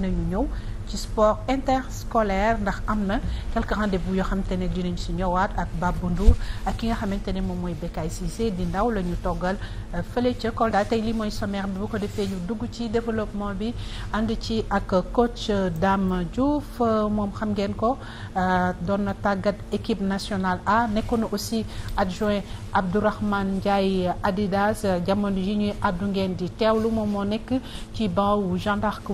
dinañu ñëw ci sport interscolaire ndax am na quelques rendez-vous yoo xamante ne dinañ si ñëwaat ak Babou Ndour ak ki nga xamante ne moom mooy Bekay Cissé di ndaw la ñu toggal euh, fële ca Kolda tey li mooy sommaire bi bu ko defee ñu dugg ci développement bi ànd ci ak coach euh, Dame Diouf euh, moom xam ngeen ko doon na tàggat équipe nationale A nekkoon na aussi adjoint Abdourahmane Ndiaye Adidas jamono yi ñuy àddu ngeen di teewlu moom moo nekk ci banc wu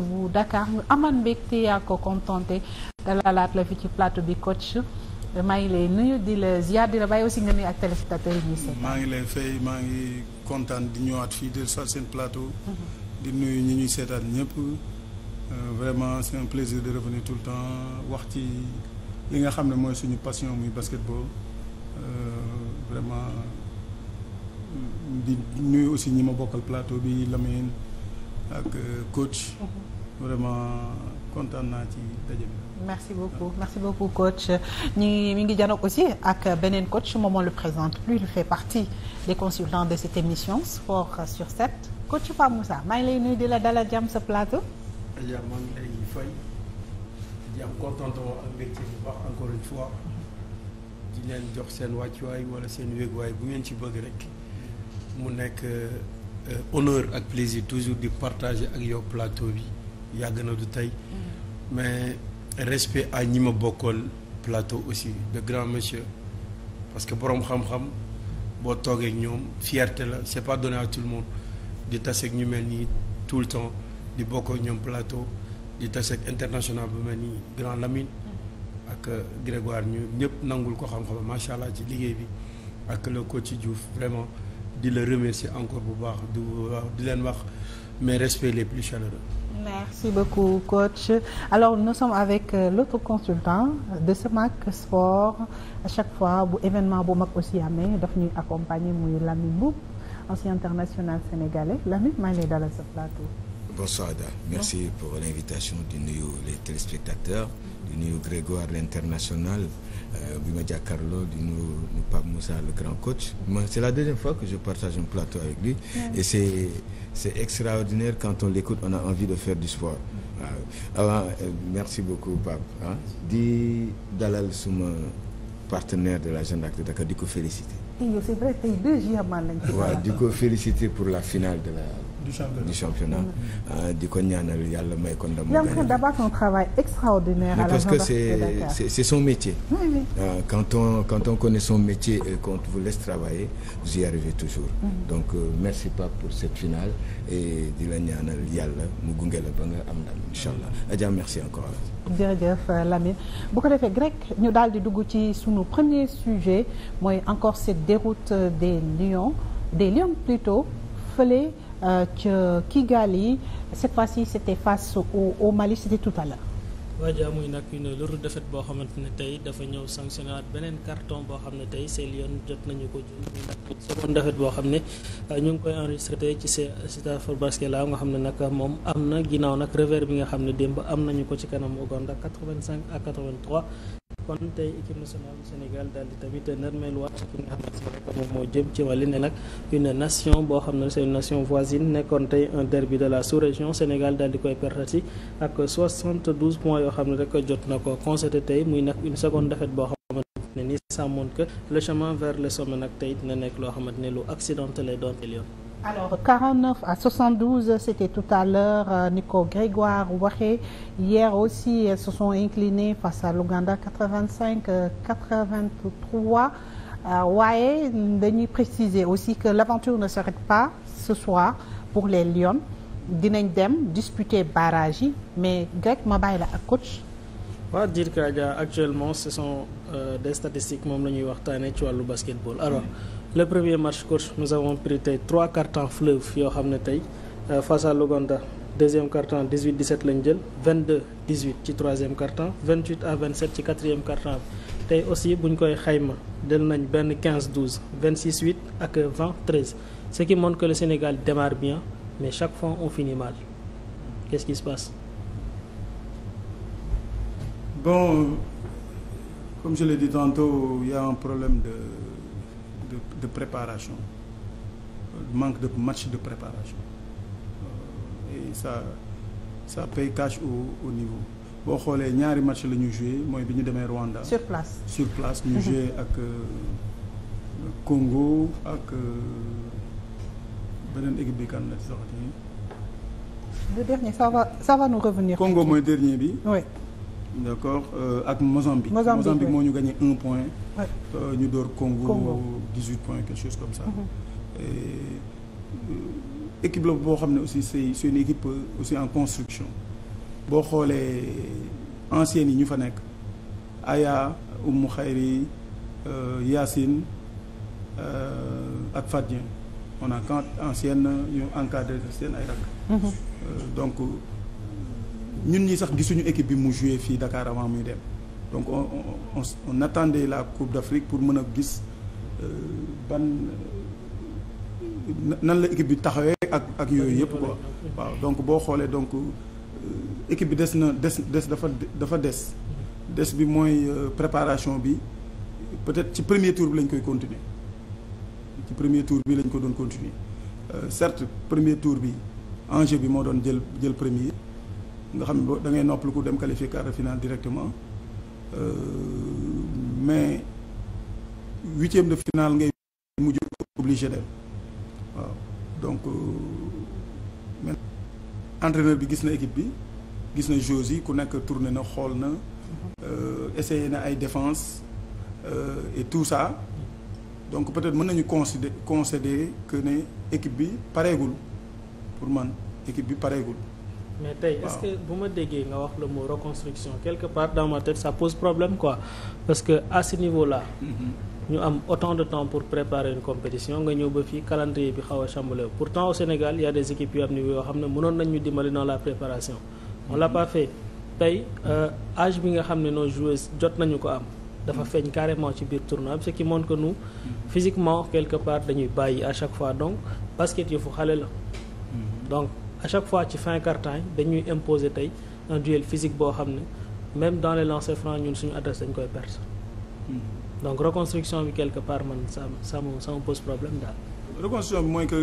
bu Dakar ñu amaan mbégte yaa ko contenté dalalaat la fi ci plateau bi coach maa ngi lay nuyu di la ziar di la bàyyi aussi nga nuyu ak téléspectateurs yi maa ngi lay fay maa ngi kontaan di ñëwaat fii de sa seen plateau. Mm-hmm. di nuyu ñu ñuy seetaan ñëpp. Euh, vraiment c'est un plaisir revenir tout le wax ci li nga xam ne mooy suñu passion muy basketball euh, vraiment di nuyu aussi ñi ma bokkal plateau bi Lamine ak euh, coach. Mm-hmm. vraiment. kontaan naa ci daje bi merci beaucoup merci beaucoup coach ñu ngi mi ngi janook aussi ak beneen coach moom on présente plus il fait partie des consultants de cette émission sport sur 7 coach Pape Moussa maa ngi lay nuyu de la dalal jàmm sa plateau. Adja maa ngi lay fay di am di leen jox seen wàccuwaay wala seen wéeguwaay bu ngeen ci bëgg rek mu nekk euh, honneur ak plaisir toujours di partager ak yow plateau bi yàgg na du tey. Mm. mais respect à ñi ma bokkool plateau aussi de grand monsieur parce que boroom xam-xam boo toogee ñoom fierté la c'est pas donné à tout le monde di tase ñu mel nii tout le temps di bokk ñoom plateau di tase international bu mel nii grand Lamine ak euh, Grégoire ñu ñëpp nangul ko xam-xam macha allah ci liggéey bi ak le ci jouf vraiment di la remercier encore bu baax du euh, di leen wax mais respects les plus chaleureux. Merci beaucoup coach. Alors nous sommes avec euh, l'autre consultant de Semac Sport à chaque fois bu événement bu mag aussi amee daf ñuy accompagner muy Lamine Mboup ancien international sénégalais Lamine maa ngi lay dalal sa plateau. Bonsoir Ada. Merci pour l'invitation di nuyu les téléspectateurs di nuyu Grégoire l'international Euh, bi ma jàkkaarloo di nuyu Pape Moussa le grand coach ma c'est la deuxième fois que je partage un plateau avec lui et c'est extraordinaire quand on l'écoute on a envie de faire du sport avant euh, merci beaucoup Pape ah di dalal suma partenaire de la Jeanne d'Arc di ko féliciter c'est di ko féliciter pour la finale de la du championnat du championnat euh, di ko ñaanal yàlla may ko ndam. d'avoir un travail extraordinaire. à la parce que c'est c'est c'est son métier. oui oui euh, quand on quand on connaît son métier et qu'on vous laisse travailler vous y arrivez toujours. Mm. donc euh, merci Pape pour cette finale et di la ñaanal yàlla mu gunge la ba nga am ndam incha allah Adja merci encore. jërëjëf Lamine bu ko defee Greg ñu daal di dugg ci sunu premier sujet mooy encore cette déroute des Lions des Lions plutôt fële. ca euh, Kigali cette fois-ci c'était face au au Mali c'était tout à l'heure waajaa muy nag une lourde défaite boo xamante ne tey dafa ñëw sanctionné waat beneen carton boo xam ne tey Lyon jot nañu ko jël seconde boo xam ne euh, ñu ngi koy enregistré tey ci Stafford Barskela nga xam ne nag moom am na ginnaaw nag revers bi nga xam ne démb am nañu ko ci kanam Ouganda 85 à 83 kon tey équipe nationale du Sénégal daal di tamit nërmeeluwaat ci nga xamante ne moom moo jëm ci wàllu ne nag une nation boo xam ne c'est une nation voisine nekkoon tey un derby de la sous-région Sénégal dal di koy pertati ak 72 yoo xam ne rek jot na ko constaté tey muy nag une seconde défaite boo xamante ne ni sàmmoon que le chemin vers le sommet nag tey dina nekk loo xamante ne lu accidenté lay doon million alors 49 à 72 c'était tout à l'heure euh, Nico Grégoire waxee hier aussi euh, se sont inclinés face à l'Ouganda 85 83 waaye dañuy préciser aussi que l'aventure ne s'arrête pas ce soir pour les Lions dinañ dem disputer barrage yi mais Greg ma bàyyi la ak coach waaw dire que euh, actuellement ce sont euh, des moom la ñuy waxtaanee ci wàllu basketball alors mm. le premier match coach nous avons pris tey trois cartons fleuve yoo xam ne tey euh, face à l'Ouganda deuxième carton 18 17 lañ jël 22 18 ci troisième carton 28 à 27 ci quatrième carton bi tey aussi buñ koy xayma de nañ benn 15 12 26 8 ak 20 13 ce qui le Sénégal démarre bien mais chaque fois on fini mal qu'est-ce qui se passe. bon comme je problème de, de préparation, euh, manque de match de préparation. Euh, et ça, ça paye cash au, niveau. boo xoolee ñaari match la ñu mooy bi ñu demee Rwanda. sur place sur place ñu mhm. joué ak euh, Congo ak beneen équipe bi kan la ci soxati. le va ça va nous revenir. Congo mooy dernier bi. oui. ak Mozambique. Mozambique moo ñu gagné un point. Euh, ñu door Congo 18 points quelque chose comme ça mhm. et euh, équipe la boo xam ne aussi c'est c'est une équipe euh, aussi en construction boo xoolee anciennes yi ñu fa nekk Aya Oumou Khayri Yacine ak Fadien on a quand ancienne ñu encadré seen ay rakk mhm. donc ñun ñi sax gisuñu équipe bi mu joué fii Dakar avant muy dem donc on on, on on attendait la Coupe d'Afrique pour mën a gis euh, ban euh, nan la équipe bi taxawee ak ak yooyu yëpp quoi waaw donc boo xoolee donc euh, équipe bi des na des des dafa dafa des des bi mooy préparation bi peut-être ci premier tour bi lañ koy continuer ci premier tour bi lañ ko doon continuer certes premier tour bi enjeu bi moo doon jël jël premier nga xam ne da ngay noppalu ko dem qualifier quart de directement Euh, mais huitième de finale ngay mujj obligé dem waaw donc euh, maintenant bi gis na équipe bi gis na joueurs yi ku nekk tourné na xool na euh, essayé na ay défense et tout ça donc peut-être mën nañu concéder concéder que ne équipe bi pareegul pour man équipe bi pareegul mais tey est que bu ma déggee nga wax le mot reconstruction quelque part dans ma tête ça pose problème quoi parce que à ce niveau là. Mm-hmm. ñu am autant de temps pour préparer une compétition nga ñëw ba fii calendrier bi xaw a chamboulé pourtant au Sénégal il y a des équipes yu am niveau yoo xam ne mënoon nañ ñu dimbali dans la préparation. on l'a mm-hmm. pas fait age euh, bi nga xam ne nos joueuses jot nañu ko am. dafa mm-hmm. feeñ carrément ci biir tournoi bi ce qui montre que nu physiquement quelque part dañuy bàyyi à chaque fois donc basket yëfu xale la. donc à chaque fois ci fin quart-temps dañuy imposer tey un duel physique boo xam ne même dans les lancers francs ñun suñu adresse dañ koy perdre hmm. donc reconstruction bi quelque part man ça ça me ça me pose problème daal. reconstruction bi mooy que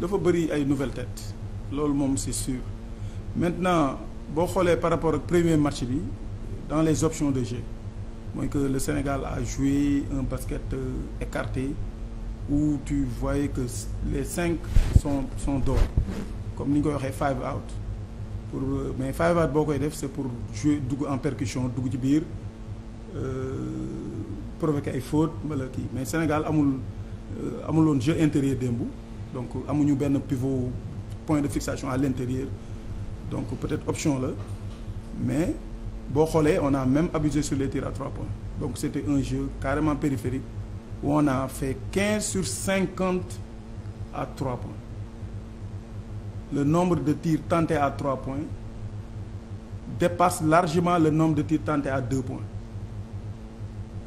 dafa bëri ay nouvelles têtes loolu moom c'est sûr maintenant boo xoolee par rapport ak premier match bi dans les options de jeu mooy que le Sénégal a joué un basket euh, écarté ou tu voyais que les cinq sont sont d'or comme ni ñu koy waxee five out pour mais five out boo koy def c'est pour jouer dugg en percussion dugg ci biir euh, provoquer ay faute wala kii mais Sénégal amul euh, amul woon jeu intérieur démb donc amuñu benn pivot point de fixation à l'intérieur donc peut-être option la mais boo xoolee on a même abusé sur les tirs à trois points donc c'était un jeu carrément périphérique où on a fait quinze sur cinquante à trois points le nombre de tirs tentés à trois points dépasse largement le nombre de tirs tentés à deux points.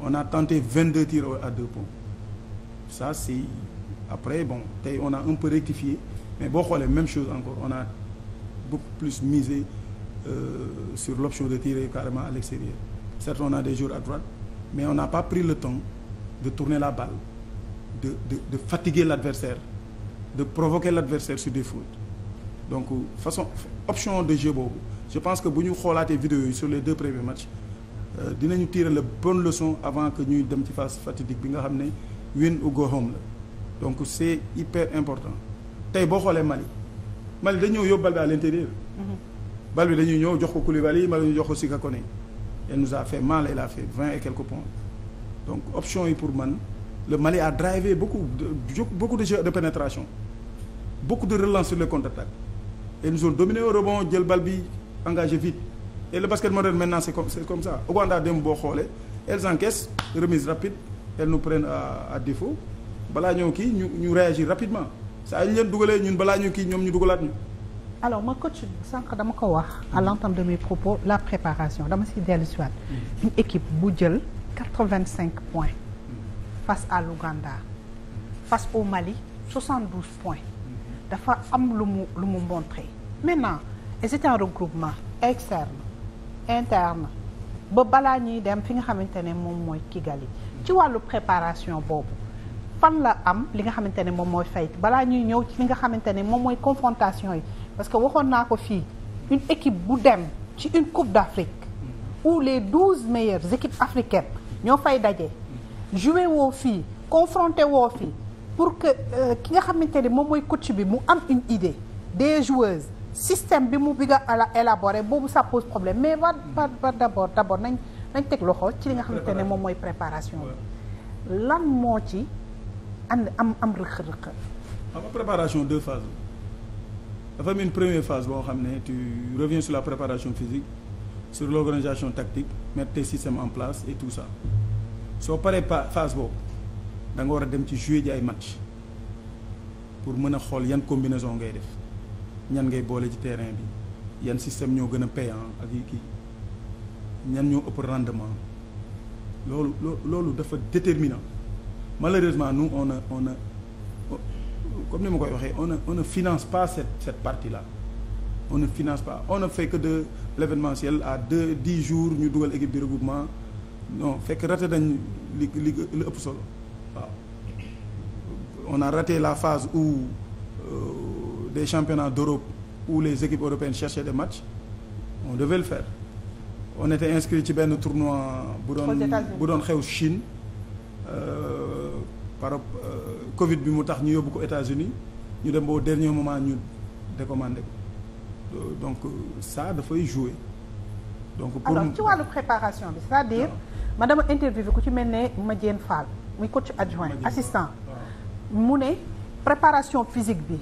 On a tenté 22 tirs à deux points. Ça, c'est... Après, bon, tey on a un peu rectifié, mais boo xoolee même chose encore. On a beaucoup plus misé euh, sur l'option de tirer carrément à l'extérieur. Certes, on a des jours à droite, mais on n'a pas pris le temps de tourner la balle, de de de fatiguer l'adversaire, de provoquer l'adversaire sur des fautes. donc façon option de jeu boobu je pense que bu ñu xoolaatee vidéo yi sur les deux premiers matchs euh, dinañu tirer la bonne leçon avant que ñuy dem ci phase fatidique bi nga xam ne win ou go home la donc c'est hyper important tey boo xoolee Mali Mali dañu ñëw yóbbu bal bi à l'intérieur mm-hmm. bal bi dañuy ñëw jox ko Koulibaly yi mala ñu jox ko si Koné elle nous a fait mal elle a fait vingt et quelques points donc option yi pour man le Mali a drivé beaucoup beaucoup de jeux de pénétration beaucoup de relance sur les contre et nous sommes dominés au rebond jël bal bi engagé vite et le basket moderne maintenant c'est comme c'est comme ça Ouganda dem boo xoolee elles encaissent remise rapide elles nous prennent à défaut balaa ñëw kii ñu ñu réagir rapidement saa ñu leen dugalee ñun balaa ñu kii ñoom ñu dugalaat ñu. alors ma coach sànq dama ko wax à l'entame de mes propos la préparation dama si dellu si waat mm. une équipe bu jël quatre-vingt-cinq points mm. face à l'Ouganda face au Mali soixante-douze points. dafa am lu mu lu mu montré maintenant et c'est un regroupement externe interne ba balaa ñuy dem fi nga xamante ne moom mooy Kigali ci wàllu préparation boobu fan la am li nga xamante ne moom mooy fayt balaa ñuy ñëw ci li nga xamante ne moom mooy confrontation yi parce que waxoon naa ko fii une équipe bu dem ci une coupe d'Afrique où les douze meilleures équipes africaines ñoo fay daje joué woo fii confronté woo fii pour que euh, ki nga xamante ni moom mooy coach bi mu am une idée des joueuses système bi mu bi nga élaboré boobu ça pose problème mais ba ba ba d' abord nañ nañ teg loxo ci li nga xam ne moom mooy préparation bi lan moo ci and am am rëq-rëq. xam nga préparation deux phases dafa am une première phase boo xam ne tu reviens sur la préparation physique sur l' organisation tactique mettre tes systèmes en place et tout ça soo paree phase boobu. da war a dem ci jouer ay match pour mën a xool yan combinaison ngay def ñan ngay boole ci terrain bi yan système ñoo gën a payant ak yi kii ñan ñoo ëpp rendement loolu loolu dafa déterminant malheureusement nous on a on a comme ni ma koy waxee on a on ne finance pas cette cette partie là on ne finance pas on ne fait que de l'événementiel à deux dix jours ñu dugal équipe de regroupement non fekk raté dañ li li li ëpp solo on a raté la phase où euh, des championnats d'Europe où les équipes européennes cherchaient des matchs on devait le faire on était inscrit ci benn tournoi bu doon bu doon xew Chine euh, par euh, Covid bi mu tax ñu yóbbu ko États-Unis ñu dem ba dernier moment ñu décommandé ko donc euh, ça dafay jouer donc pour alors ci wàllu préparation bi c'est-à-dire madama interviewé ku ci mel ne Madiène Fall muy coach adjoint assistant mu ne préparation physique bi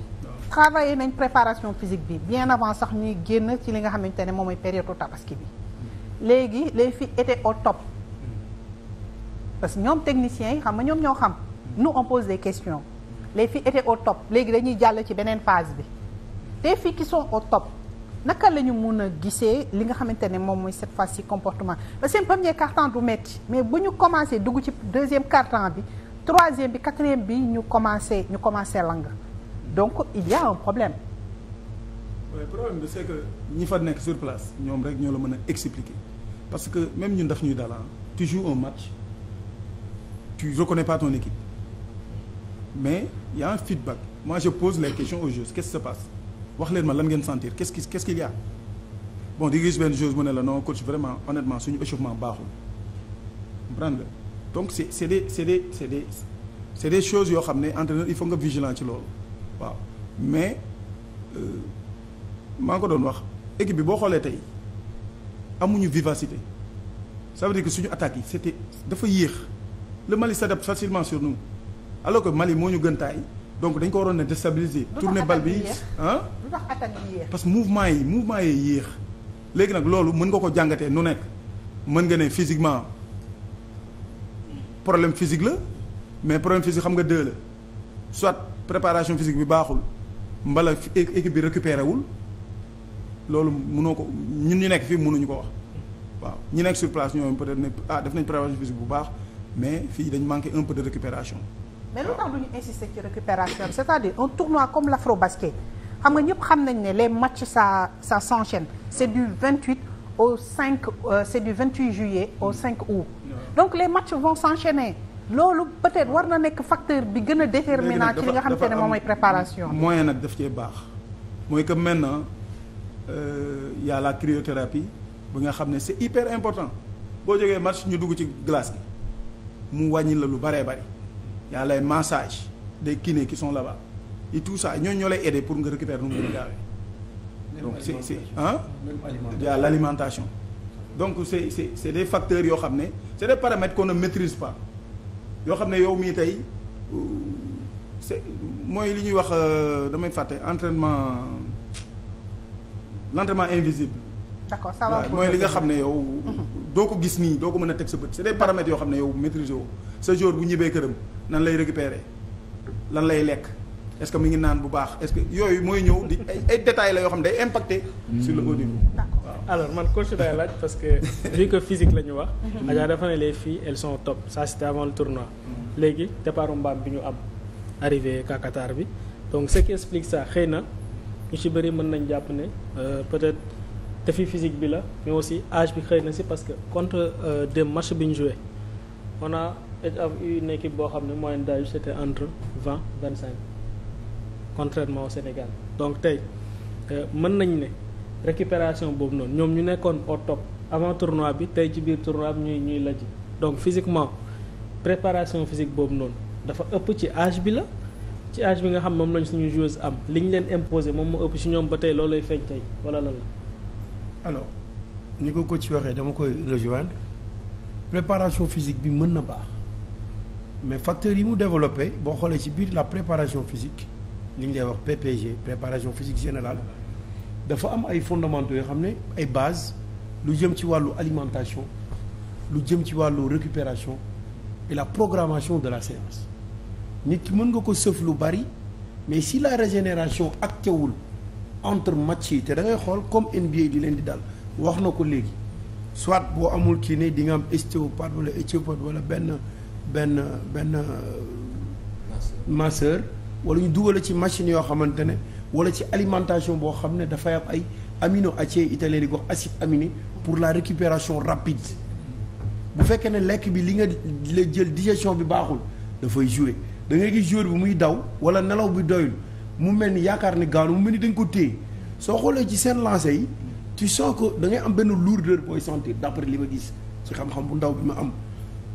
travailler nañ préparation physique bi bien avant sax ñuy génn ci li nga xamante ne moom mooy période tabaski bi léegi les fi étaient au top parce que ñoom techniciens yi xam nga ñoom ñoo xam nu on pose des questions les filles étaient au top léegi dañuy jàll ci beneen phase bi te filles qui sont au top naka la ñu mun a gisee li nga xamante ne moom mooy cette phase ci comportement parce que seen premier du metti mais bu ñu commencé dugg ci deuxième quart temps bi troisième bi quatrième bi ñu commencé ñu commencé lang donc il y a problème. problème bi c'est que ñi fa nekk sur place ñoom rek ñoo la mën a expliquer parce que même ñun daf ñuy dala tu joues un match tu reconnais pas ton équipe mais y a un feedback moi je pose les questions aux joueurs qu'est-ce passe wax leen ma lan ngeen sentir qu'est-ce qui qu'est-ce qu'il y a bon di gis benn joueur mu ne la non coach vraiment honnêtement suñu échauffement baaxul comprendre donc c'est c'est des c'est des c'est des c'est des choses yoo xam ne entraîneur il faut nga vigilant ci loolu waaw mais euh, maa ngi ko doon wax équipe bi boo xoolee tey amuñu vivacité ça veut que suñu attaque yi c'était dafa yéex le Mali s'adapte facilement sur nous alors que Mali moo ñu gën taay donc dañ ko waroon a déstabiliser tourner bal bi ah parce que mouvement yi mouvement yi yéex léegi nag loolu mën nga ko jàngatee nu nekk mën nga ne physiquement problème physique la mais problème physique xam nga deux la soit préparation physique bi baaxul mbala équipe bi récupéré wul loolu mënoo ko ñun ñu nekk fii mënuñu ko wax waaw ñu nekk sur place ñoom peut-être ah def nañ préparation physique bu baax mais fii dañ manqué un peu de récupération mais lu tax duñu insister ci récupération c'est-à-dire un tournoi comme l'afrobasket xam nga ñëpp xam nañ ne les matchs ça ça s'enchaîne c'est du 28 au 5 euh, c'est du 28 juillet au 5 août donc les matchs vont s'enchaîner loolu peut-être war na nekk facteur bi gën a déterminant ci li nga xamante ne moom mooy préparation moyen nag daf cee baax mooy que maintenant euh, y a la cryothérapie bi nga xam ne c'est hyper important boo jógee match ñu dugg ci glace bi mu wàññi la lu bëree bëri y a les massages des kinés qui sont là-bas et tout ça ñooñu ñoo lay aider pour nga récupérer nu mu gën a gaawee donc c'est c'est ah y a donc c'est c'est c'est des facteurs yoo xam ne c'est des paramètres qu'on ne maîtrise yoo xam ne yow mii tey c'est mooy li ñuy wax euh, damay fàtte entraînement l'entraînement invisible d'accord ça va mooy li nga xam ne yow mhm. doo ko gis nii doo ko mën a teg sa bët c'est des paramètres yoo xam ne yow maîtriser woo sa jour bu ñibbee këram nan lay récupérer lan lay lekk est-ce que mi ngi naan bu baax est-ce que yooyu mooy ñëw di ay ay détails la yoo xam ne day impacter sur le haut niveau alors man coach day laaj parce que vu que physique la ñu wax. Mhm. Adja dafa ne les filles elles sont top ça c'était avant le tournoi. léegi départ mbaam bi ñu am arrivé ka Qatar bi donc ce qui explique ça xëy na ñu ci bëri mën nañ jàpp ne euh, peut-être défi physique bi la mais aussi age bi xëy na si parce que contre euh, des marché bi ñu joué on a eu une équipe boo xam ne moyenne d'âge c'était entre vingt vingt cinq contrairement au Sénégal donc tey euh, mën nañ ne. récupération boobu noonu ñoom ñu nekkoon au top avant tournoi bi tey ci biir tournoi bi ñuy ñuy lajj donc physiquement préparation physique boobu noonu dafa ëpp ci âge bi la ci âge bi nga xam moom lañ suñu joueuse am li ñu leen imposé moom moo ëpp ci ñoom ba tey loolay feeñ tey wala lan la. alors ni ko ko ci waxee dama koy rejoindre préparation fisique bi mën na baax mais facteurs yi mu développé boo xoolee ci biir la préparation physique li ñu lay wax PPG préparation physique générale. dafa am ay fondamentaux yoo xam ne ay base lu jëm ci wàllu alimentation lu jëm ci wàllu récupération la programmation de la séance nit ki mën nga ko sëf lu bari mais si la régénération ak wul entre match yi te da ngay xool comme NBA di leen di daal wax na ko léegi soit boo amul kii ne di nga am ostéopathe wala ostéopathe wala benn benn benn euh, masseur wala ñu dugale ci machine yoo xamante ne wala ci alimentation boo xam ne dafay am ay amino acides italiens di ko acide aminé pour la récupération rapide bu fekkee ne lekk bi li nga la jël digestion bi baaxul dafay jouer da ngay gis joueur bi muy daw wala nelaw bi doyul mu mel ni yaakaar ne gaanu mu mel ni dañ ko téye soo xoolee ci seen lancé yi tu sens que da ngay am benn lourdeur booy sentir d'après li ma gis ci xam-xam bu ndaw bi mu am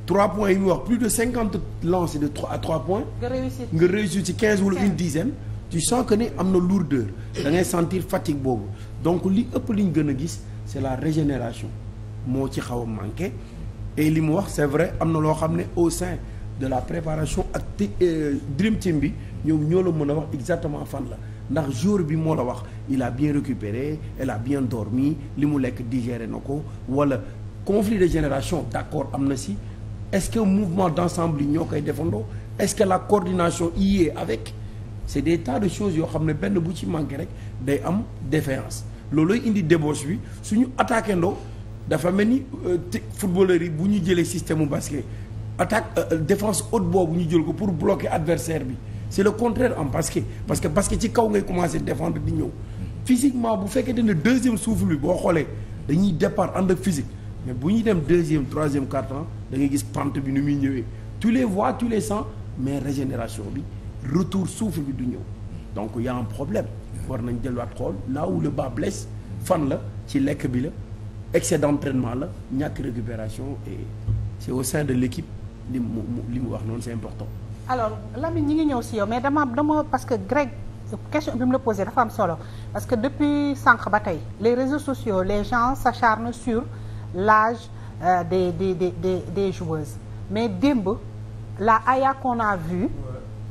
trois points yi muy wax plus de cinquante lancé de trois à trois points nga réussir ci quinze wala une dizaine tu sens que ne am na lourdeur da ngay sentir fatigue boobu donc li ëpp li ñu gën a gis c' est la régénération moo ci xaw a manqué et li mu wax c' est vrai am na loo xam ne au sein de la préparation ak euh, dream team bi ñoom ñoo la mën a wax exactement fan la ndax jour bi moo la wax il a bien récupéré elle a bien dormi li mu lekk digere na ko wala conflit de génération d' am na si est ce que mouvement d' ensemble yi ñoo koy defandoo est que la coordination y est c'est des tas de choses yoo xam ne benn bu ci manqué rek day am loolu loolooy indi débauche bi suñu attaque ndoo dafa mel ni euh, footballeurs yi bu ñu jëlee système mu basket attaque euh, euh, défense haute boobu ñu jël ko pour bloquer adversaire bi c'est le contraire en basket parce que basket ci kaw ngay commencer défendre di ñëw physiquement bu fekkee ne deuxième souffle bi boo xoolee dañuy départ ànd ak physique mais bu ñuy dem deuxième troisième quart temps da gis pente bi nu muy ñëwee tu les vois les sens mais régénération bi retour souffle bi du ñëw donc y a problème war nañ delluwaat xool là où le bas fan la ci lekk bi la excès d'entraînement la ñàkk récupération et c'est au sein de l'équipe li mu li mu wax noonu c'est important alors Lamine ñi ngi ñëw si yow mais dama dama parce que Greg question bi mu la posé dafa am solo parce que depuis sànq ba tey les réseaux sociaux les gens s'acharnent sur l'âge euh, des des des des des mais démb la Aya qu'on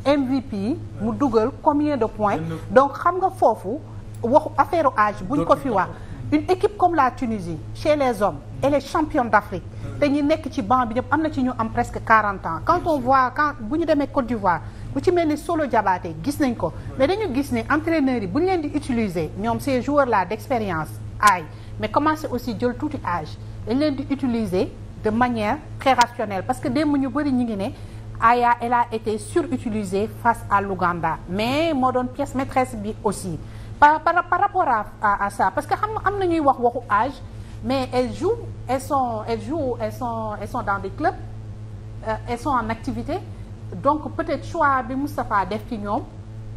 MVP mu dugal combien de points donc xam nga foofu waxu affaire âge buñ ko fi wax une équipe comme la Tunisie chez les hommes elle est championne d'Afrique te ñi nekk ci banc bi ñëpp am na ci ñu am presque quarante ans quand on voit quand bu ñu demee Côte d'Ivoire bu ci mel ni Solo jabaate gis nañ ko mais dañu gis ne entraîneurs yi bu ñu leen di utiliser ñoom ces joueurs la d'expérience aay mais commencé aussi jël tuuti âge dañ leen di utiliser de manière parce que démb ñu bëri ñi ngi ne Aya elle a été surutilisée face à l'Ouganda mais moo doon pièce maîtresse bi aussi par par, par rapport à, à ça parce que xam am na ñuy wax waxu âge mais elles jouent elles son elles jouent elles son elles sont dans des clubs euh, elles sont en activité donc peut-être choix bi Moustapha def ci ñoom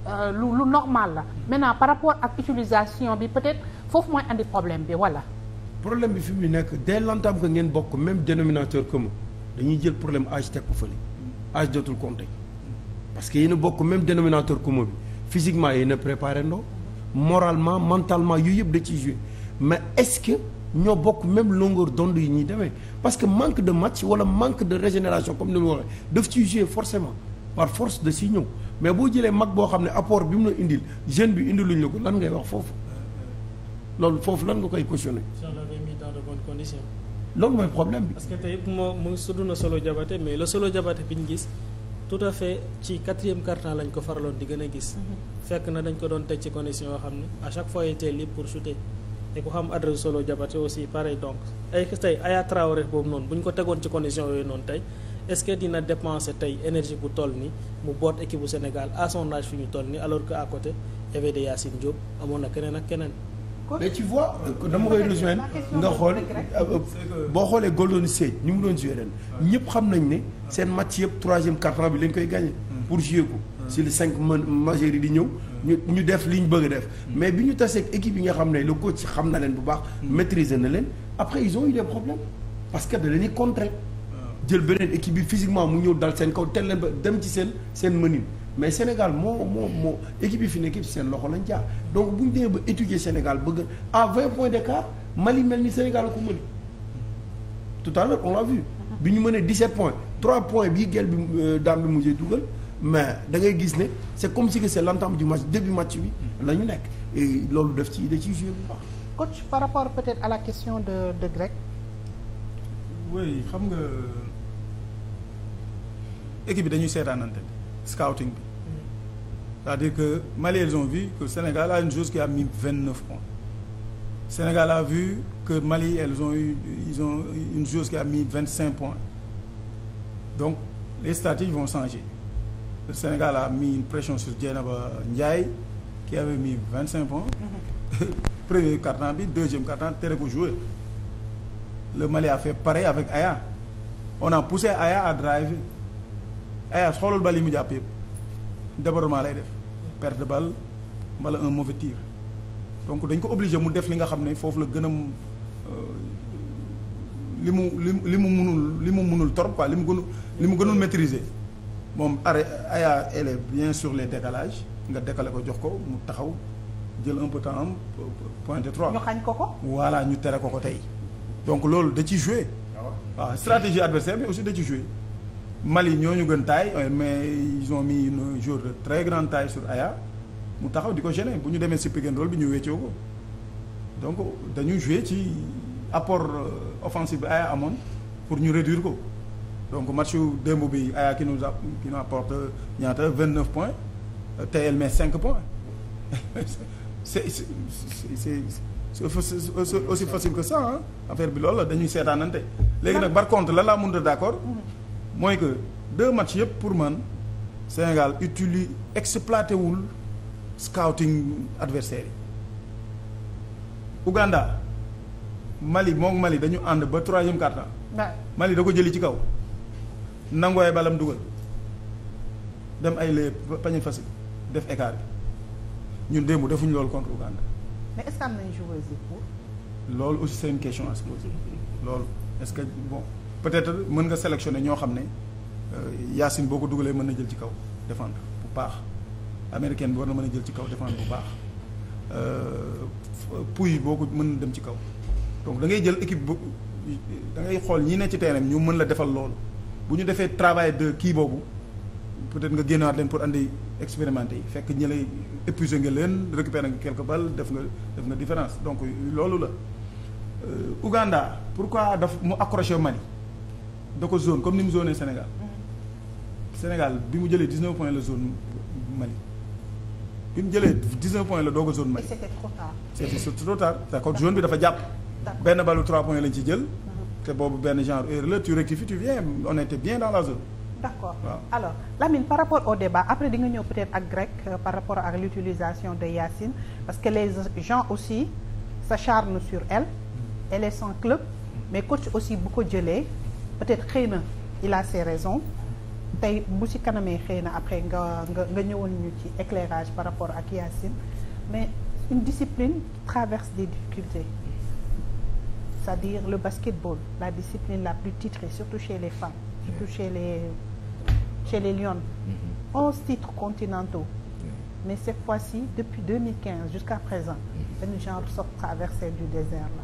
euh, lu lu normal la maintenant par rapport ak utilisation bi peut-être foofu mooy andi problème bi voilà. problème bi fi mu nekk dès l'entame que ngeen bokk même dénominateur commun dañuy jël problème âge teg ko âge dootul compter parce que yéen a bokk même dénominateur commun bi physiquement yéen a moralement mentalement yooyu yëpp da ciy joué mais est-ce que ñoo bokk même longueur d'onde yi ñuy demee parce que manque de match wala manque de régénération comme ni mu waxee def ci joué forcément par force de si ñëw mais boo jëlee mag boo xam ne apport bi mu la indil jeune bi indiluñ la ko lan ngay wax foofu loolu foofu lan nga koy cautionner. si on l'avait mis loolu mooy problème bi. parce que tey moo mu suddu na solo jabate mais la solo jabate bi ñu gis tout à fait ci quatrième carton lañ ko faraloon di gën a gis. Mhm. fekk na dañ ko doon teg ci condition yoo xam ne à chaque fois il était libre pour shooter te ku xam adresse solo jabate aussi pareil donc ay tey Aya Traoré boobu noonu bu ñu ko tegoon ci condition yooyu noonu tey. est-ce que dina dépenser tey énergie bu toll ni mu boot équipe bu Sénégal à son âge fi ñu toll ni alors que à côté il y avait de Yacine Diop amoon mais tu vois dama koy rejoindre nga xool boo xoolee Golden State ñu mu doon joué ren ñëpp xam nañ ni seen match yëpp troisième quart-temps bi lañ koy gagné. pour jouer ko si le cinq majeurs yi di ñëw. ñu ñu def li ñu bëgg def. mais bi ñu tasee ak équipe yi nga xam ne le ci xam na leen bu baax. maîtriser na leen après ils ont eu des problèmes parce que da leen di contrer jël beneen équipe bi physiquement mu ñëw dal seen kaw teel leen ba dem ci seen seen mënin. mais Sénégal moo moo moo équipe yi fi nekk seen loxo lañ jaar donc bu ñu demee ba étudier Sénégal bëgg à vingt points d'écart Mali mel ni Sénégal ko mën tout à l'heure on bi ñu mënee 17 points 3 points bii gel bi euh, daan bi mujjee dugal mais da ngay gis ne c'est comme si que c'est l'entame du match début match bi la ñu nekk loolu def ci da ciy joué bu baax. coach par rapport peut-être à la question de de Greg. oui xam nga équipe dañuy seetaanante. scouting bi mm. c'est-à-dire que Mali ils ont vu que a une chose qui a mis vingt neuf points Sénégal a vu que Mali elles ont eu ils ont une chose qui a mis vingt cinq points donc les statistiques vont changer le Sénégal a mis une pression sur Dieynaba Ndiaye qui avait mis vingt cinq points mm-hmm. premier bi deuxième quart-temps tere ko jouer le Mali a fait pareil avec Aya on a poussé Aya à driver Ayaas eh, xoolal bal yi mu jàppee yëpp lay def perte de balle wala un mauvais donc dañ ko obligé mu def li nga xam ne foofu la gën a euh, li mu li mu munul li mu munul torop quoi li mu gënul li mu gënul maîtriser moom arrêt Aya elle bien sur les décalages nga décalé ko jox ko mu taxaw jël un peu am point de trois. ñu xañ ko ko. voilà ñu tere ko ko tey donc loolu da ciy joué. Ah waaw stratégie adversaire bi aussi da ciy joué. Mali ñoo ñu gën taille mais ils ont mis un jour de très grande taille sur Aya mu taxaw di ko gêner bu ñu demee si pick and roll bi ñu wéccoo ko donc dañuy joué ci apport euh, offensif bi Aya amoon pour ñu réduire ko donc match yu démb bi Aya ki nous a ki nous apporte ñaata vingt neuf point te mais cinq points c'est c'est c'est c'est aussi facile que ça ah affaire bi loolu la dañuy seetaanante léegi nag bar contre la laa mun a d'accord mm-hmm. mooy que deux matchs yëpp pour man Sénégal utili exploité wul scouting adversaire yi Ouganda Mali moom Mali dañu ànd ba troisième quart-temps Mali da ko jëli ci kaw nangooy balam dugal dem ay lay pañe facile def écart bi ñun démb defuñu loolu contre Ouganda. mais est-ce loolu aussi seen question à se poser loolu est-ce que bon. peut-être mën nga sélectionner ñoo xam ne euh, Yacine boo ko dugalee mën na jël ci kaw défendre bu baax américaine bi war na mën a jël ci kaw défendre bu baax euh, puy boo ko mën na dem ci kaw donc dangay jël équipe bu da ngay xool ñi ne ci terrain ñu mën la defal loolu bu ñu defee travail de kii boobu peut-être nga génnaat leen pour andi expérimenter yi fekk ñi lay épuisé nga leen récupérer nga quelques bal def nga def nga différence donc loolu la euh, Ouganda pourquoi daf mu accroché Mali da ko zone comme ni mu zoné Sénégal Sénégal bi mu jëlee 19 points la zone Mali bi mu jëlee 19 points la doo a zone Mali. c'était trop tard. c'était trop tard d'accord bi dafa jàpp. benn balu 3 points lañ ci jël. Mm-hmm. te boobu benn genre erreur la tu rectifies tu viens on était bien dans la zone. d'accord waaw alors Lamine par rapport au débat après di nga ñëw peut-être ak Greg euh, par rapport ak l'utilisation de Yacine parce que les gens aussi sa s'acharnent sur elle mm-hmm. elle est sans club mais coach aussi bu ko jëlee. peut-être xëy na il a ses raisons tey bu ci kanamee xëy na après nga nga nga ñëwoon ñu ci éclairage par rapport ak Yacine mais une discipline traverse des difficultés c'est-à-dire le basketball la discipline la plus titrée surtout chez les femmes surtout chez les chez les Lionnes mm-hmm. onze titres continentaux mais cette fois-ci depuis 2015 jusqu'à présent mm-hmm. benn genre soog traversée du désert là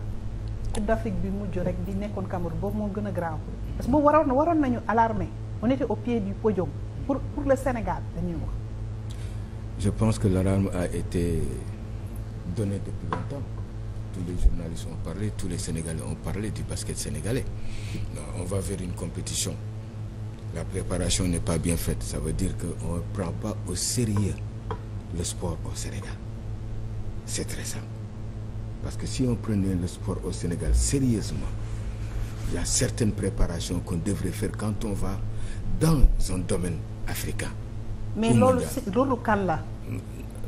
Coupe d'Afrique bi mujj rek bi nekkoon Cameroun boobu moo gën a grave parce que boobu waroon nañu alarmer on était au pied du podium pour pour le Sénégal je pense que l'alarme a été donnée depuis longtemps tous les journalistes ont parlé tous les Sénégalais ont parlé du basket sénégalais on va vers une compétition la préparation bien faite ça que on ne prend pas au sérieux c'est très simple parce que si on prenait le sport au Sénégal sérieusement il y a certaines préparations qu'on devrait faire quand on va dans un domaine africain. mais loolu si loolu kan la.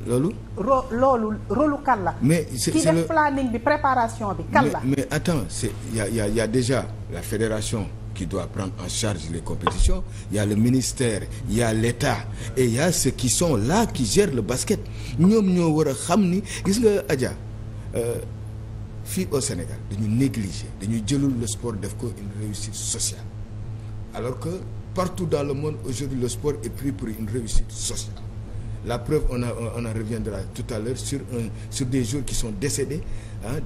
loolu. ro loolu rôlu kan la. mais c'est ki def planning bi préparation bi kan la. mais attends c'est il y a il y a il y a déjà la fédération qui doit prendre en charge les compétitions il y a le ministère il y a l'État et il y a ceux qui sont là qui gèrent le basket ñoom ñoo war a xam ni gis nga Adja. Euh, fii au Sénégal dañu négliger dañu jëlul le sport def ko une réussite sociale alors que partout dans le monde aujourd'hui le sport est pris pour une réussite sociale la preuve on a on en reviendra tout à l'heure sur un sur des joueurs qui sont décédés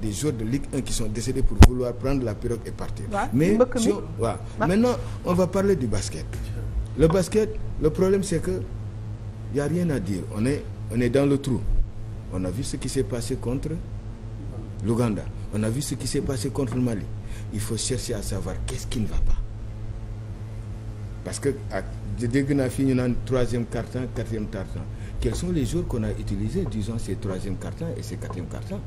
des joueurs de Ligue 1 qui sont décédés pour vouloir prendre la pirogue et partir ouais, mais si waaw ouais. ouais. maintenant on va parler du basket le problème c'est que y a rien à dire on est on dans le trou on a vu ce qui s'est passé contre l'Ouganda On a vu ce qui s'est passé contre le Mali. Il faut chercher à savoir qu'est-ce qui ne pas. Parce que ah, dès qu'on a fini dans troisième carton, quatrième carton, quels sont les jours qu'on a utilisés, disons, ces troisième carton et ces quatrième carton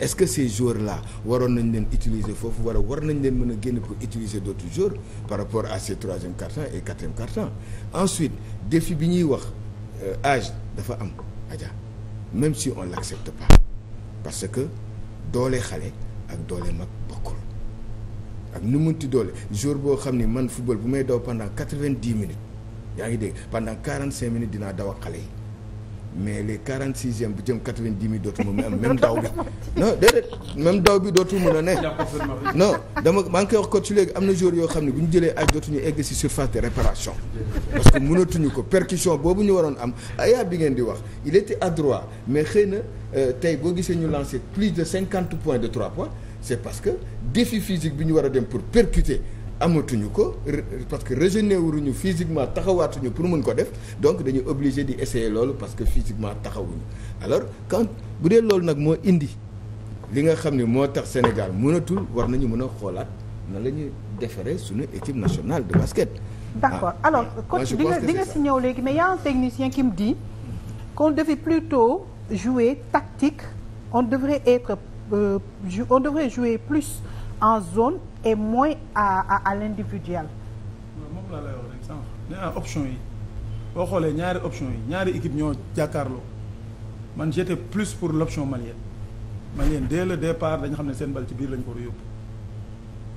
est-ce que ces jours-là waroon nañ leen utiliser foofu wala war nañ leen mën a génne pour utiliser d'autres jours par rapport à ces troisième carton et quatrième carton ensuite défi bi ñuy wax euh, âge dafa am Adja même si on l'accepte pas parce doole xale ak doole mag bokkul ak nu munti doole jour boo xam ni man football bu may daw pendant quatre-vingt-dix minutes yaa ngi dégg pendant quarante-cinq minutes dinaa daw ak xale yi mais les quarante sixième bu jëm quatre vingt dix mille dootu ma am même daw bi non déedéet même daw bi dootu mën a ne no dama maa ngi koy wax ko ci léegi am na jour yoo xam ne bu ñu jëlee aj dootuñu egg si surface de réparation parce que mënatuñu ko percussion boobu ñu waroon am ayaa bi ngeen di wax il était adroit mais xëy na euh, tey boo gisee ñu lancé plus de cinquante point de trois points c'est parce que défi physique bi ñu war a dem pour percuter amatuñu ko parce que régéné wuruñu physiquement taxawaatuñu pour mën ko def donc dañu obligé di essayer loolu parce que physiquement taxawuñu alors quand bu dee loolu nag moo indi li nga xam ne moo tax Sénégal mënatul war nañu mën a xoolaat na la ñuy defaree suñu équipe nationale de basket. d'accord ah. alors coach di nga di nga si ñëw léegi mais y a un technicien qui me dit qu'on devait plutôt jouer tactique on devrait être euh, on devrait jouer plus. en zone et moins à à, à a lay wax rek sànq nee option yi boo xoolee ñaari option yi ñaari équipe ñoo jàkkaarloo man jete plus pour l'option malienne malienne dès le départ dañu xam ne seen bal ci biir lañu ko war yóbbu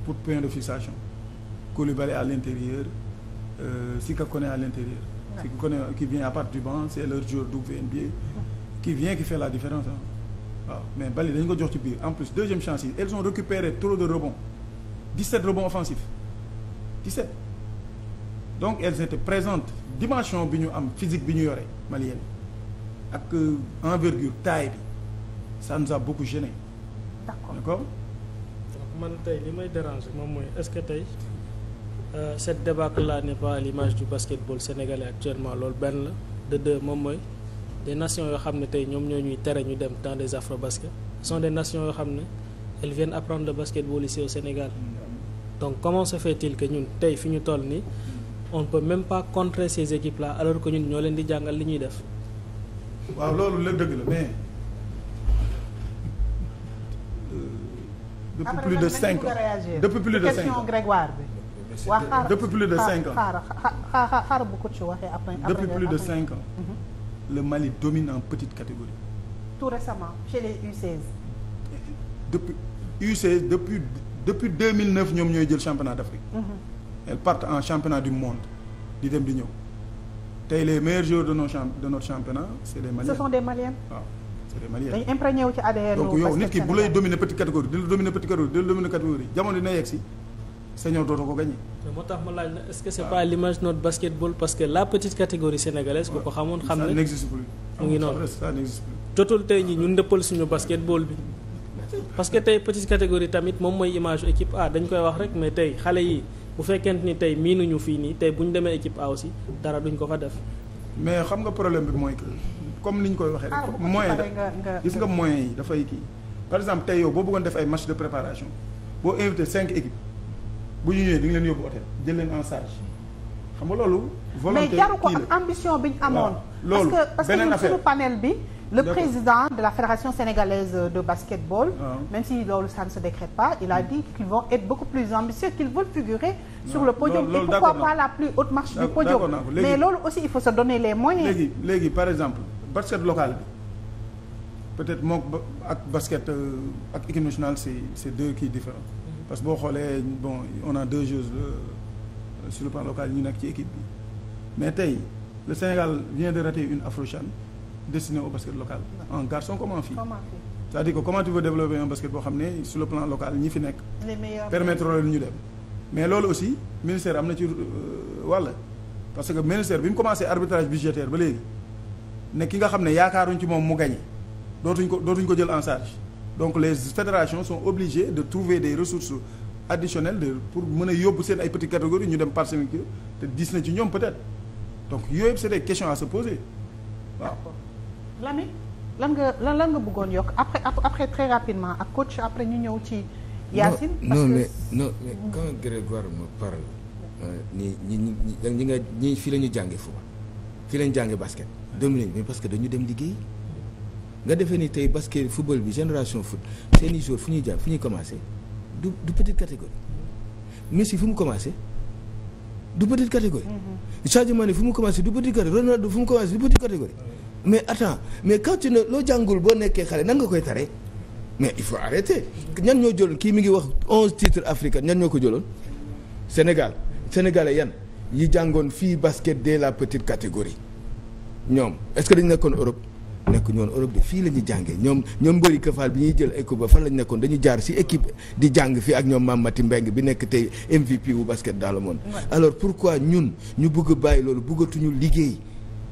pour point de fixation Koulibaly à l'intérieur euh, Sika Koné à l'intérieur Sika Koné qui vient à partir du banc c'est leur joueur double NBA qui vient qui fait la différence hein. waaw mais bali dañu ko jox ci biir en plus deuxième chance yi elles ont récupéré trop de rebonds 17 rebonds offensifs 17 donc elles étaient présentes dimension bi ñu am physique bi ñu yore malienne ak euh, envergure taille bi ça nous a beaucoup gêné. d'accord man tey li may déranger moom mooy est-ce que tey euh, cette débâcle là n'est pas à l'image du basketball sénégalais actuellement loolu benn la de deux moom mooy. des nations yoo xam ne tey ñoom ñoo ñuy tere ñu dem dans des afro-basket sont des nations yoo xam ne elles viennent apprendre le basketball ici au Sénégal donc comment se fait ñun tey fi ñu toll nii on peut même pas contrer ces équipes là alors que ñun ñoo leen di jàngal li ñuy def. waaw loolu la dëgg la mais. Euh, depuis plus de cinq ans depuis cinq ans Grégoire waa xaar de cinq ans bu ko ci waxee de cinq le Mali domine en petite catégorie. tout récemment chez les U16. depuis U16 depuis depuis 2009 ñoom ñooy jël championnat d' Afrique. Mmh. en championnat du monde di dem di ñëw tey les meilleurs joueurs de nos champ de notre championnat c' est les Maliens. ce sont dañu imprégné ci ADN donc yow nit ki bu lay dominer petite catégorie di la dominer petite catégorie di la dominer catégorie jamono dina yegg sañoo dootoo ko gagné. moo tax ma laaj na est-ce que c'est pas parce que la petite catégorie sénégalaise bu ko xam ne ça n'existe plus mu ngi noonu ça n'existe plus jotul ñu ndëppal suñu basketball bi parce que tey petite catégorie tamit moom mooy image équipe A dañ koy wax rek tey xale yi bu fekkente ni tey miinuñu fii nii tey bu ñu demee équipe aussi dara duñ ko fa def mais xam nga problème bi mooy comme ni ñu koy waxee rek ah, moyen gis nga moyens dafay kii par exemple tey yow boo bëggoon def ay match de préparation boo invité cinq équipes bu ñu ñëwee di nga leen yóbbu hôtel jël leen en charge xam nga loolu. volonté mais jaru ambition bi ñu amoon. loolu parce que parce que suñu panel bi. le président de la fédération sénégalaise de basketball. Ah. même si loolu ça ne se décrète pas il a hmm. dit qu'ils vont être beaucoup plus ambitieux qu'ils veulent figurer non. sur le podium et pourquoi pas la plus haute marche du podium mais loolu aussi il faut se donner les moyens léegi léegi par exemple basket local bi peut-être moom ak basket euh, ak équipe nationale c'est c'est deux kii parce que boo xoolee bon on a deux joueuses euh, sur le plan local ñu nekk ci équipe bi mais tey le Sénégal vient de rater une Afrochan destinée au basket local en garçon comme en fille cest dire que comment tu veux basket boo xam ne sur le plan local ñi fi nekk permettre loolu ñu dem mais loolu aussi ministère am na ci euh, wàll parce que ministère bi mu commencé arbitrage budgétaire ba léegi ne ki nga xam ne yaakaaruñ ci moom mu gagné dootuñ ko dootuñ ko jël en charge donc les fédérations sont obligées de trouver des ressources additionnelles de pour mën a yóbbu seen ay petites catégories ñu dem parce semaine te dis ci ñoom peut-être donc yooyu yëpp c'est des questions à se poser waaw. Lamine lan nga lan lan nga bëggoon yokk après après très rapidement ak coach après ñu ñëw ci. Yacine parce non, que non mais non mais quand Grégoire me parle euh, ni ñi ñi ñi nga ñi fii la ñu jàngee football fii la ñu jàngee basket. dem nañu mais parce que dañu dem liggéey. nga defee ni tey basket football bi génération foot seeni jour fu ñuy jaar fu ñuy commencé du du petite catégorie Messi fu mu commencé du petite catégorie. Mm-hmm. Sadio Mané fu mu commencé du petite catégorie Ronaldo fu mu commencé du petite catégorie. mais attends mais quand tu ne loo jàngul boo nekkee xale nan nga koy taree mais il faut arrêter ñan ñoo jëloon kii mi ngi wax onze titres africains ñan ñoo ko jëloon Sénégal sénégalais yan yi jàngoon fii basket dès la petite catégorie ñoom est-ce que dañu nekkoon Europe. nekk ñoon Europe de fii la ñu jàngee ñoom ñoom mbëri këfaal bi ñuy jël ay coupe ba fan la nekkoon dañu jaar si équipe di jàng fii ak ñoom Mamati Mbeng bi nekk tey MVP wu basket dans le monde alors pourquoi ñun ñu bëgg bàyyi loolu bëggatuñu liggéey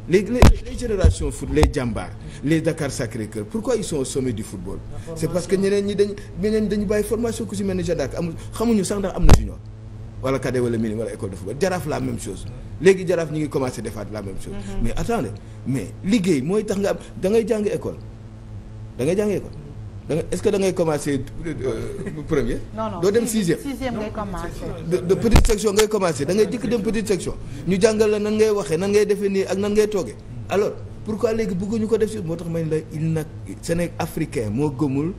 les les génération foot les jàmbaar les Dakar Sacré-Cœur pourquoi ils sont au sommet du football c'est parce que ñeneen ñi dañ ñeneen dañu bàyyi formation ku si mel ni Jeanne d'Arc amul xamuñu sax ndax am na junior wala cadet wala de football jaraaf la même léegi jaraaf ñu ngi commencé defaat la même chose. Mhm. mais attendez mais liggéey mooy tax nga am da ngay jàng école da ngay jàng école. da nga est-ce que da ngay commencer euh, premier. doo dem sixième. sixième ngay commencer. de de petite section ngay commencer da ngay jëkk dem petite section. ñu jàngal la nan ngay waxee nan ngay defee nii ak nan ngay toogee. pour pourquoi léegi bëgguñu ko def si moo tax ma ne la il nag Sénégal africain moo gëmul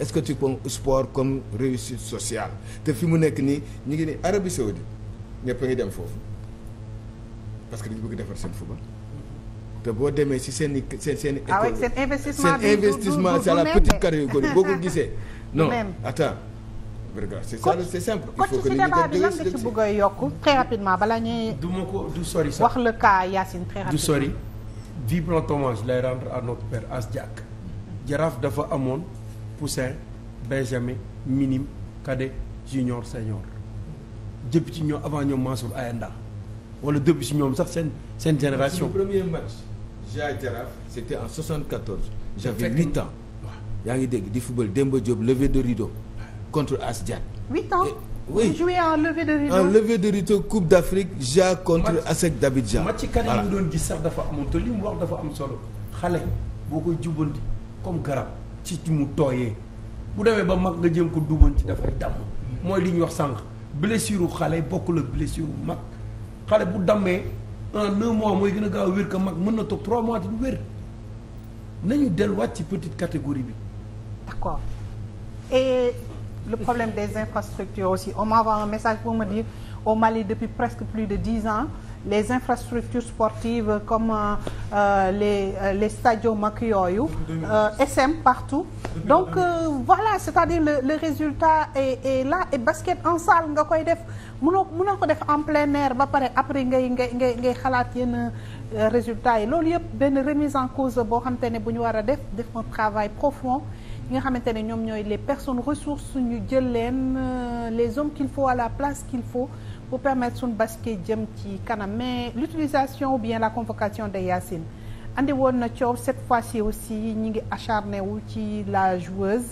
est-ce que tu sport comme réussite sociale te fi mu nekk nii ñu ngi ni Arabie Saoudite ñëpp a dem foofu. parce que dañu bëgg defar seen football te boo demee si seen i seen seen ah i. école seen investissement seen investissement c'est la petite catégorie boo ko gisee. non attends. c'est ça c'est simple. il faut que nit ñi def bi lan nga ci bëgg a yokk très rapidement bala ñuy. du ma ko du sori sax wax le cas Yacine très rapidement du sori. vibrant hommage lay rendre à notre père As Diack. Jaraaf dafa amoon Poussin Benjamin minime cadet junior senior jëpp ci ñoo avant ñoom Mansour Ayanda. wala dëbb si ñoom sax seen seen génération. premier match Jah Jaraaf c'était en 74. j'avais huit ans. yaa ngi dégg di football Demba Diop lever de rideau contre As Diack. huit ans. oui joué en lever de rideau en lever de rideau Coupe d'Afrique Jah contre ASEC d'Abidjan. voilà match kanam yi doon gis sax dafa amoon te li mu wax dafa am solo xale boo koy jubbanti comme garab ci mu tooyee bu demee ba mag nga jëm ko duban ci dafay damm. mooy li ñuy wax sànq blessure xale bokkul ak blessure mag. xale bu dammee en un mois mooy gën a gaaw wér que mag mën na toog trois mois di wér nañu delluwaat ci petite catégorie bi. d'accord et le problème des infrastructures aussi on m'envoie un message pour me dire au Mali depuis presque plus de dix ans. les infrastructures sportives comme euh, euh les euh, les stadiums ak yooyu euh, SM partout donc voilà c'est-à-dire le, le résultat est, est là et basket en salle nga koy def mënoo mënoo ko def en plein air ba pare après ngay ngay ngay ngay xalaat yenn résultats yi loolu yëpp benn remise en cause boo xamante ne bu ñu war a def def un travail profond ñi nga xamante ne ñoom ñooy les personnes ressources ñu jël leen les hommes qu'il faut à la place qu'il faut pour permettre suñu basket jëm ci kanam mais l'utilisation ou bien la convocation de Yacine andi woon na coow cette fois-ci aussi ñu ngi acharné wu ci la joueuse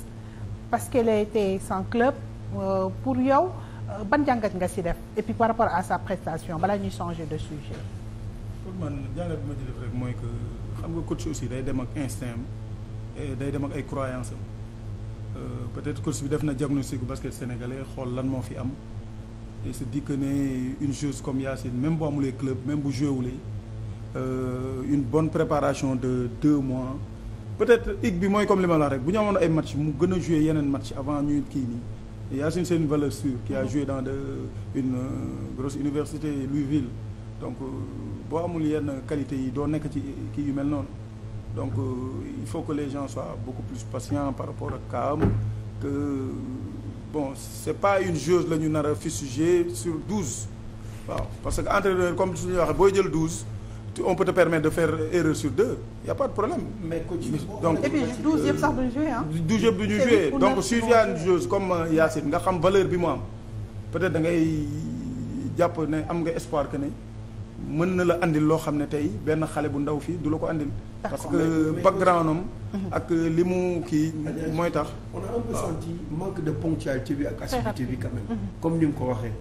parce qu'elle a été sans club euh, pour yow euh, ban jàngat nga ci def et par rapport à sa prestation balaa ñu changer de sujet. pour man jàngat bi ma ci def rek mooy que xam nga coach aussi day dem ak instinct day dem ak ay croyances am euh, peut-être coach bi def na diagnostic basket sénégalais xool lan moo fi am. et se dit que ne une chose comme Yacine même bu amulee club même bu joué wulee euh, une bonne préparation de deux mois peut-être hic bi mooy comme li rek bu ñu amoon ay match mu gën a joué yeneen match avant ñuy kii nii Yacine c'est valeur sûre qui a mm-hmm. joué dans de une euh, grosse université Louisville donc euh, boo amul yenn qualité yi doo nekk ci kii yi mel noonu donc il faut que les gens soient beaucoup plus patients par rapport ak kaam bon c' est pas une chose la ñu nar a fustiger sur douze. waaw parce que entraîneur comme suñu waxee booy jël douze on peut te permettre de faire erreur sur deux y' pas de problème. mais donc et puis douze yëpp euh, sax duñu joué donc si y' une chose comme euh, Yacine nga xam valeur bi mu am peut-être da ngay jàpp ne am nga espoir que ne. mën na la andil loo xam ne tey benn xale bu ndaw fii du la ko andil. parce que background am mhm. ak euh, li mu kii mooy tax. on a un peu manque de ponctualité bi ak assiduité bi quand mhm. comme ni mu ko waxee.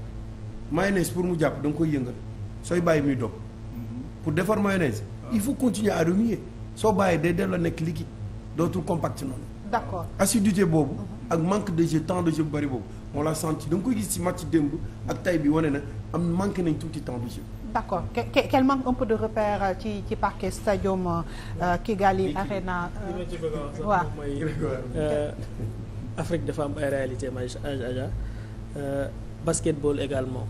mayonnaise pour mu jàpp da nga koy yëngal sooy bàyyi muy dog mhm. pour defar mayonnaise. Ah. il faut continuer à soo bàyyi day delloo nekk liquide dootul compact noonu. d'accord assiduité boobu. ak manque de jeu temps de jeu bu bari boobu. on l'a senti da nga koy gis ci match démb ak tay bi wane na am manqué nañ tuuti temps de jeu. d'accord qu'elle manque un peu de repère euh, ci ci parquet stadium euh, euh, Kigali Arena. waaw Afrique dafa am ay réalité ma Aja basketball également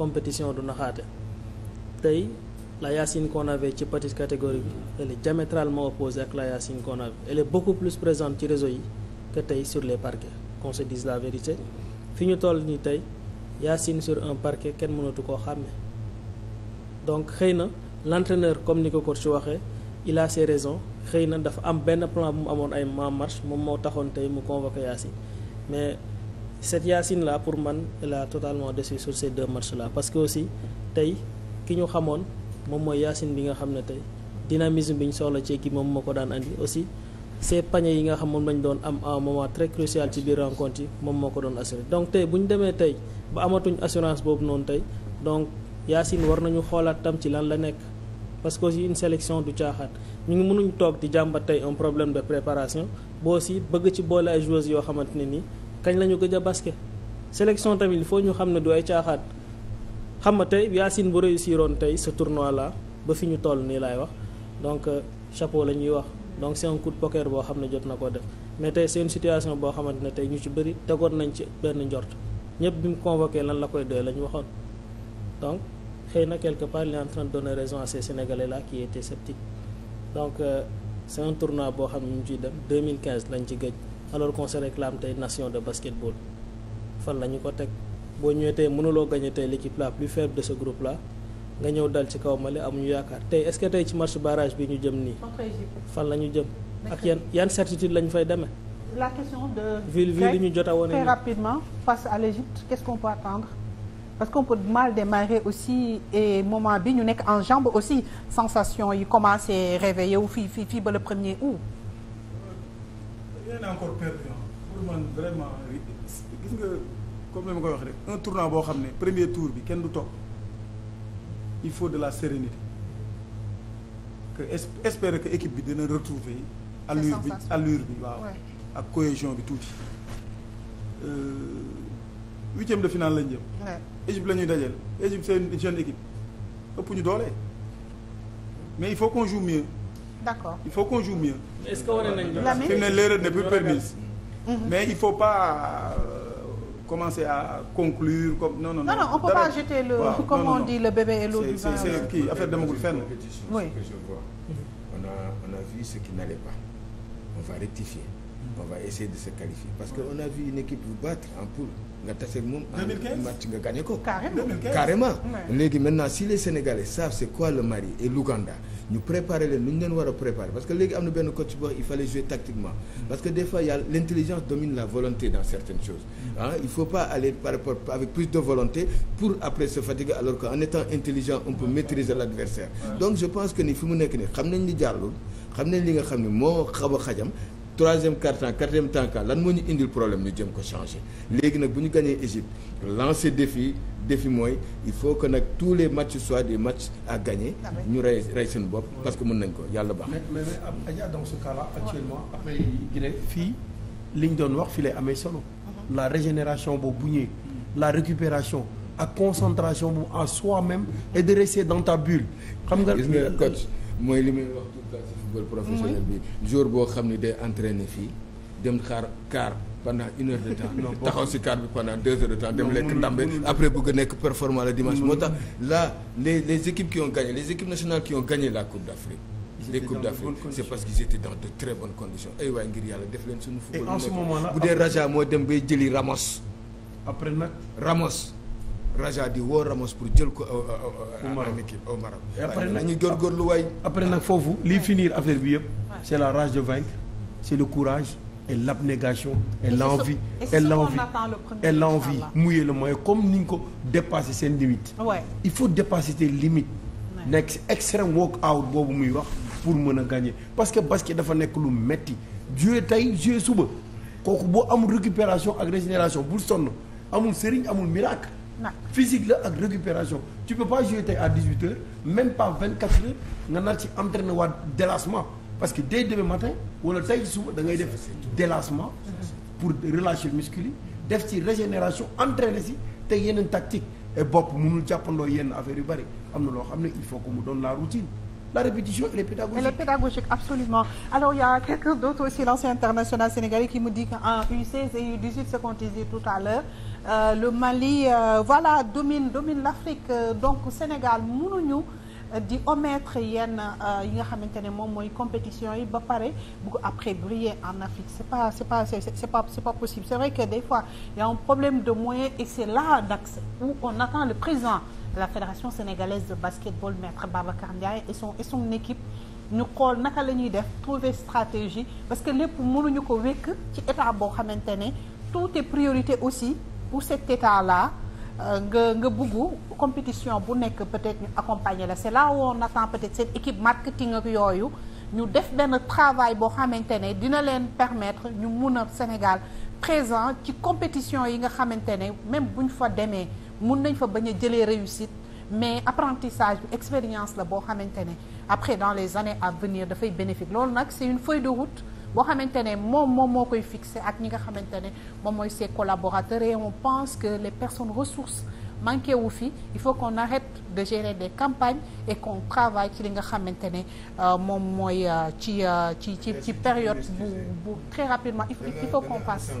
compétition du naxaate tey la Yacine qu'on ci petite catégorie bi elle est diamétralement opposée ak la Yacine qu'on avait est beaucoup plus présente ci réseau yi que tey sur les parquets qu'on se dise la vérité fi ñu toll nii tey Yacine sur un parquet kenn mënatu koo xàmme donc xëy na l' entraîneur comme ni ko coach waxee il a ses xëy na dafa am benn plan bu mu amoon ay en marche moom moo taxoon tey mu convoqué Yacine mais cette Yacine là pour man elle a totalement déçu sur ces deux matchs là parce que aussi tey ki ñu xamoon moom mooy Yacine bi nga xam ne tey dynamisme bi ñu soxla ci équipe moom moo ko daan indi aussi ces paniers yi nga xam moom lañ doon am à un moment très crucial ci biir rencontre yi moom moo ko doon assuré donc tey bu ñu tey amatuñ assurance boobu noonu tey donc. Yacine war nañu xoolaat tam ci lan la nekk parce que aussi une sélection du caaxaat ñu ngi mënuñu toog di jàmbat tey un problème de préparation boo aussi bëgg ci boole ay joueuses yoo xamante ne nii kañ la ñu gëj a basket sélection tamit il faut ñu xam ne du ay caaxaan xam nga tey Yacine bu réussiroon tey ce tournoi la ba fi ñu toll nii laay wax donc euh, chapeau la ñuy wax donc c'est un coup boo xam ne jot na koo def mais tey c'est situation boo xamante ne tey ñu ci bëri tegoon nañ ci benn njort ñëpp bi mu convoqué lan la koy doy la ñu waxoon xëy na quelque part il est en train de donner raison à ces sénégalais là qui étaient donc euh, c' boo xam ne ñu ciy dem 2015 lañ ci gëj alors qu'on se réclame tey nation de basketball fan la ñu ko teg boo ñëwee tey mënuloo gagné tey l' équipe la plus faible de ce groupe la nga ñëw dal ci kaw Mali amuñu yaakaar tey est ce que tey ci match barage bi ñu jëm nii. fan la ñu jëm. ak yan yan certitude lañ fay demee. la question de. ville ville li ñu jot a wone très rapidement face à l'Égypte qu'est-ce qu'on parce qu'on pou mal démarrer aussi et moment bi ñu nekk en jambe aussi sensation yi commencé réveillé wu fii fii fii ba le premier août. vraiment gis nga comme ni koy wax rek un tournant boo xam ne premier tour bi kenn du toog il faut de la sérénité que espérer que équipe bi dina retrouver allure bi allure bi waaw ak cohésion bi tuuti. Euh, huitième de finale lañ la ñuy dajeel Égypte c'est une jeune équipe ëpp ñu doole mais il faut qu'on joue mieux. d'accord il faut qu'on joue mieux. est ce que wane nañu la fi mu ne l'erreur n'est plus permise. Mhm. il faut pas euh, commencer à conclure comme non non. non non on peut pas jeter le comme on dit le bébé et l'eau du kii affaire demagul fenn. on a on va rectifier. on va essayer de se qualifier parce que on a vu une équipe vous battre nga taseeg moom. 2015 match nga gagné ko. carrément carrément. léegi maintenant si les Sénégalais savent c'est quoi le Mali et l'Ouganda ñu préparer leen nu ñu leen war préparer parce que léegi am na benn coach boo il fallait jouer tactiquement. Mm. parce que des fois y a l'intelligence domine la volonté dans certaines choses. ah il faut pas aller par rapport avec plus de volonté pour après se fatiguer alors qu'en étant intelligent on peut maîtriser l'adversaire donc pense que ni fi mu nekk nii xam nañ ni jaarul xam nañ nga xam ne moo xaw a troisième quart-temps quatrième temps lan moo ñu indil problème ñu jëm ko changé léegi nag bu ñu gagné Égypte lancer défi défi mooy il faut que nag tous les matchs soit des matchs à gagner ah ñu rey rey seen bopp parce que mën nañ ko yàlla baax. mais mais mais dans ce cas-là actuellement après fii li ñu doon wax fii lay amee solo. Mhm. la régénération boobu bu ñëwee. la récupération ak concentration boobu en soi-même et de rester dans ta xam nga gis nga coach mooy li muy wax. football professionnel bi jour boo xam ni day entraîner fii dem xaar car pendant une heure de temps taxaw si car bi pendant deux heures de temps dem lekk ndàmbe après bëgg nekk performant le dimanche moo tax là les les équipes qui ont gagné les équipes nationales qui ont gagné la coupe d'Afrique les coupes d'Afrique c'est parce qu'ils étaient dans de très bonnes conditions ay waay ngir yàlla def leen suñu football bu dee Raja moo dem bay jëli Ramos Raja di woo Ramos pour jël ko euh, euh, euh, au Maroc équipe au Maroc après nañu après nag foofu lii finir affaire bi yëpp c'est la rage de vaincre c'est le courage et l'abnégation et l'envie et l'envie et l'envie mouiller la mooy comme ni ñu ko dépasser seen limite il faut dépasser tes nekk extrême walk out boobu muy wax pour mën a gagner parce que basket dafa nekk lu metti jouer tey jouer suba kooku boo amul récupération ak régénération bul sonn amul sëriñ amul miracle physique la ak récupération tu peux pas jouer tey à même pas 24 heures nga nar ci entraîné waa délassement parce que dès demain matin wala tey suba dangay ngay def délassement pour relâcher musculaire def ci régénération entraîné si te yeneen tactique et bopp mënul jàppandoo yenn affaire yu bëri am na loo xam ne il faut que mu doon la routine la répétition elle est pédagogique. elle est pédagogique absolument alors il y a quelqu'un d'autre aussi l'ancien international sénégalais qui me dit qu'en u euh, le Mali euh, voilà domine domine l'Afrique donc Sénégal mënuñu euh, di omettre yenn yi nga xamante ne moom mooy compétition yi ba pare bu après briller en Afrique c'est pas c'est pas possible c'est vrai que des fois il y a un problème de moyens et c'est là d'accès où on attend le présent la fédération sénégalaise de basketball maître Babacar Ndiaye et son et son équipe ñu xool naka la ñuy def trouver stratégie parce que lépp mënuñu ko wékk ci état boo xamante ne tout est priorité aussi pour cet état là euh, nga nga bugg compétition bu nekk peut-être ñu accompagner la c'est la où on attend peut-être cette équipe marketing ak yooyu ñu def benn travail boo xamante ne dina leen permettre ñu mun a Sénégal présent ci compétition yi nga xamante ne même bu ñu fa demee mun nañ fa bañ a jëlee réussite mais apprentissage bi expérience la boo xamante ne après dans les années à venir dafay bénéfique loolu nag c'est une feuille de route boo xamante ne moom moom moo koy fixé ak ñi nga xamante ne moom mooy ses collaborateurs et on pense que les personnes ressources manqué wu fi il faut qu'on arrête de gérer des campagnes et qu'on travaille ci li nga xamante ne euh, moom mooy euh, ci euh, ci ci ci période bu bu très rapidement il faut qu'on passe.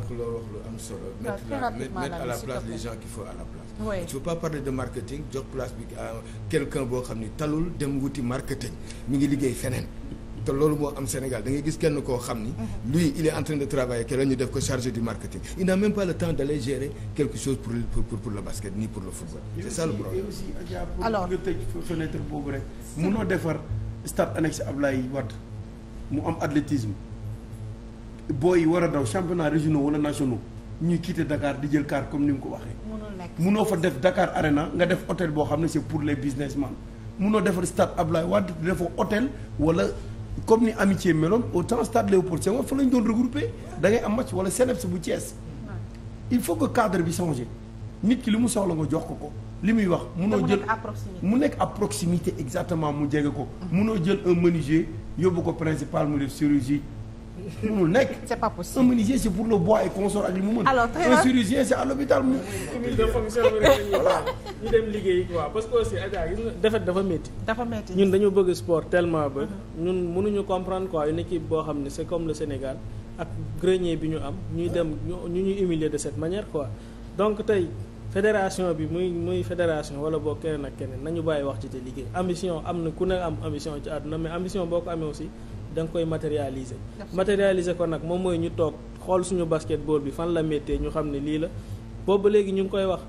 oui tu peux pas parler de marketing jox place bi à boo xam ni talul dem wuti marketing mi ngi liggéey feneen. te loolu moo am Sénégal da ngay gis kenn koo xam ni. Mhm. lui il est en train de travailler que la ñu def ko chargé du marketing il n'a même pas le temps d'aller gérer quelque chose pour pour pour, pour le basket ni pour le football. c'est ça defar stade annexe Ablaye Wade mu am athlétisme booy yi war a daw championnat régionaux wala nationaux ñuy quitter Dakar di jël car comme ni mu ko waxee. munoo fa def Dakar Arena nga def hôtel boo xam ne c'est pour les businessmen munoo defar stade Abdoulaye Wade defoo hôtel wala comme ni amitié meloon autant stade Léopold Senghor fa lañ doon regroupé dangay ngay am match wala CNEPS bu Thiès il faut que cadre bi changé nit ki li mu soxla nga jox ko ko li muy wax munoo jël mu nekk à proximité exactement mu jege ko munoo jël un menuisier yóbbu ko principal mu def chirurgie mënul nekk. c'est pas possible un menuisier c'est pour le bois et consort ak li mu mën. alors un chirurgien à l'hôpital mu. commune de fonction dem liggéey parce que aussi Adja gis nga défaite dafa métti. dafa dañu bëgg sport tellement ba. Mhm. ñun mënuñu comprendre quoi une équipe boo xam ne c'est comme le Sénégal ak grenier bi ñu am. ñuy dem ñu ñuy humilier de cette manière quoi donc tey. fédération bi muy muy fédération wala boo keneen ak keneen nañu bàyyi wax ci te liggéey ambition am na ku ne am ambition ci àdduna mais ambition boo ko da koy matérialiser. matérialiser ko nag moom mooy ñu toog xool suñu basketball bi fan la méttee ñu xam ne lii la boobu léegi ñu ngi koy wax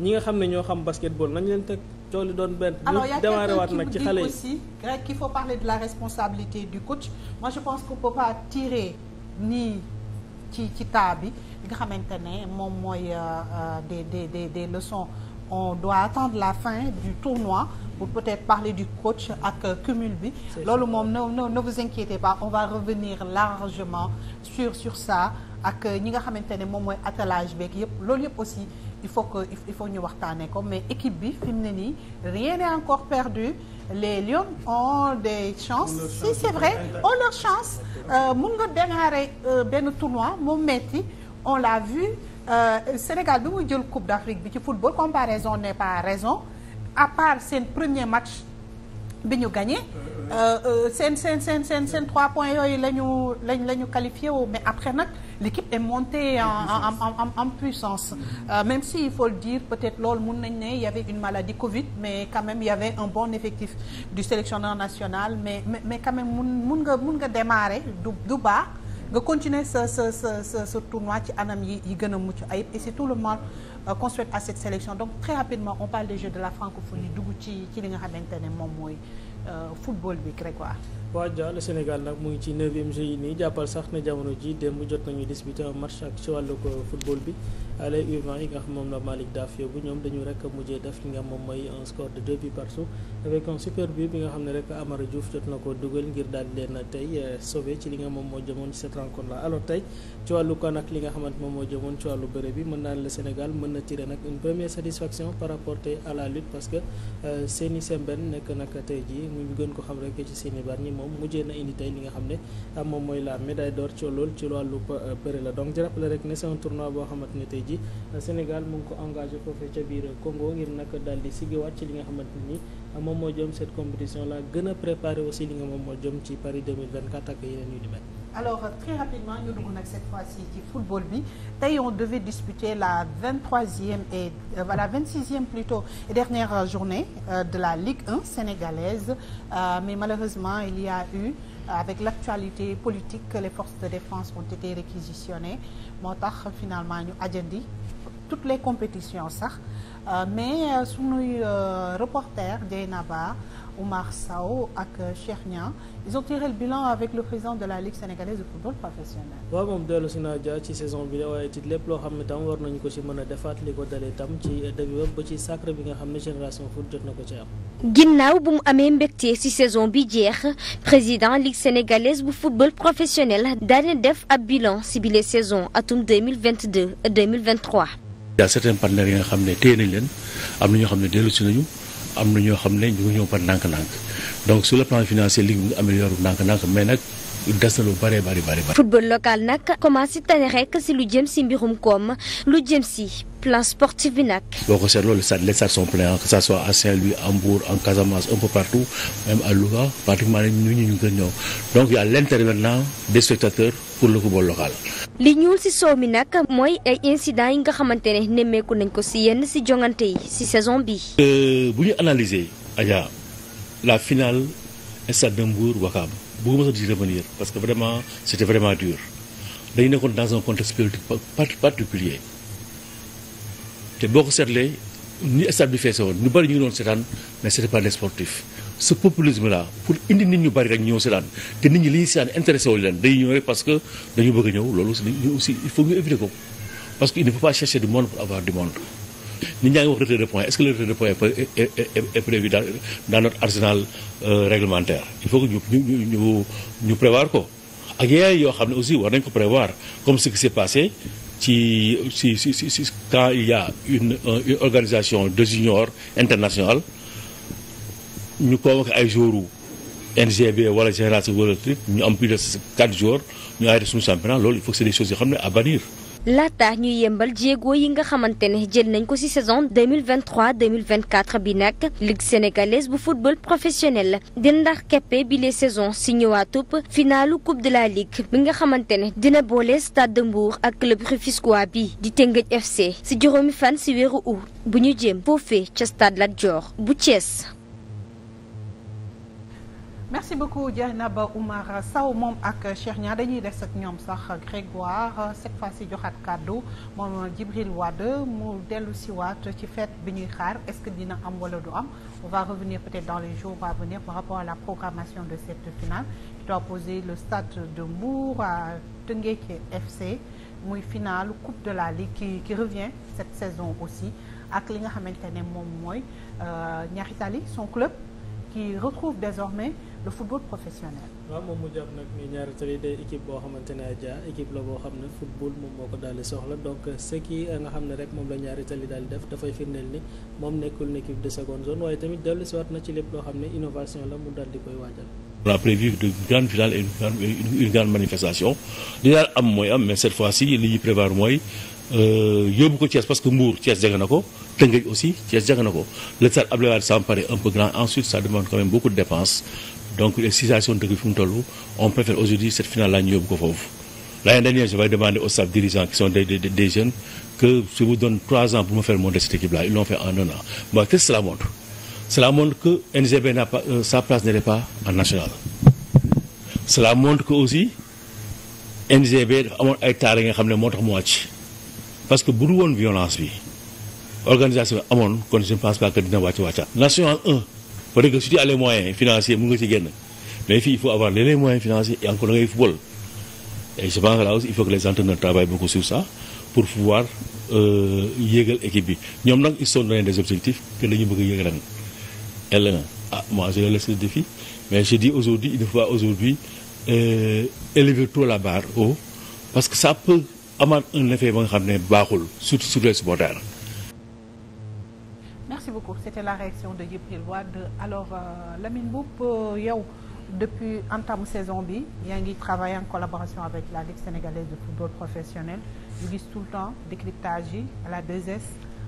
ñi nga xam ne ñoo xam basketball nañ leen teg coow li doon benn. alors y' a quelqu'un waat dit aussi Greg qu'il faut parler de la responsabilité du coach moi je pense qu'on peut pas tirer ci ci taa bi nga xamante ne moom mooy euh, euh, des des des des leçons on doit attendre la fin du tournoi. pour peut-être parler du coach ak cumul bi loolu moom non non ne vous inquiétez pas on va revenir largement sur sur ça ak ñi nga xamante ne moom mooy attelage beeg yëpp loolu yëpp aussi il faut que il faut ñu waxtaanee ko mais équipe bi fi mu ne nii rien n'est encore perdu les lions ont des chances si c'est vrai ont leur chance euh, mun nga démarrer euh, benn tournoi moom metti on l'a vu euh, Sénégal bi muy jël coupe d'Afrique bi ci football comparaison n'est pas raison à part seen premier match bi ñu gagné. Euh, euh, seen seen seen seen seen trois points yooyu la ñu lañ la ñu qualifié woo mais après nag li est montée en en en en puissance euh, même si il faut le dire peut-être loolu mun nañ ne y avait une maladie Covid mais quand même y avait un bon effectif du sélectionneur national mais mais, mais quand même mun mun nga mun nga démarrer du du baax nga continuer sa sa sa sa tournoi ci anam yi yi gën a mucc ayib et tout le mal Euh, qu'on souhaite à cette sélection donc très rapidement on parle des Jeux de la francophonie dugg ci ci li nga xamante ne moom mooy euh, football bi Grégoire waa Dia le Sénégal nag mu ngi ci neuvième jeu yi nii jàppal sax ne jamono ji démb jot nañu disputé un match ak ci wàllu ko football bi les U20 yi nga xam moom la Daaf yóbbu ñoom dañu rek mujjee def li nga moom mooy un score de deux buts partout avec un super but bi nga xam ne rek Amara Diouf jot na ko dugal ngir daal di leen tey eh, sauvé ci li nga moom moo jëmoon ci cette rencontre là alors tey ci wàllu ko nag li nga xamante moom moo jëmoon ci wàllu bëre bi mën naa le Sénégal mën na tiré nag une première satisfaction par rapport à la lutte parce que eh, Seny Sembène nekk nag tey jii ko xam rek ci moom mujjee na indi tey li nga xam ne ah, moom mooy la médaille d'or ci lool ci wàllu euh, bëri la donc jàppale rek ne c'est un boo xamante ne tey ji euh, Sénégal mu ngi ko engagé foofee ca biir Congo ngir nag daal di sigiwaat ci li nga xamante ni ah, moom moo jëm cette compétition la gën a préparé aussi li nga moom moo jëm ci Paris 2024 ak yeneen yu alors euh, très rapidement ñu dugg nag cette fois-ci bi tey on la vingt troisième et euh, vingt sixième plutôt et dernière euh, journée euh, de la Ligue 1 sénégalaise mais malheureusement il y a eu politique que les forces de défense ont moo tax finalement ñu ajandi toutes les compétitions sax mais sunuy reporter Dieynaba Oumar Sow ak euh, Cheikh Niang ils ont tiré le bilan avec le président de la Ligue sénégalaise de football professionnel. waaw ci saison bi la waaye lépp loo xam ne tam war nañu ko ci mën a defaat li ko dalee tam ci début ba ci sacre bi na ko ci am. ginnaaw mu amee mbégte ci saison bi jeex président Ligue sénégalaise bu football professionnel daana def ab bilan ci bile saison atum 2022 2023. y a certains partenaires yi nga xam ne téye nañ leen am na ñoo xam ne dellu si nañu. am na ñoo xam ne ñu ngi ñëw par ndànk-ndànk donc sur le plan financier liggéey bi nga amélioré ndànk-ndànk mais nag des na lu bëree bëri bëri. football local nag commencé tane rek si lu jëm si mbirum koom lu jëm si plan sportif bi nag. boo ko seetloo les stades sont pleins que ça soit à Saint-Louis à Mbour en Casamance un peu partout même à Louga pratiquement ñu ñu ñu gën ñëw donc y a l'intérêt des spectateurs pour le football local. li ñuul ci soow mi nag mooy ay incidents yi nga xamante ne nemmeeku nañ ko si yenn si jongante yi ci saison bi euh, bu ñu analyser Adja la finale Mbour Wakam bëgguma sax di revenir parce que vraiment c'était vraiment dur dañu nekkoon dans un contexte particulier te boo ko seetlee ni stade bi feese woon ñu bëri ñu ngi doon seetaan mais c'était pas des sportifs ce pour indi nit ñu bari rek ñëw seetaan te nit ñi li ñuy seetaan wu leen day ñëw parce que dañu bëgg a ñëw loolu aussi il faut ñu éviter ko parce que il ne faut pas chercher du monde pour avoir du monde nit ñaa ngi wax retrait de point est-ce que le retrait de point est prévu dans dans notre arsenal euh, réglementaire il faut que ñu ñu ñu ñu prévoir ko ak yeneen yoo xam ne aussi war nañ ko prévoir comme ce qui s'est passé ci si si si quand il y une organisation de juniors internationale ñu koo convoqué ay jouru NGB wala génération wala ñu am plus quatre jours ñu arrêté suñu championnat loolu il faut que c'est des choses yoo xam ne à bannir laata ñu yembal jéego yi nga xamante ne jël nañ ko ci saison 2023 2024 bi nag ligue sénégalaise bu football professionnel dina ndax keppe bi les saison ci ñëwaatub finalu coupe de la ligue bi nga xamante ne dina boole stade de Mbour ak club rufisquois bi di Teungueth FC ci juróomi fan ci weeru août bu ñu jéem foofee ca stade Lat Dior bu Thiès. merci beaucoup Dieynaba Oumar saw moom ak Cheikh Niang dañuy des ak ñoom sax Grégoire cette fois ci joxaat kàddu moom Djibril Wade mu dellu siwaat ci fait bi ñuy xaar est-ce que dina am wala du am on va revenir peut-être dans les jours à venir par rapport à la programmation de cette finale qui doit opposer le stade de Mbour à Teungueth FC muy finale coupe de la ligue qui, qui revient cette saison aussi ak li nga xamante ne moom mooy euh, Niary Tally son club qui retrouve désormais le football professionnel. waaw moom mu jàpp nag ni ñaari tali day équipe boo xamante ne Adja équipe la boo xam ne football moom moo ko daal di soxla donc ce qui nga xam ne rek moom la ñaari tali daal di def dafay firndeel ni moom nekkul une équipe de seconde zone waaye tamit dellu si waat na ci lépp loo xam ne innovation la mu daal di koy waajal. on a prévu de grande finale une grande manifestation li daal am mooy am mais cette fois-ci li ñuy mooy euh, yóbbu ko Thiès parce que Mbour Thiès jege na ko Tëngéej aussi Thiès jege na ko le stade Abdoulaye Wade ça me de dépenses. donc situation dëkk bi fi mu toll on préfère aujourd'hui cette finale là ñu yóbbu ko foofu l'année dernière j'avais demandé aux staff dirigeants qui sont des, des, des jeunes que je vous donne trois ans pour me faire monter cette équipe là ils l'ont fait en un an bon qu'est-ce que cela montre cela montre que NGB n'a pas euh, sa place n'était pas en national cela montre que aussi NGB amoon ay taare nga xam ne moo tax mu wàcc parce que bu dul woon violence bi organisation amoon kon je ne pense pas parce que si tu as les moyens financiers nga ci génn mais fii il faut avoir les moyens financiers et encore da ngay football et je pense là aussi il faut que les entraîneurs travaillent beaucoup sur ça pour pouvoir euh, yéegal équipe bi ñoom nag il sont donnés des objectifs que dañu bëgg a yéegal ren elle na ah moi je laisse le défi mais je dis aujourd'hui il ne faut pas aujourd'hui euh, élever la barre o parce que ça peut amaat un effet ba nga xam ne baaxul surtout sur les supporters merci beaucoup c'était la réaction de Djibril Wade alors euh, Lamine Mboup euh, yow depuis entame saison bi yaa ngi travailler en collaboration avec la Ligue sénégalaise de football professionnel ñu gis tout le temps décryptage yi à la 2S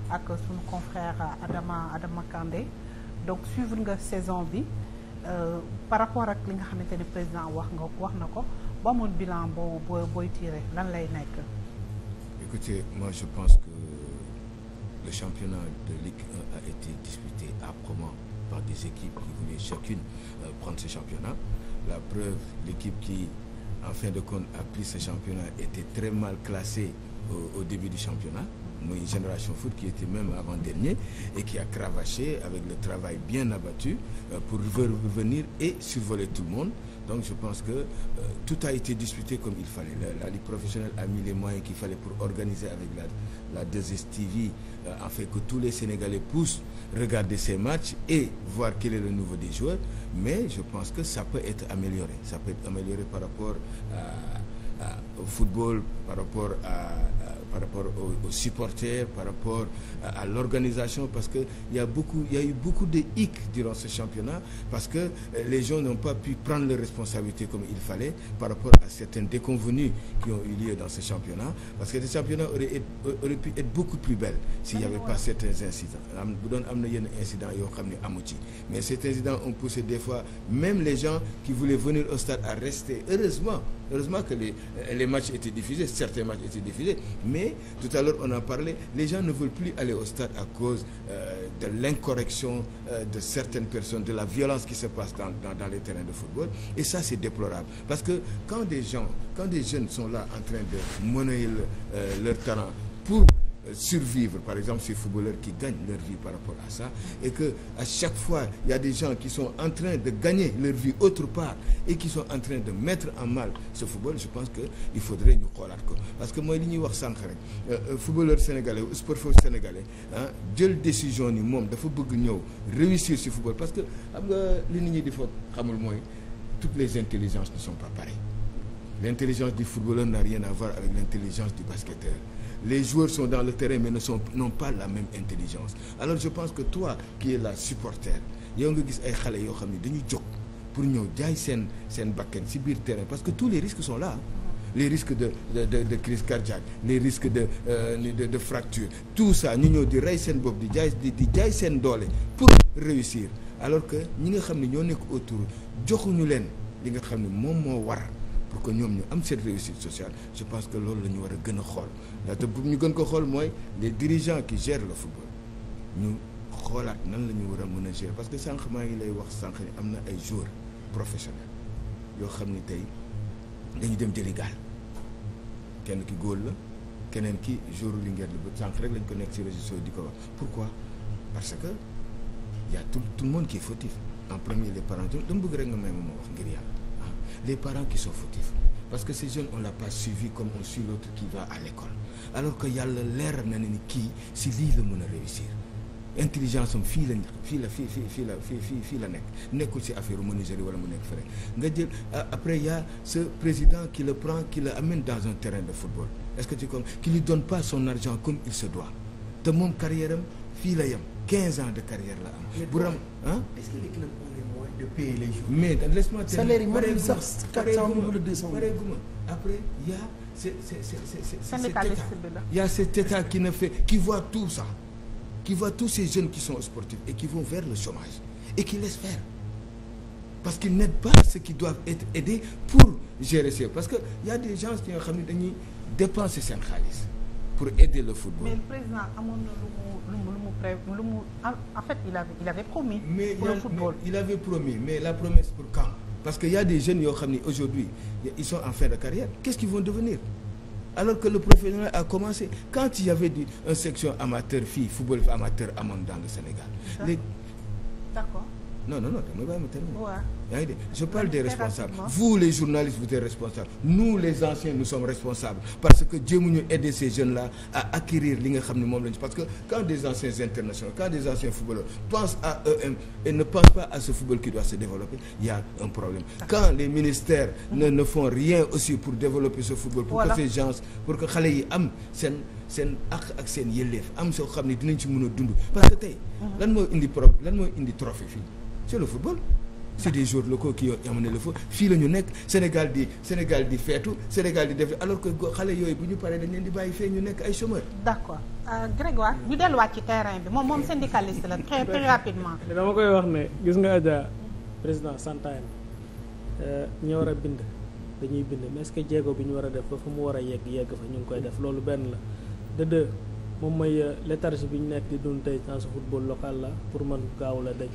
ak sunu confrère Adama Adama donc suivre nga saison bi euh, par rapport ak li nga xamante ne président wax nga wax na ko ba amoon bilan boo boo booy tiré lan lay nekk. été disputée âprement des équipes qui voulaient chacune euh, prendre ce championnat. La preuve, l'équipe qui, en fin de compte, a pris ce championnat était très mal classée au, au début du championnat. Une Génération Foot qui était même avant-dernier et qui a cravaché avec le travail bien abattu euh, pour revenir et survoler tout le monde. Donc je pense que euh, tout a été disputé comme il fallait. La, la Ligue professionnelle a mis les moyens qu'il fallait pour organiser avec la, la les Sénégalais poussent regarder ces matchs et voir quel est le niveau des joueurs mais je pense que ça peut être amélioré ça peut être amélioré par rapport à, à, au football par rapport à, à par rapport aux, aux à, à l'organisation, parce qu'il y, a beaucoup, y a eu beaucoup de hic durant ce championnat, parce que euh, les gens n'ont pas pu prendre leurs responsabilités comme il fallait par rapport à certaines déconvenues qui ont eu lieu dans ce championnat, parce que ce championnat aurait, être, euh, aurait pu être beaucoup plus belle s'il n'y avait pas certains incidents. bu xam ne amu ci mais cet incident ont poussé des fois même les gens qui voulaient venir au stade à rester heureusement Heureusement que les, les matchs étaient diffusés, certains matchs étaient diffusés, mais tout à l'heure on en parlait, les gens ne veulent plus aller au stade à cause euh, de l'incorrection euh, de certaines personnes, de la violence qui se passe dans, dans, dans de football. Et ça c'est déplorable. Parce que quand des gens, quand des jeunes sont là en train de monnayer euh, leur talent pour survivre, par exemple ces footballeurs qui gagnent leur vie par rapport à ça, et que à chaque fois, il y a des gens qui sont en train de gagner leur vie autre part et qui sont en train de mettre en mal ce football, je pense que il faudrait ñu xoolaat ko parce que mooy li ñuy wax sànq rek euh, euh, footballeur sénégalais sportif sénégalais jël décision ni moom dafa bëgg ñëw réussir ci football parce que am nga li nit ñi di foog xamul mooy toutes les intelligences ne sont pas pareilles l'intelligence du footballeur n'a rien à voir avec l'intelligence du basketteur les joueurs sont dans le terrain mais ne sont n'ont pas la même intelligence alors je pense que toi qui es la supporter yow nga gis ay xale yoo xam ne dañu jóg pour ñëw jaay seen seen bakkan ci biir terrain parce que tous les risques sont là les risques de de de, de crise cardiaque les risques de euh, de fracture tout ça ñu ñëw di rey seen bopp di jaay di jaay seen doole pour réussir alors que ñi nga xam ne ñoo nekk autour joxuñu leen li nga xam ne moom moo war. pour que ñoom ñu am cette réussite sociale je pense que loolu la ñu war a gën a xool ndaxte bu ñu gën ko xool mooy les dirigeants qui gèrent le football ñu xoolaat nan la ñu war a mën a gérer parce que sànq maa ngi lay wax sànq ni am na ay joueurs professionnels yoo xam ni tey dañu dem jëli gaal kenn ki góor la keneen ki jour Linguère la ba sànq rek lañ ko nekk ci réseaux sociaux di ko wax pour pourquoi parce que y a tout tout le monde en premier les parents dama bëgg rek nga may ma ngir yàlla. les parents qui sont fautifs parce que ces jeunes on l'a pas suivi comme on suit l'autre qui va à l'école alors que yàlla leeram na ne ni kii si lii la mën a réussir intelligence fii la fii la fii fii fii la fii fii fii la nekk nekkul si affaire menuiserie wala mu nekk feneen nga jël euh, après y a ce président qui le prend qui le amène dans un terrain de football est-ce que tu comme qui lui donne pas son argent comme il se doit te moom carrière fii la yem quinze ans de carrière la am bu ram de payer mais laisse-moi te salaire yi mënul sax 400 wala 200 pareeguma après y' a c'est c'est c'est c'est cet a cet état qui ne fait qui voit tout ça qui voit tous ces jeunes qui sont sportifs et qui vont vers le chômage et qui laissent faire parce qu'ils n'aident pas ceux qui doivent être aidés pour gérer ça parce que y' a des gens qui nga xam ne dañuy dépenser seen xaalis. pour aider le football. mais le président amoon il avait il Mais, pour le football la promesse pour quand. parce que y a des jeunes yoo xam ni aujourd'hui ils sont en fin de carrière qu'est-ce qu'ils vont devenir alors que le professionnel a commencé quand il y avait une section amateur fille football amateur amoon dans le Sénégal. d'accord. non non non dama bàyyi ma terminer. waaw yaa ngi je parle des responsables. vous les journalistes vous êtes responsables. nous les anciens nous sommes responsables. parce que jéemuñu aider ces jeunes là à acquérir li nga xam ne la lañu parce que quand des anciens internationaux quand des anciens footballeurs pensent à eux-mêmes et ne pensent pas à ce football qui doit se développer y a un problème. quand les ministères ne ne font rien aussi pour développer ce football. pour voilà. que pour que xale yi am seen. seen ak ak seen yelleef am soo xam ne dinañ ci mën a dund parce que tey. Mm-hmm. lan moo indi pro lan moo indi trophée fii. c'est le football c'est des joueurs locaux qui ont amené fii la ñu nekk Sénégal di Sénégal di feetu Sénégal di def alors que xale yooyu bu ñu paree dañ leen di bàyyi fee ñu nekk ay chômeurs. d'accord euh, Grégoire ñu delluwaat ci terrain bi moom moom syndicaliste la très très rapidement. dama wax ne gis nga Adja président santaane euh, ñi a bind dañuy bind mais ce que jéego bi ñu war a def ba fa mu war a yegg yegg fa ñu ngi koy def loolu benn la de moom mooy euh, léthargie bi ñu nekk di dund tey dans ce local la pour mën gaaw la dëj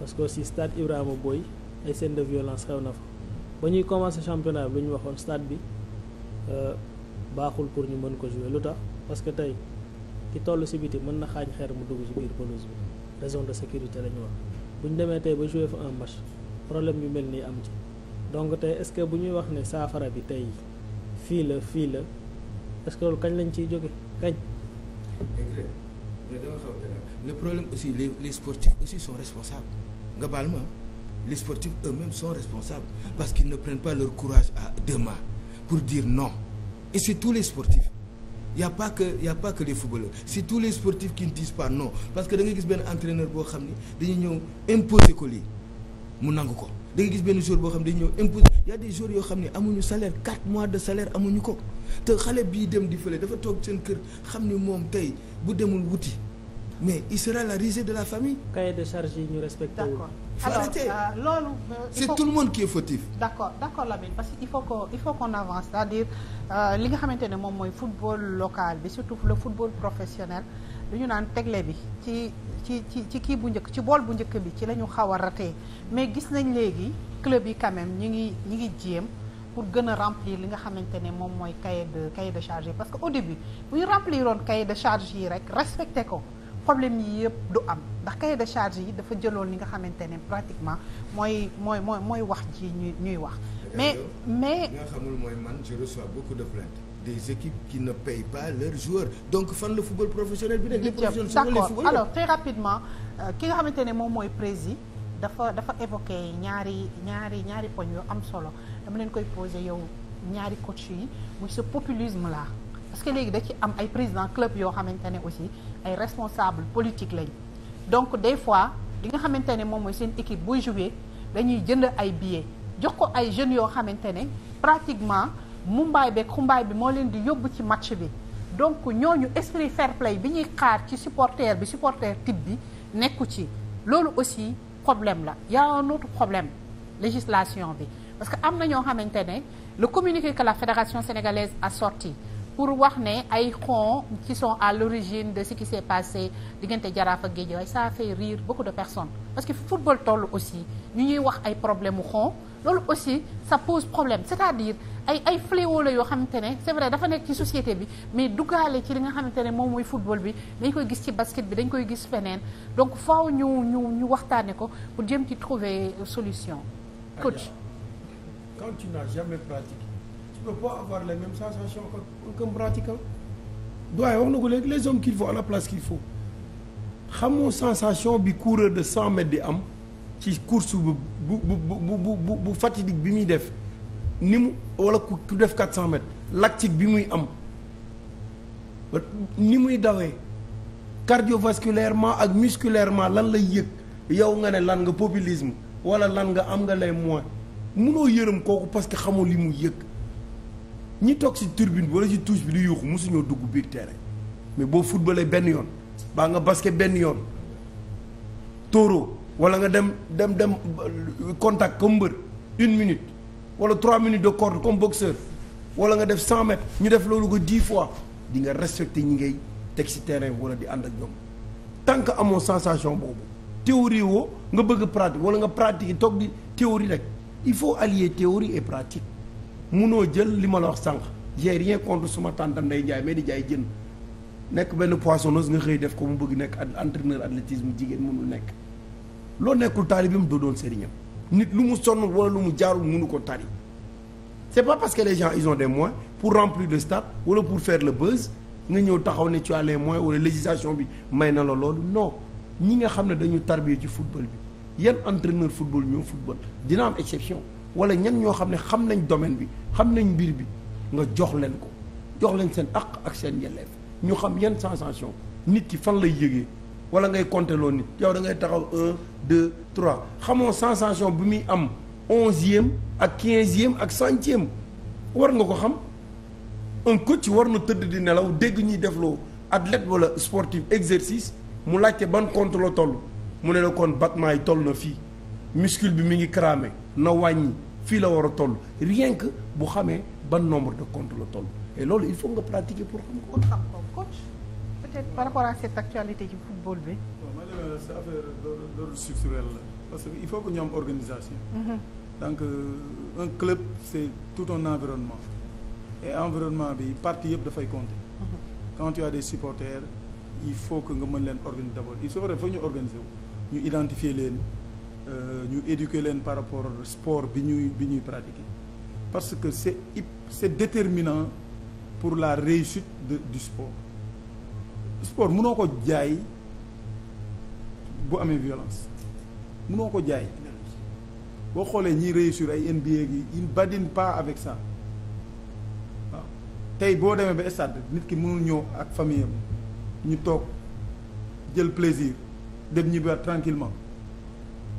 parce que aussi stade Ibrahima Boye ay scène de violence xew na fa ba ñuy commencé championnat bi lu ñu waxoon stade bi euh, baaxul pour ñu mën ko jouer lu tax parce que tey ki toll si biti mën na xaañ xeer mu dugg ci biir pelouse bi raison de sécurité lañu ñu wax bu ñu demee tey ba jouer fa en match problème yu mel nii am ci donc tey est-ce que bu ñuy wax ne saafara bi tey fii la fii la est-ce que kañ lañ ciy jóge kañ. le problème aussi les les sportifs aussi sont responsables. nga baal ma les sportifs eux-mêmes sont responsables parce que ne prennent pas leur courage à deux pour dire non et c'est tous les sportifs y a pas que y a pas que les tous les sportifs qui ne disent non parce que da nga gis benn entraîneur boo xam ni dañu ñëw imposer ko li mu nangu ko da nga gis benn jour boo xam ne dañuy ñëw imposer y a yoo xam ne amuñu salaire quatre mois de salaire amuñu ko te xale bii dem di fële dafa toog seen kër xam ni moom tey bu demul wuti mais il sera la de la famille. cahier de charge yi ñu respecté wul. alors euh, loolu. Euh, c'est faut... tout le monde qui est fautif. d'accord d'accord Lamine parce que il faut que il faut qu'on avance c'est-à-dire euh, li nga xamante ne moom mooy football local bi surtout le football professionnel lu ñu naan tegle bi ci ci ci ci kii bu njëkk ci bool bu njëkk bi ci la ñu xaw a ratee mais gis nañ léegi club yi quand même ñu ngi ñu ngi jéem. pour gën a remplir li nga xamante ne moom mooy cahier de cahier parce que au début bu ñu remplir woon cahier de charge rek respecté ko problème yi yëpp du am ndax cahier de charge yi dafa jëloon li nga xamante ne pratiquement mooy mooy mooy mooy wax ci ñuy ñuy wax. mais mais nga mooy man je reçois beaucoup de plaintes. des équipes qui ne payent pas leurs donc fan la football professionnel bi nekk. les professionnels d'accord euh, ki nga xamante ne moom mooy prési dafa dafa évoqué ñaari ñaari ñaari poñ yoo am solo dama leen koy posé yow ñaari coach yi muy ce populisme là parce que léegi da ci am ay président club yoo xamante ne aussi. ay responsable politique lañ donc des fois li nga xamante ne moom mooy seen équipe buy jouer dañuy jënd ay billets jox ko ay jeunes yoo xamante ne pratiquement mumbaay beeg xumbaay bi moo leen di yóbbu ci match bi donc ñooñu esprit fair play bi ñuy xaar ci supporter bi supporter type bi nekku ci loolu aussi problème la y a un autre problème législation bi parce que am na ñoo xamante ne le communiqué que la fédération sénégalaise a sorti pour wax ne ay xon ci sont à l'origine de ce qui s'est passé diggante Jaraaf ak Guédiawaye ça a fait rire beaucoup de personne parce que football toll aussi ñu ñuy wax ay problème mu xon loolu aussi sa pose problème c'est-à-dire ay ay yoo xamante ne c'est vrai dafa nekk ci société bi mais duggaale ci li nga xamante ne moom mooy football bi dañ koy gis ci basket bi dañ koy gis feneen donc faaw ñu ñu ñu waxtaane ko pour jëm ci trouver solution coach quand tu peux pas avoir les mêmes sensations wax na ko léegi les hommes qu'il faut à la place qu'il faut xamoo sensation bi coureur de cent mètres di am ci course bu bu bu bu bu fatidique bi muy def ni mu wala ku def quatre cent mètres lactique bi muy am ni muy dawee cardiovasculairement ak musculairement lan lay yëg yow nga ne lan nga populisme wala lan nga am nga lay moins munoo yërëm kooku parce que xamoo li mu yëg ñi toog si turbine bi wala si touche bi di yuuxu mosuñoo dugg biir terrain mais boo footballee benn yoon baa nga basket benn yoon tóoro wala nga dem dem dem contact comme mbër une minute wala trois minutes de corde comme boxeur wala nga def cent mètres ñu def loolu ko di fois di nga respecté ñi ngay teg si terrain wala di ànd ak ñoom tant que amoo sensation boobu théorie woo nga bëgg pratique wala nga pratique toog di théorie rek il faut allier théorie et pratique munoo jël li ma la wax sànq j'ai rien contre suma tàntam nday njaay mais di jaay jën nekk benn poissonneuse nga xëy def ko mu bëgg nekk entraîneur athlétisme jigéen mënul nekk loo nekkul taalibeem doo doon sëriñam nit lu mu sonn wala lu mu jaarul mënu ko tari c'est pas parce que les gens ils des moyens pour remplir le stade wala pour faire la buzz nga ñëw taxaw ne tu as les moyens wala législation bi may na la loolu non ñi nga xam ne dañu tarbiye ci football bi yan entraîneur football ñoo football dina am exception wala ñan ñoo xam ne xam nañ domaine bi xam nañ mbir bi nga jox leen ko jox leen seen aq ak seen yelleef ñu xam yan sensation nit yi fan lay yëgee wala ngay compter loo nit yow dangay taxaw un deux trois xamoo sensation bi muy am onzième ak quinzième ak centième war nga ko xam un ci war na tëdd di nelaw dégg ñuy defloo athlète wala sportif exercice mu laajte ban compte la toll mu ne la kon battement yi toll na fii muscle bi mi ngi cramé na wàññi fii la war a toll rien bu xamee ban nombre de compte la toll loolu il faut nga pratiquer pour xam ko. pour xam ko coach peut parce que il faut que ñu am organisation. Mm-hmm. donc euh, un club c'est tout un environnement. et environnement bi parti yëpp dafay compter. Mm-hmm. quand tu as des supporters il faut que nga mën leen organiser d'abord il faut que ñu organiser wu ñu identifier leen. Euh, ñu éduquer leen par rapport sport bi ñuy bi ñuy pratiquer parce que c'est c'est déterminant pour la réussite de, du sport sport munoo ko jaay bu amee violence mënoo ko jaay boo xoolee ñiy réussir ay NBA gi ils badinent pas avec ça waaw tey boo demee ba stade nit ki mënul ñëw ak famille am ñu toog jël plaisir dem ñibbiwaat tranquillement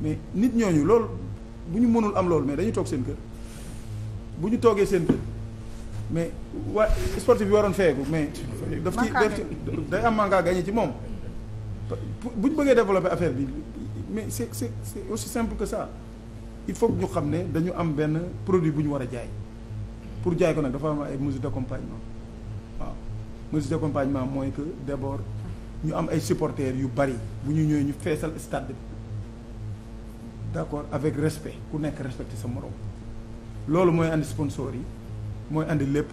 mais nit ñooñu loolu bu ñu mënul am loolu mais dañuy toog seen kër bu ñu toogee seen kër mais waa sportif bi waroon feeku mais. dafa ci daf day am manque à ci moom. bu ñu bëggee développer affaire bi mais c'est c'est c'est aussi simple que ça il faut ñu xam ne dañu am benn produit bu ñu war a jaay pour jaay ko nag dafa am ay de compagnement waaw mesures compagnement mooy que d'abord ñu am ay supporters yu bari bu ñu ñëwee ñu feesal stade bi. d'accord avec respect ku nekk respecté sa morom loolu mooy andi sponsor yi mooy indi lépp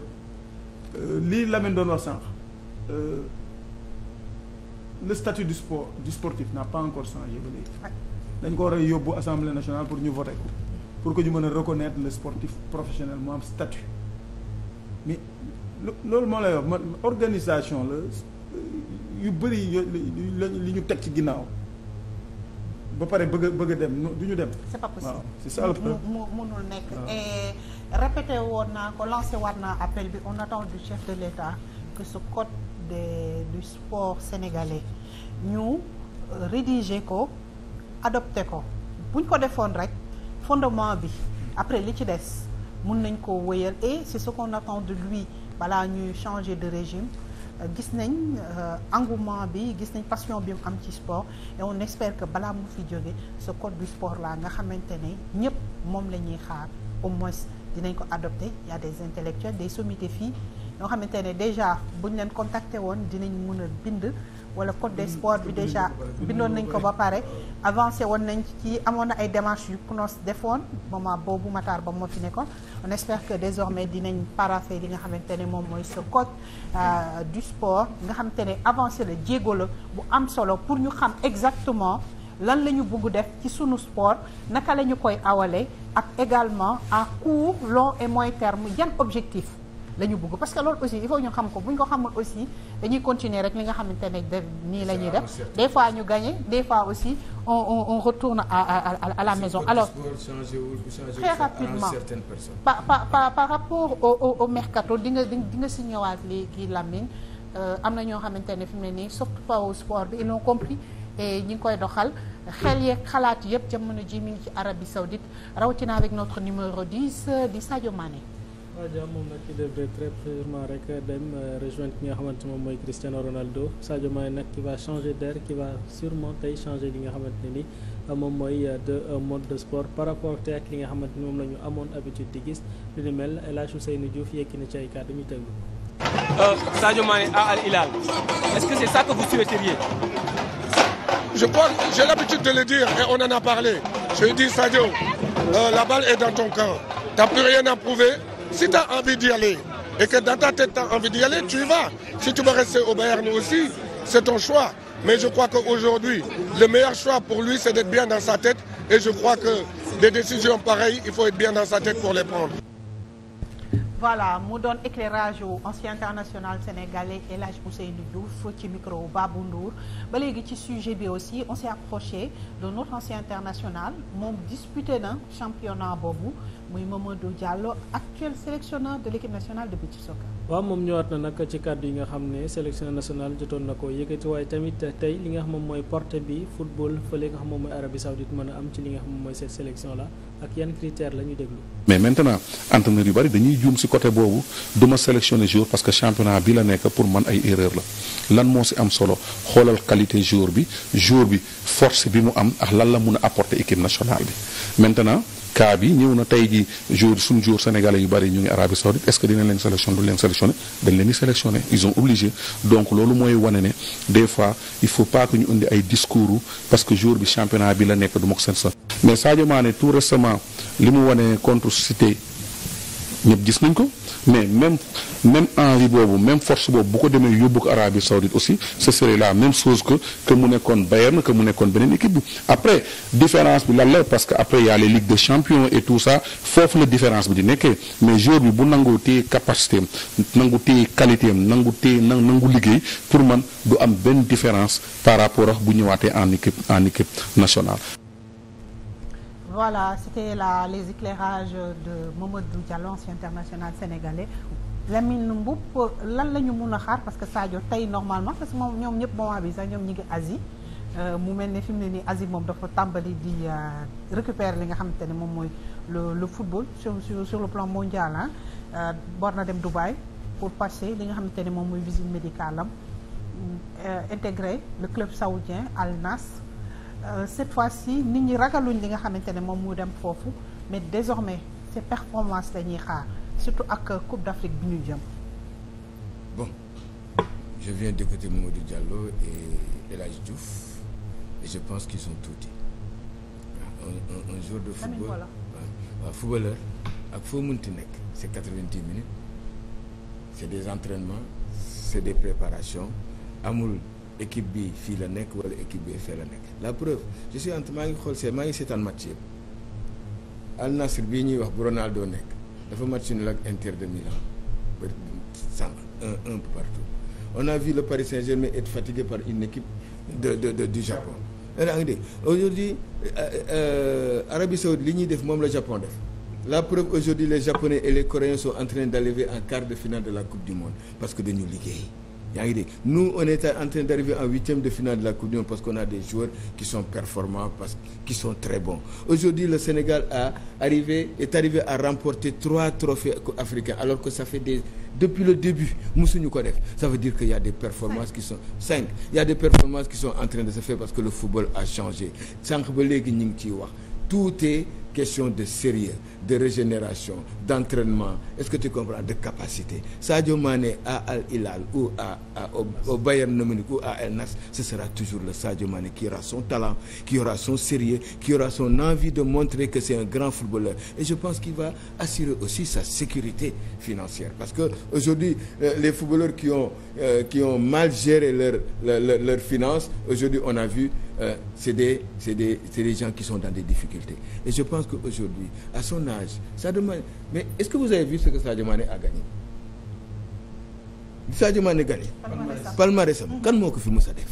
lii Lamine doon wax sànq le statut du sport du sportif n'a pas encore changé ba léegi dañ ko war a yóbbu assemblée nationale pour ñu voter ko pour que ñu mën a reconnaître le sportif professionnel mu am statut mais loolu moo lay wax man organisation la yu bëri li ñu teg ci ginnaaw ba pare bëgg a bëgg a dem du ñu dem. c'est pas possible waaw c'est ça le problème mu munul nekk répété woon naa ko lancé waat naa appel bi on attend du chef de l'État que ce code de du sport sénégalais ñu euh, rédiger ko adopté ko buñ ko defoon rek fondement bi après li ci des mun nañ ko wéyal et c'est ce qu'on attend de lui balaa ñuy changer de régime gis nañ euh, engouement bi gis nañ passion bi mu am ci sport et on espère que balaa mu fi jóge ce code du sport là nga xamante ne ñëpp moom la ñuy xaar au moins dinañ ko adopté y a des intellectuels des sommités fii ñoo xamante ne déjà ñu leen contacté woon dinañ mun a bind wala code des sports bi déjà bindoon nañ ko ba pare avancé woon nañ ci amoon na ay démarches yu CNOS defoon moment boobu Matar ba moo fi nekkoon on espère que désormais dinañ parafé li nga xamante ne moom mooy ce code euh, du sport nga xamante ne avancé la jéego la bu am solo pour ñu xam exactement lan la ñu bëgg def ci sunu sport naka la ñu koy awale ak également à court long et moyen terme yan objectif la bugg parce que loolu aussi il faut ñu xam ko bu ñu ko xamul aussi dañuy continuer rek li nga xam ne def nii la ñuy def des fois ñu gagné des fois aussi on on on na à à à, la maison alors très rapidement par par par par rapport au au, au mercato di nga di nga si ñëwaat léegi Lamine euh, am na ñoo xamante ne fi mu ne nii surtout pas au sport bi ils l'ont compris ñi ngi koy doxal xel yeeg xalaat yëpp jamono ji mi ngi ci Arabie Saoudite rawatina avec notre numéro 10 euh, di Sadio Mané. Dia moom nag il devrait très sûrement rek dem euh, rejoindre ki nga xamante moom mooy Cristiano Ronaldo Sadio Mané nag qui va changer d'air qui va sûrement tey changer li nga xamante ne ni euh, moom mooy euh, de mode de sport par rapport ak li nga xamante ni moom la ñu habitude di gis lu ni mel El Hadj Ousseynou Diouf yekki na ci ay kàddu ñu tegu. Sadio Mané Al Hilal est-ce que c'est ça que j'ai l'habitude de le dire et on en a parlé. Je dis Sadio, la balle est Si tu as envie d'y aller et dans ta tête tu envie d'y aller, tu vas. Si tu veux rester au Bayern aussi, c'est ton choix. Mais je crois qu'aujourd'hui, le meilleur choix pour lui, c'est d'être bien dans sa tête. Et je crois que des décisions pareilles, il faut être bien dans sa tête pour les prendre. voilà mu doon éclairage wu ancien international sénégalais El Hadj Ousseynou Diouf ci micro Babou Ndour ba ci sujet bi aussi on s'est approché de notre championnat boobu muy Mamadou Diallo actuel sélectionneur de l'équipe nationale de beach soccer. waaw moom ñëwaat na nag ci kàddu yi nga xam ne sélection nationale jotoon na ko yëkkati waaye tamit tey li nga xam moom mooy porte bi football fële nga xam moom mooy Arabie Saoudite mën a am ci li nga xam moom mooy cette sélection la ak yan critères la ñu déglu. mais maintenant entraîneur yu bari dañuy juum ci côté boobu du ma sélectionné jour parce que championnat bi la nekk pour man ay erreur la lan moo ci am solo xoolal qualité jour bi jour bi force bi mu am ak lan la mun a apporter équipe nationale bi maintenant. cas bi ñëw na tey ji jour suñu jour sénégalais yu bari ñu ngi Arabie Saoudite est-ce que dinañ leen sélectionné du leen sélectionné dañ leen di sélectionné ils ont obligé donc loolu mooy wane ne des fois il faut pas que ñu indi ay discours parce que jour bi championnat bi la nekk du ma ko seen sax mais Sadio Mané tout récemment li mu wane contre Cité ñëpp gis nañ ko mais même même envie boobu même force boobu bu ko demee yóbbu ko Arabie Saoudite aussi ce serait la même chose que que mu nekkoon Bayern que mu nekkoon beneen équipe bi après différence bi lan la parce que après y a les ligues de champions et tout ça foofu la différence bi di nekkee mais joueur bi bu nangu téye capacité am nangu téye qualité nangu téye na nangu liggéey pour man du am benn différence par rapport ak bu ñëwaatee en équipe en équipe nationale voilà, c'était la les éclairages de Mamadou Dia, l'ancien international sénégalais. Lamine Mboup lan la ñu mun a xaar parce que Sadio tey normalement parce que moom ñoom ñëpp moment bi sax ñoom ñi ngi Asie euh, mu mel ni fi mu ne nii Asie moom dafa tàmbali di euh, récupérer li nga xamante ne moom mooy le le football sur sur sur plan mondial ah war na dem Dubaï pour passer li nga xamante ne moom mooy visite médicale am intégrer le club saoudien Al Euh, cette fois si nit ñi ragaluñ li nga xamante ne moom mu dem foofu mais désormais ces performances la ñuy xaar surtout ak Coupe d'Afrique bi ñu jëm. bon je viens d'écouter Mamadou Diallo et El Hadj Diouf et je pense qu'ils ont touti dit un, un, jour de football waaw waaw footballeur ak foo mënti nekk c'est quatre-vingt-dix minutes c'est des entraînements c'est des préparations amul équipe bi fii la nekk wala équipe bi fee la nekk la preuve je entre maa ngi xool see maa ngi seetaan match yëpp Al Nassr bii ñuy wax bu Ronaldo nekk dafa match nul ak Inter de Milan ba sànq un un partout on a vu le Paris Saint-Germain être fatigué par une équipe de de de du Japon. yaa ngi dégg aujourd'hui euh, euh, Arabie Saoudite li ñuy def moom la Japon def la preuve aujourd'hui les Japonais et les Coréens sont en train en quart de finale de la Coupe du Monde parce que dañu liggéey. yaa ngi dégg nous on est en train d'arriver en huitième de finale de la coupe du monde parce qu'on a des joueurs qui sont performants parce qui sont très bons aujourd'hui le Sénégal a arrivé est arrivé à remporter trois trophées africains alors que ça fait des depuis le début musuñu ko def ça veut dire que y a des performances qui sont cinq il y a des performances qui sont en train de se faire parce que le football a changé sànq ba léegi ñu ngi ciy wax tout est question de sérieux de régénération d'entraînement est-ce que tu comprends de capacité Sadio Mané à Al Hilal ou à, à au, au Bayern Munich ou à El Nas ce sera toujours le Sadio Mané qui aura son talent qui aura son sérieux qui aura son envie de montrer que c'est un grand footballeur et je pense qu'il va assurer aussi sa sécurité financière parce que aujourd'hui euh, les footballeurs qui ont euh, qui ont mal géré leurs leur, leur, leur aujourd'hui on a vu euh, c'est des c'est des des gens qui sont dans des difficultés et image Sadio Mané mais est-ce que vous avez vu ce que Sadio a gagné Sadio Mané gagné. palmarèsam kan moo ko fi mës a def.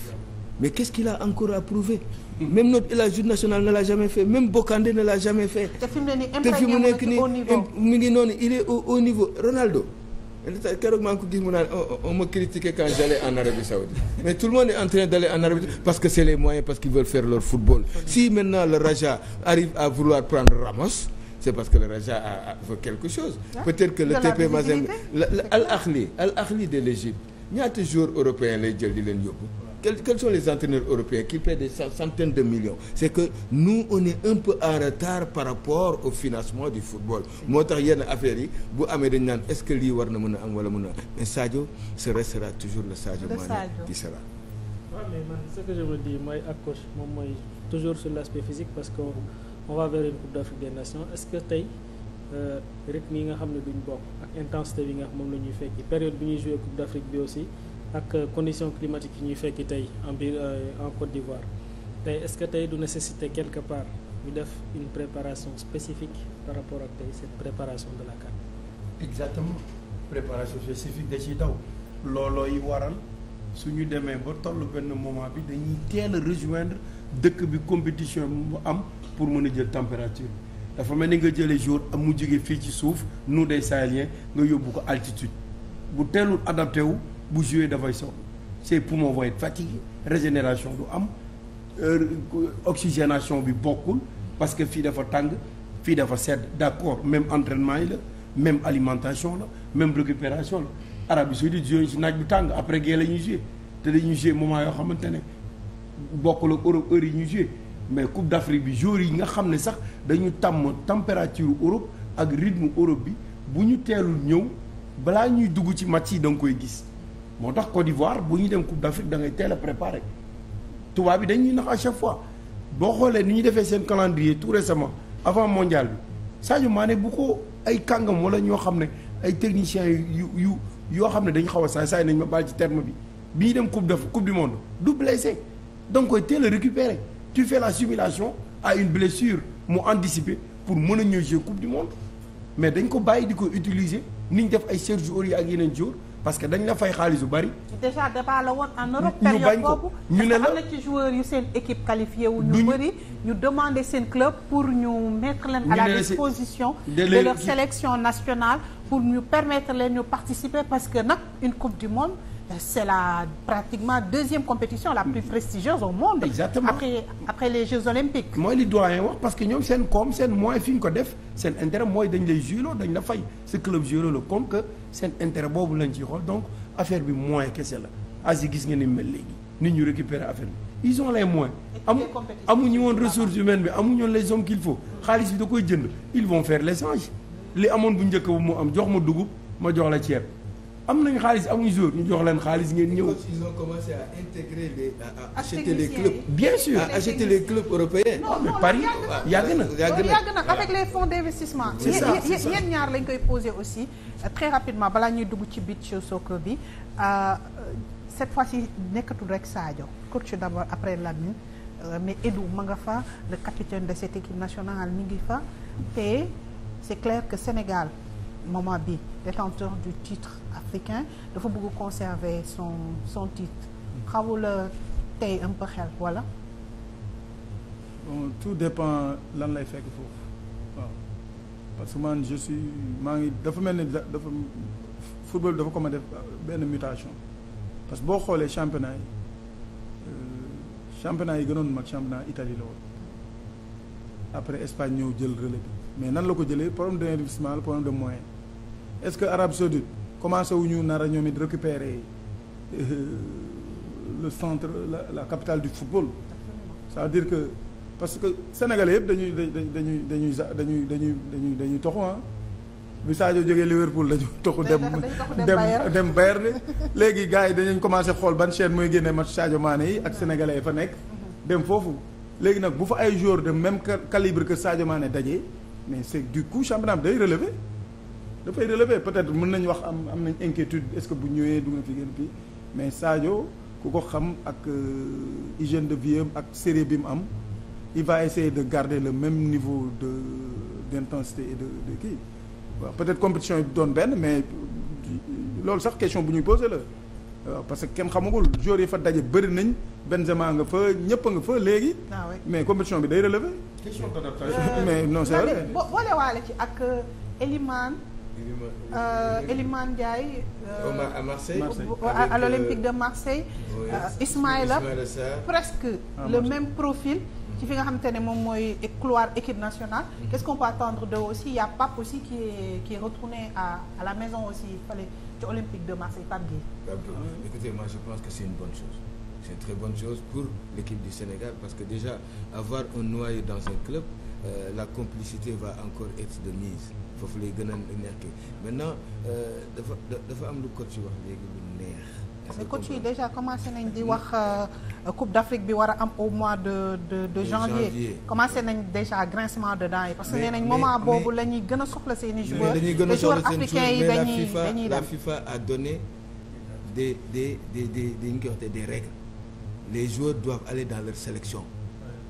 mais qu'est-ce qu'il a encore à prouver. même notre la Joute nationale ne l'a jamais fait même Bocandé ne l'a jamais fait. te fi mu nekk nii mi ngi noonu il est au haut niveau Ronaldo. keroog ko gis mu naan on m'a critiqué quand j'allais en Arabie Saoudite mais tout le monde est en en Arabie parce que c'est les moyens parce qu'ils veulent faire leur c'est parce que le Raja a, a veut quelque chose. peut-être que le TP Mazembe Al Ahly Al Ahly de l'Égypte ñaata joueurs européens lay jël di leen yóbbu. quels quels sont les entraîneurs européens qui paient des centaines de millions c'est que nous on est un peu en retard par rapport au financement du football moo tax yenn affaires yi bu amee dañ naan est-ce que lii war na mën am wala mën a mais Sadio ce restera toujours le Sadio Mané qui sera on va vers une d'Afrique des nations est-ce que tey euh, rythme yi nga xam ne duñ bokk ak intensité bi nga xam moom la ñuy fekki période bi ñuy jouer coupe d'Afrique bi aussi ak euh, condition climatique yi ñuy fekki tey en biir euh, en Côte d'Ivoire tey est-ce que tey du nécessité quelque part ñu def une préparation spécifique par rapport ak tey cette préparation de la CAN exactement préparation spécifique da ciy daw looloo yi waral su ñu demee ba toll benn moment bi dañuy teel a rejoindre dëkk bi compétition mu am pour mën a jël température dafa mel ni nga jëlee jour am mu jóge fii ci suuf nous des sahéliens nga yóbbu ko altitude bu teelul adapté wu bu joué dafay sox ses poumons vont être fatigués régénération du am euh, oxygénation bi bokkul parce que fii dafa tàng fii dafa sedd d'accord même entraînement yi la même alimentation la même récupération la Arabie Saoudite joué si naaj bu tàng après gee la ñuy joué te dañuy joué moment yoo xamante ne bokkul ak Europe heure yi ñuy joué mais coupe d'Afrique bi jour yi nga xam ne sax dañu tàmm température Europe ak rythme Europe bi bu ñu teelul ñëw balaa ñuy dugg ci match yi da nga koy gis moo tax Côte d'Ivoire bu ñu dem coupe d'Afrique da ngay teel a préparer tubaab bi dañuy nax à chaque fois boo xoolee ni ñu defee seen calendrier tout récemment avant mondial bi Sadio bu ko ay kàngam wala ñoo xam ne ay techniciens yu yu yoo xam ne dañ xaw a saay saay nañ ma baal ci terme bi bi ñu dem coupe de coupe du monde du blessé koy teel a récupérer tu fais la simulation à une blessure mu anticiper pour mën a ñëw jouer coupe du monde mais dañ ko bàyyi di ko utiliser ni ñu def ay Sergio Aurier ak yeneen joueurs parce que dañ la fay xaalis bu bari. déjà départ la woon en Europe. ñu bañ ñu ne la am na ci joueurs yu seen équipe qualifiée wu. ñu bëri ñu demande seen club pour ñu mettre leen. à la disposition de leur sélection nationale pour ñu permettre leen ñu participer parce que nag une coupe du c'est la pratiquement deuxième compétition la plus prestigieuse au monde. exactement après après les Jeux olympiques. mooy li doyen wax parce que ñoom seen koom seen moyen fi ñu ko def seen intérêt mooy dañ lay juró dañ la fay ce club juró la comme que seen intérêt boobu lañ ci xool donc affaire bi moyen kese la asi gis nga ni mel léegi nit ñu récupérer affaire bi ils ont les moyens. amu amuñu woon ressources humaines bi amuñu woon les hommes qu'il faut xaalis koy jënd ils vont faire l'échange li amoon bu njëkk bu mu am jox ma dugub ma jox la ceeb. am nañu xaalis amuñu jour ñu jox leen xaalis ngeen ñëw. ils ont commencé à intégrer les à acheter les clubs. bien sûr à acheter les clubs mais Paris yàgg na. avec les fonds d'investissement. c'est ñaar lañ koy poser aussi euh, très rapidement balaa ñuy dugg ci bit soccer bi euh, cette fois-ci nekkatul rek Sadio coach d'abord après Lamine euh, mais Edou ma nga fa le capitaine de cette équipe nationale mi ngi fa te c'est clair que Sénégal. moment bi détenteur du titre africain dafa bëgg conserver son son titre xawula tey un peu xel voilà. bon tout dépend lan lay fekk foofu waaw parce que man je maa ngi dafa mel ni dafa football dafa commencé def benn mutation parce que boo xoolee championnat yi euh, championnat yi gënoon mag championnat Italie la woon après Espagne ñëw jël relais bi mais nan la ko jëlee problème d'investissement la problème de moyen est-ce que Arabie Saoudite commencé wu ñu nar a ñoom it récupérer euh, le centre la la capitale du football. c'est-à-dire que parce que sénégalais yëpp dañuy dañuy dañuy dañuy dañuy dañuy dañuy toxu ah. bi Sadio jógee Liverpool dañu toxu dem dem dem Bayern léegi gars yi dañuy commencé xool ban chaîne mooy génne match Sadio Mané yi ak sénégalais yi fa nekk. dem foofu léegi nag bu fa ay joueurs de même calibre que Sadio maane daje mais c'est du coup championnat bi day relever. dafay relever peut-être mun nañu wax am am nañ inquiétude est-ce que bu ñëwee du nga fi génn fii mais Sadio ku ko xam ak euh, hygiène de vie ak sérieux bi mu am il va essayer de garder le même niveau de d'intensité et de de kii waaw peut-être compétition yi doon benn mais euh, loolu sax question bu ñuy posé la parce que kenn xamagul joueurs yi fa daje bëri nañ Benzema nga fa ñëpp nga fa léegi. Ah mais compétition bi day relever. mais non c'est vrai. boolewaale ci ak euh, Elimane. Euh, Eliman Ndiaye. Euh, à Marseille. à l'Olympique de Marseille. Euh, Ismaïla presque le même profil. ci fi nga xamante ne moom mooy cloire équipe nationale. Mm-hmm. qu'est-ce qu'on attendre de aussi y a Pape aussi qui est qui est la maison aussi fële ci Olympique de Marseille Pape Gueye. Pape Gueye mm-hmm. écoutez moi je pense que c'est une bonne chose. c'est une très bonne chose pour l'équipe du Sénégal parce que déjà avoir un noyau dans un club. la complicité va encore être de mise foofu lay gën a nekkee maintenant dafa dafa am lu coach wax léegi lu neex. mais coach yi déjà commencé nañ di wax Coupe d'Afrique bi war a am au mois de de de janvier commencé nañ déjà grincement de dents yi parce que nee moment boobu la ñuy gën a soxla seen i joueurs les joueurs africains yi dañuy dañuy la FIFA a donné des des des des des des règles les joueurs doivent aller dans leur sélection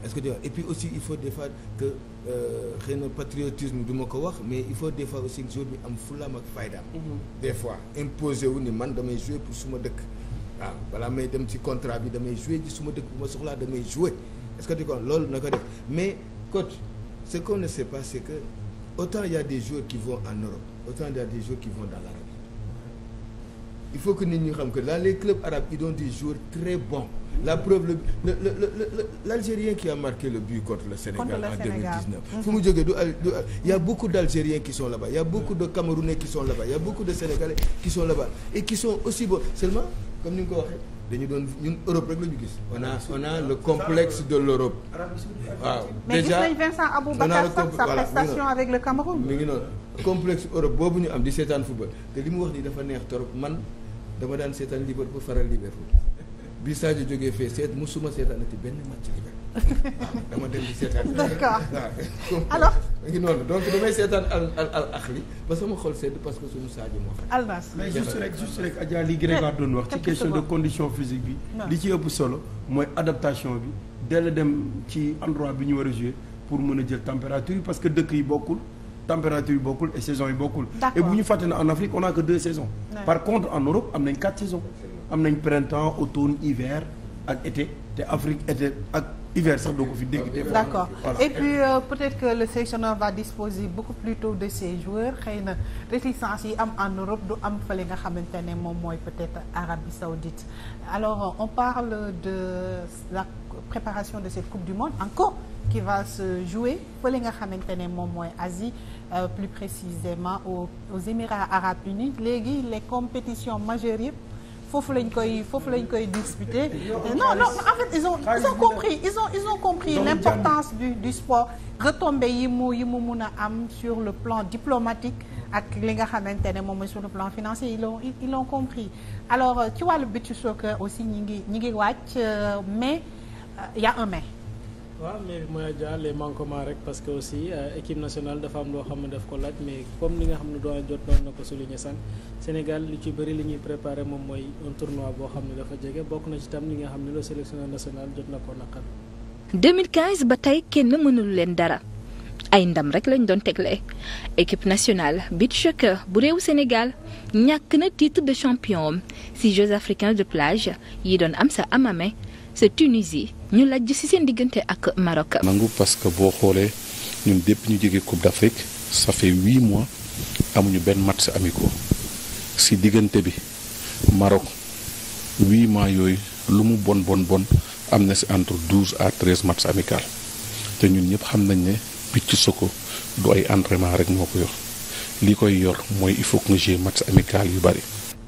est-ce que tu vois et puis aussi il faut des que euh, xëy na patriotisme du ma ko wax mais il faut des fois aussi jour bi am fulaam ak faydaam mhm. des fois imposer wu ni man damay jouer pour suma dëkk waaw balaa may dem ci contrat bi damay jouer ci suma dëkk bu ma soxlaa damay jouer est-ce que tu vois loolu na ko def mais coach ce qu'on ne sait pas que autant il de a des joueurs qui vont en Europe autant il y a des joueurs qui vont dans il faut que nit ñi xam que dans les clubs arabes ils ont des joueurs très bons la preuve le le le le l'Algérien qui a marqué le but contre le Sénégal contre le en 2019 mm-hmm. fu mu jógee du du y a qui sont là-bas y a beaucoup de Camerounais qui sont là-bas y a de Sénégalais qui sont là et qui sont aussi bons seulement comme ni nga ko waxee dañu doon ñun Europe rek la ñu gis. on a on a le complexe de l'Europe. waaw déjà mais gis nañ Vincent Aboubakar sax sa prestation avec le Cameroun. mi ngi noonu complexe Europe boobu ñu am di seetaan football te li mu wax nii dafa neex torop man dama daan seetaan Liverpool faral Liverpool bi Sadio jógee fee seet musuma seetaanati benn match Liverpool. dama dem di seetaan. d'accord alors. ngi noonu donc damay al al al ba sama xol sedd parce que suñu Sadio moo xam. almas rek juste li Grégoire doon wax. ci question de condition physique bi. li ci ëpp solo mooy adaptation bi. dell dem ci endroit bi ñu war a jouer pour mën a jël température yi parce que dëkk yi bokkul. température yi bokkul et saison yi bokkul. et bu ñu fàtte ne en Afrique on a que deux saisons. Ouais. par contre en Europe am nañ quatre saisons. am nañ printemps automne hiver sax d' accord voilà. puis euh, peut être que le sélectionneur va disposer beaucoup plus tôt de ses joueurs xëy na réticence yi am en Europe du am fële nga xamante ne moom mooy peut être Arabie Saoudite alors euh, on parle de la préparation de cette coupe du monde encore qui va se jouer fële nga xamante ne moom mooy Asie euh, plus précisément aux Émirats arabes unis léegi les compétitions majeures yëpp. foofu lañ koy foofu lañ koy discuter non non en fait ils ont ils ont compris ils ont compris l'importance du sport retombées yi mu yi mu mun a am sur le plan diplomatique ak li nga xamante ne moom mooy sur le plan financier ils l'ont ils l'ont compris alors ci wàllu beach soccer aussi ñi ngi ñi ngi wàcc euh, mai il euh, un mais waaw mais mooy Dia les manquements rek parce que aussi euh, équipe nationale dafa am loo xam ne daf ko laaj mais comme li nga xam ne doon jot noonu na ko souligner sànq Sénégal lu ci bëri li ñuy préparé moom mooy un tournoi boo xam ne dafa jege bokk na ci tam li nga xam ne le sélectionneur national jot na ko naqar. 2015 ba tey kenn mënul leen dara. ay ndam rek lañ doon tegle équipe nationale beach soccer bu réewu Sénégal ñàkk na titre de champion ci Jeux africains de plage yi doon am sa amame sa Tunisie ñu lajj ci seen diggante ak Maroc. nangu parce que boo xoolee ñun dépp ñu jógee Coupe d'Afrique ça fait huit mois amuñu benn match amicaux ci diggante bi Maroc huit mois yooyu lu mu bon bon bon am na ci entre douze à treize matchs amical te ñun ñëpp xam nañ ne picc soko du ay entraînement rek moo ko yor li koy yor mooy il faut que nga jouer match yu bari.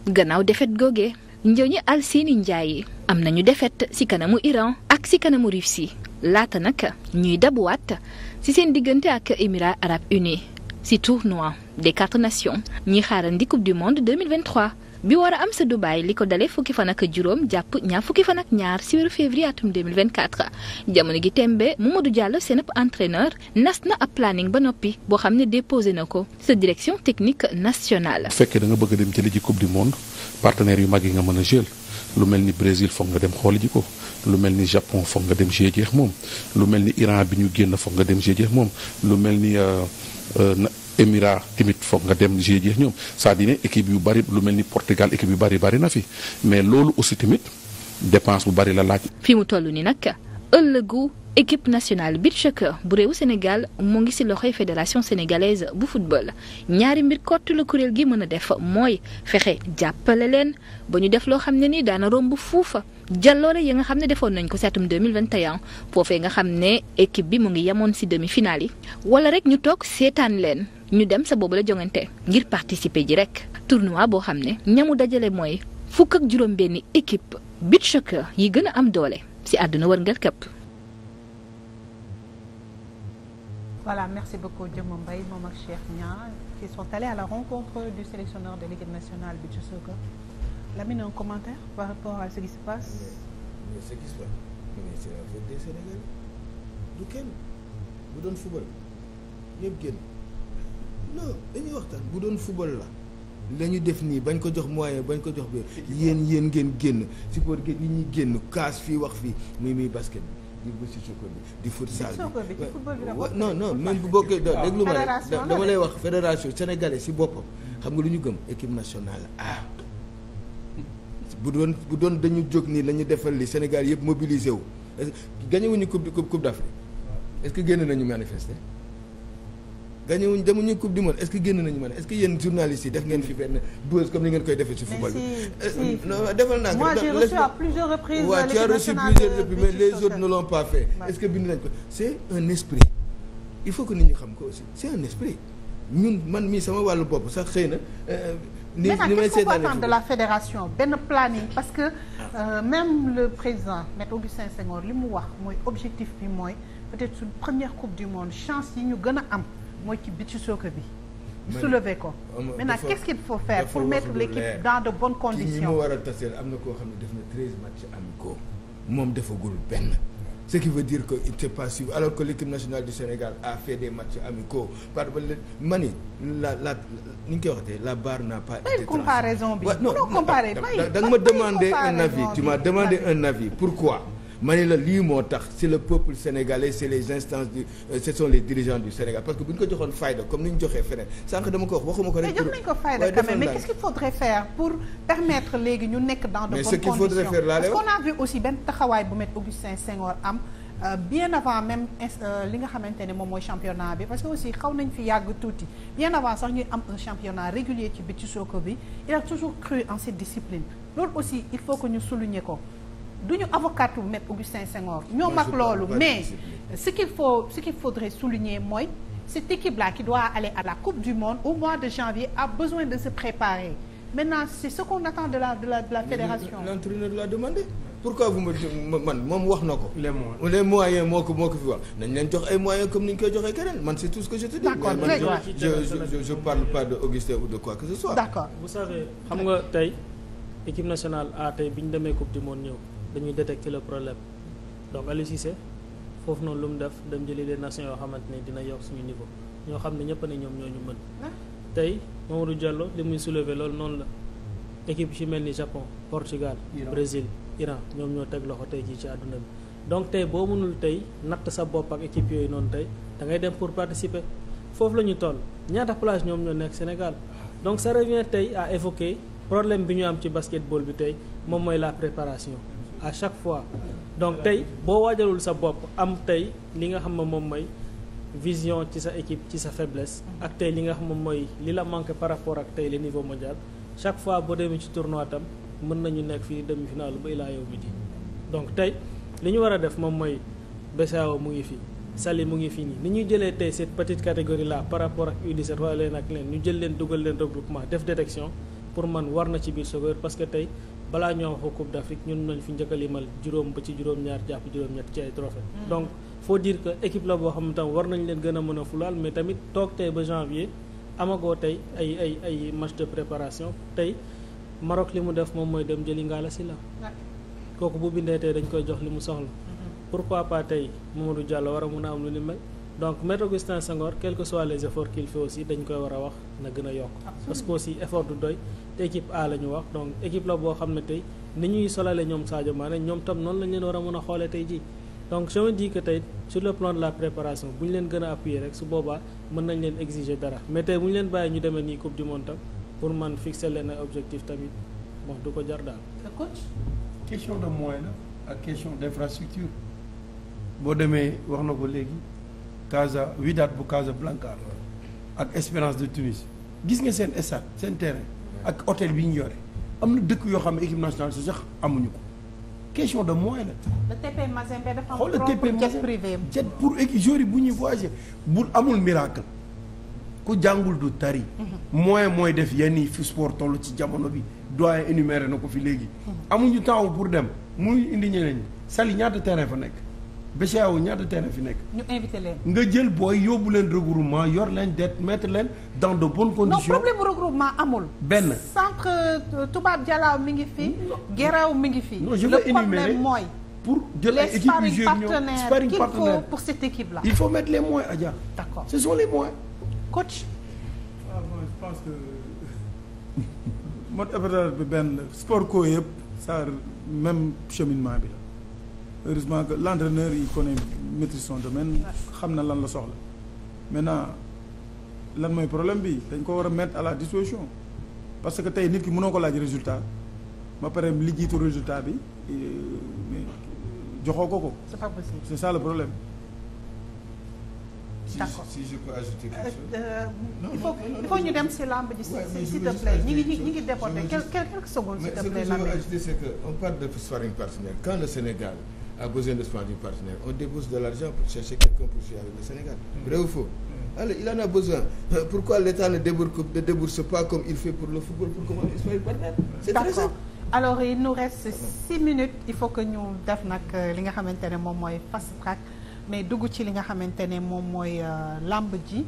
gannaaw defet googee. Ndiognou Alseyni Ndiaye am nañu defet ci kanamu Iran. ak si kanamu Riif si laata nag ñuy dabuwaat ci seen diggante ak Émirats arabes unis ci tournoi des quatre nations ñuy xaarandi coupe du monde 2023 bi war a am sa Dubaï li ko dalee fukki fan ak juróom jàpp ñaa fukki fan ak ñaar ci weeru février atum 2024 jamono gi tembe Mamadou Diallo seen ab entraîneur nas na ab planning ba noppi boo xam ne déposé na ko sa direction technique nationale. bu fekkee da nga bëgg dem jëli ji coupe du monde partenaires yu mag yi nga mën a jël lu mel ni Brésil foog nga dem xooli ji ko. lu mel ni Japon foog nga dem GIE jeex moom lu mel ni Iran bi ñu génn foog nga dem GIE jeex moom lu mel ni euh, euh, Émirats tamit foog nga dem GIE jeex ñoom cest à équipe yu bari lu mel ni Portugal équipe yu bari bari na fi mais loolu aussi tamit dépense bu bari la laaj. fi mu toll nii nag ëllëgu équipe nationale beach soccer bu réewu Sénégal mu ngi si loxoy fédération sénégalaise bu football ñaari mbir kott la kuréel gi mën a def mooy fexe jàppale leen ba ñu def loo xam ne ni daana romb fuufa. jàlloore yi nga xam ne defoon nañ ko si atum 2021 foofee nga xam ne équipe bi mu ngi yemoon si demi-finale yi wala rek ñu toog seetaan leen ñu dem sa boobu la jongante ngir participer ji rek tournoi boo xam ne ñamu dajale mooy fukk ak juróom benn équipe beach soccer yi gën a am doole si àdduna wërngal këpp voilà merci beaucoup Dieumbe Mbaye moom ak Cheikh Niang qui sont allés Lamine, un par rapport à ce qui se passe mais, du kenn bu doon football ñëpp génn non dañuy waxtaan bu doon football la la def nii bañ ko jox moyen bañ ko jox bi yéen yéen ngeen génn si pour nit ñi génn kaas fii wax fii muy muy basket bi di bësi soccer bi di futsal bi non non même bu bokkee da déglu ma rek dama lay wax fédération sénégalaise si boppam xam nga lu ñu gëm équipe nationale A bu doon bu doon dañu jóg nii la ñu defal li Sénégal yëpp mobilisé wu est-ce que gagné wuñu coupe coupe est-ce génn nañu manifester gagné wuñ demuñu coupe du monde est génn nañu man est-ce que yéen journalistes yi def ni ngeen koy defee ci euh, ko. moi j'ai reçu à plusieurs reprises. waaw tu mais les autres ne l'ont pas fait. est-ce que bind nañ ko c'est un esprit. il faut que nit ñi xam ko aussi c'est un esprit ñun man mii sama wàllu bopp sax xëy na. Euh, ni ni may seet attendre de la fédération benn planning parce que euh, même le président maître Augustin Senghor li mu wax mooy objectif bi mooy peut-être suñ première coupe du monde chance yi ñu gën a am mooy ci beach soccer bi. soulever ko maintenant qu'est-ce qu'il faut faire pour mettre l'équipe dans de bonnes conditions. kii ñi mu war a taseel am na koo xam ne def na treize matchs amicaux moom defagul benn. ce qui veut dire que il n'était pas suivi alors que l'équipe nationale du Sénégal a fait des matchs amicaux par mani la la ni ñu koy waxatee la barre n'a pas été comparaison bi non non da nga ma demander un avis tu m'as demandé un avis pourquoi ma ne la lii moo tax c'est le peuple sénégalais c'est les instances du euh, ce sont les dirigeants du Sénégal parce que bu ñu ko joxoon fayda comme ni ñu joxee feneen sànq dama ko wax waxuma ko rek. mais jox fayda quand même mais qu'est-ce qu'il faudrait faire pour permettre léegi ñu nekk dans de bonnes conditions mais ce qu'il a vu aussi benn taxawaay bu met Augustin Senghor am. Euh, bien avant même euh, li nga xamante ne moom mooy championnat bi parce que aussi xaw nañ fi yàgg tuuti bien a toujours cru en cette discipline loolu aussi il faut que ñu souligner ko duñu avocat wu Me Augustin Senghor ñoo mag loolu mais ce qu'il faut ce qu'il faudrait souligner mooy cette équipe là qui doit aller à la coupe du monde au mois de janvier a besoin de se préparer maintenant c'est ce qu'on attend de la de la de la demandé pourquoi vous man moom wax na ko les moyens les moyens moo fi wax nañ leen jox ay moyens comme ni ñu koy joxee keneen man c'est tout ce que je te dis man je parle pas de Augustin ou tey bi ñu demee coupe du monde ñëw dañuy détecter le problème donc Aliou foofu noonu lu mu def dem jëli des nations yoo xamante ni dina yokk suñu niveau ñoo xam ne ñëpp ne ñoom ñoo ñu mën. Ah. tey Mamadou Diallo li muy soulever loolu noonu la équipe ci mel ni Japon Portugal. Brésil Iran ñoom ñoo teg tey jii ci àdduna bi. donc tey boo mënul tey natt sa bopp ak équipe yooyu noonu tey da ngay dem pour participer foofu la ñu toll ñaata place ñoom ñoo nekk Sénégal donc ça revient tey à évoquer problème bi ñu am ci basketball bi tey moom mooy la préparation. à chaque fois donc tey boo waajalul sa bopp am tey li nga xam ne moom mooy vision ci sa équipe ci sa faiblesse ak tey li nga xam ne mooy li la manqué par rapport ak tey le niveau mondial chaque fois boo demee ci tournoi tam mën nañu nekk fii demi-finale ba ilaa yow midi donc tey li ñu war a def moom mooy Bessao mu ngi fi Saly mu ngi fi nii ni ñuy jëlee tey cette petite catégorie là par rapport ak U17 wala leen ak leen ñu jël leen dugal leen regroupement def détection pour man war na ci biir Soccer parce que tey balaa ñoo wax Coupe d'Afrique ñun nañ fi njëkk a limal juróom ba ci juróom-ñaar jàpp juróom-ñett ci ay trophée hmm. donc faut dire que équipe la boo xam ne tam war nañ leen gën a mën a fulaal mais tamit toog tey ba janvier amagoo tey ay ay ay match de préparation tey Maroc li mu def moom mooy dem jëli Ngalla Sylla kooku bu bindee tey dañ koy jox li mu soxla hmm. pourquoi pas tey Mamadou Diallo war a mun a am lu ni mel donc Maître Augustin Senghor quels que soient les efforts qu'il fait aussi dañ koy war a wax na gën a yokk parce que aussi effort te équipe A la ñu wax donc équipe la boo xam ne tey ni ñuy solale ñoom Sadio Mané ñoom tam noonu lañ leen war a mën a xoolee tey jii donc je me dis que tey sur le plan de la préparation bu ñu leen gën a appuyer rek su boobaa mën nañ leen exiger dara mais tey bu ñu leen bàyyi ñu demee nii coupe du monde pour man fixer leen ay objectif tamit bon du ko jar daal. coach question de moyen la ak question d'infrastructure boo demee wax na ko léegi Casa Wydad bu Casablanca ak Espérance de Tunis gis nga seen stade seen terrain. ak hôtel bi ñu yore am na dëkk yoo xam ne équipe nationale su sax amuñu ko question de moyen la. le TP Mazembe dafa am. xoolal TP jet pour équipe joueurs bu ñuy voyager bu amul miracle ku jàngul du tari. Mhm. moyen mooy def yenn yi fi sport toll ci jamono bi doyen énuméré na ko fi léegi. Mhm. amuñu temps pour dem muy indi ñeneen ñi sali ñaata terrain fa nekk. BCEAO ñaata terrain fi nekk. ñu invité leen. nga jël booy yóbbu leen regroupement yor leen det mettre leen dans de bonnes condition non problème regroupement amul. benn centre euh, tubaab Dialaw mi ngi fi. Guéraw mi ngi fi. non je vais énumérer mooy. pour jël ay équipe yu sparring partenaire pour cette équipe là. il faut mettre les moyens Adja. d'accord ce sont les moyens. coach. waaw ah, moi que mode opératoire bi benn sport co yëpp ça même cheminement bi la. heureusement que l'entraîneur il connaît maîtrise son domaine xam na lan la soxla maintenant lan mooy problème bi dañ ko war a mettre à la disposition parce que tey nit ki mënoo ko laaj résultat ba pare li jiitu résultat bi euh, mais joxoo ko ko. c'est pas possible c'est ça le problème. d'accord si je peux ajouter quelque chose. si euh, euh, lamb ji. si s'il Sénégal. a besoin de du partenaire de l'argent pour chercher pour jouer avec le Sénégal mm. vrai ou faux mm. alors il en a euh, reste six minutes il faut que ñu def nag euh, li nga xamante ne moom mooy fast track mais dugg ci li nga xamante ne moom mooy euh, lamb ji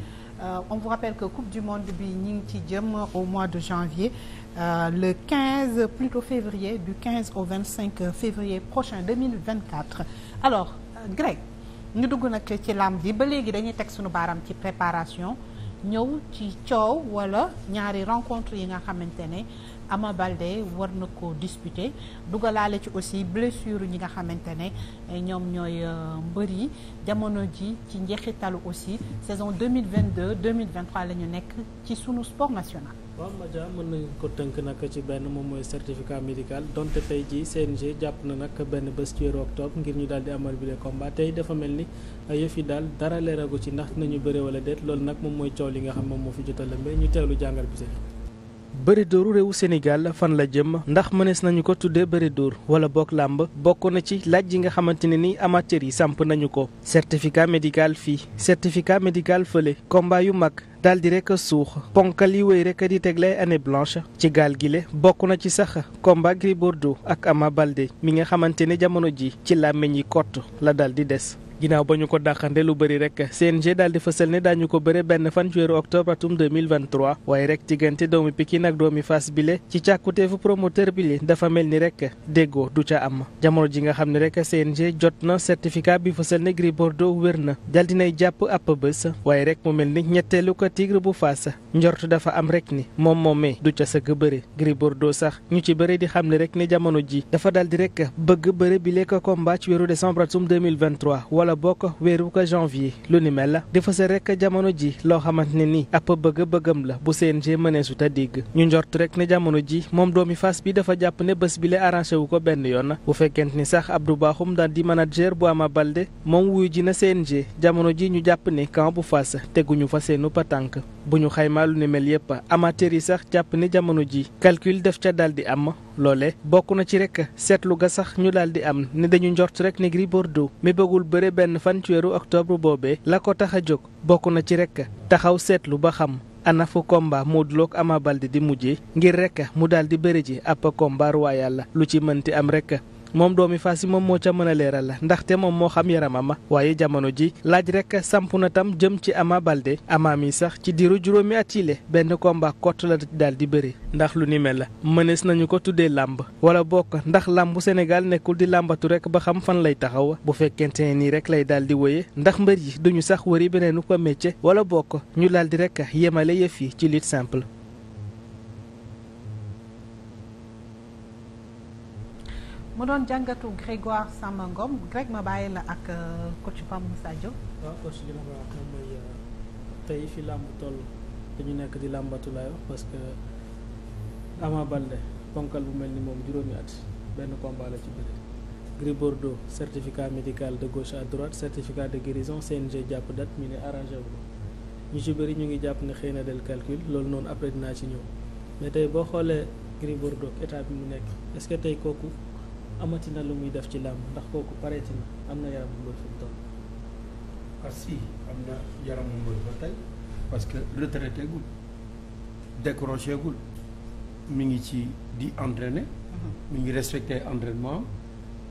on vous rappelle que coupe du monde bi ñi ngi ci jëm au mois de janvier Euh, le 15 plutôt février du 15 au 25 février prochain 2024 alors euh, Greg ñu dugg nag ci làmb ji ba léegi dañuy teg suñu baaram ci préparation ñëw ci coow wala ñaari rencontre yi nga xamante ne Ama war na ko disputer dugalaale ci aussi blessure ñi nga xamante ne eh, ñoom ñooy euh, mbër yi jamono ji ci njeexitalu aussi saison 2022 2023 la ñu nekk ci sunu sport national waaw Madia mën nañ ko tënk nag ci benn moom mooy certificat médical donte tey jii g jàpp na nag benn bés ci weeru ngir ñu daal di amal bi le combat tey dafa mel ni yëf yi daal dara leeragu ci ndax nañu bëre wala déet loolu nag moom mooy coow li nga xam moom moo fi jot a lëmbee ñu teewlu jàngal bi see bëri dóoru réewu Sénégal fan la jëm ndax mënees nañu ko tuddee bëri dóor wala boog làmb bokkoon na ci laaj yi nga xamante ne ni amateurs yi samp nañu ko certificat médical fii certificat médical fële combat yu mag daal di rek suux ponkal yi wéy rek di tegle année blanche ci gaal gile bokk na ci sax combat Gris Bordeaux ak Ama Baldé mi nga xamante ne jamono ji ci làmmiñ yi kott la daal di des ginnaaw ba ñu ko dàqande lu bëri rek CNG daal di fësal ne daañu ko bëre benn fan ci weeru octobre atum 2023 waaye rek diggante doomi Pikine ak doomi Fass bile ci càkkuteefu promoteur bile dafa mel ni rek déggoo du ca am jamono ji nga xam ne rek CNG jot na certificat bi fësal ne Gris Bordeaux wér na dal nay jàpp ab bés waaye rek mu mel ni ñetteelu ko tigre bu Fass njort dafa am rek ni moom moomee du ca sëgg bëre Gris Bordeaux sax ñu ci bëre di xam ne rek ne jamono ji dafa dal di rek bëgg bëre bile ko combat ci weeru décembre atum 2023 wala bokk weeru ko janvier lu ni mel la di fësal rek jamono ji loo xamante ne nii ab bëgg-bëggam la bu CNG mëneesu ta digg ñu njort rek ne jamono ji moom doomi fas bi dafa jàpp ne bés bi la arrangé wu ko benn yoon bu fekkent ni sax Abdou Bakhoum daal di manager bu Ama Baldé moom wuyu ji na CNG jamono ji ñu jàpp ne camp bu Fass teguñu fa seenu tànk bu ñu xaymaa lu ni mel yépp amateur yi sax jàpp ne jamono ji calcul def ca daal di am loole bokk na ci rek seetlu ga sax ñu daal di am benn fan ci boobe la ko tax a jóg bokk na ci rek taxaw seetlu ba xam ana fu combat Modou Lo Ama Baldé di mujjee ngir rekk mu daal di bëri ji ab combat royal lu ci mënti am rek. moom doomi fas yi moom moo ca mën a leeral la ndaxte moom moo xam yaramama waaye jamono ji laaj rek samp na tam jëm ci Ama Baldé Ama mi sax ci diiru juróomi at benn combat kott la daal di bëri ndax lu ni mel la mënees nañu ko tuddee làmb wala bokk ndax làmbu Sénégal nekkul di làmbatu rek ba xam fan lay taxaw bu fekkente ne nii rek lay daal di wëyee ndax mbër yi duñu sax wëri beneenu ko métier wala bokk ñu daal di rek yemale yëf yi ci lutte simple mu doon jàngatu Grégoire Samba Ngom Greg ma bàyyi la ak euh, coach Pape Moussa Diop. Euh, tey fi làmb toll dañu nekk di làmbatu laay wax parce que Ama Baldé ponkal bu mel ni moom juróomi at benn combat la ci bëri. Gris certificat médical de gauche à droite certificat de guérison CNG jàpp date ñu ne arrangé wu ñu ci bëri ñu ngi jàpp ne xëy na del calcul loolu noonu après dinaa ci ñëw mais tey boo xoolee Gris Bordeaux état bi mu nekk est tey kooku. amati na lu muy def ci làmb ndax kooku pareeti na am na yaramu mbër fi mu toll. Ah, am na yaramu mbër ba tey parce que retraité gul décroché gul ngi ci di entraîner. mu mhm. ngi respecté entraînement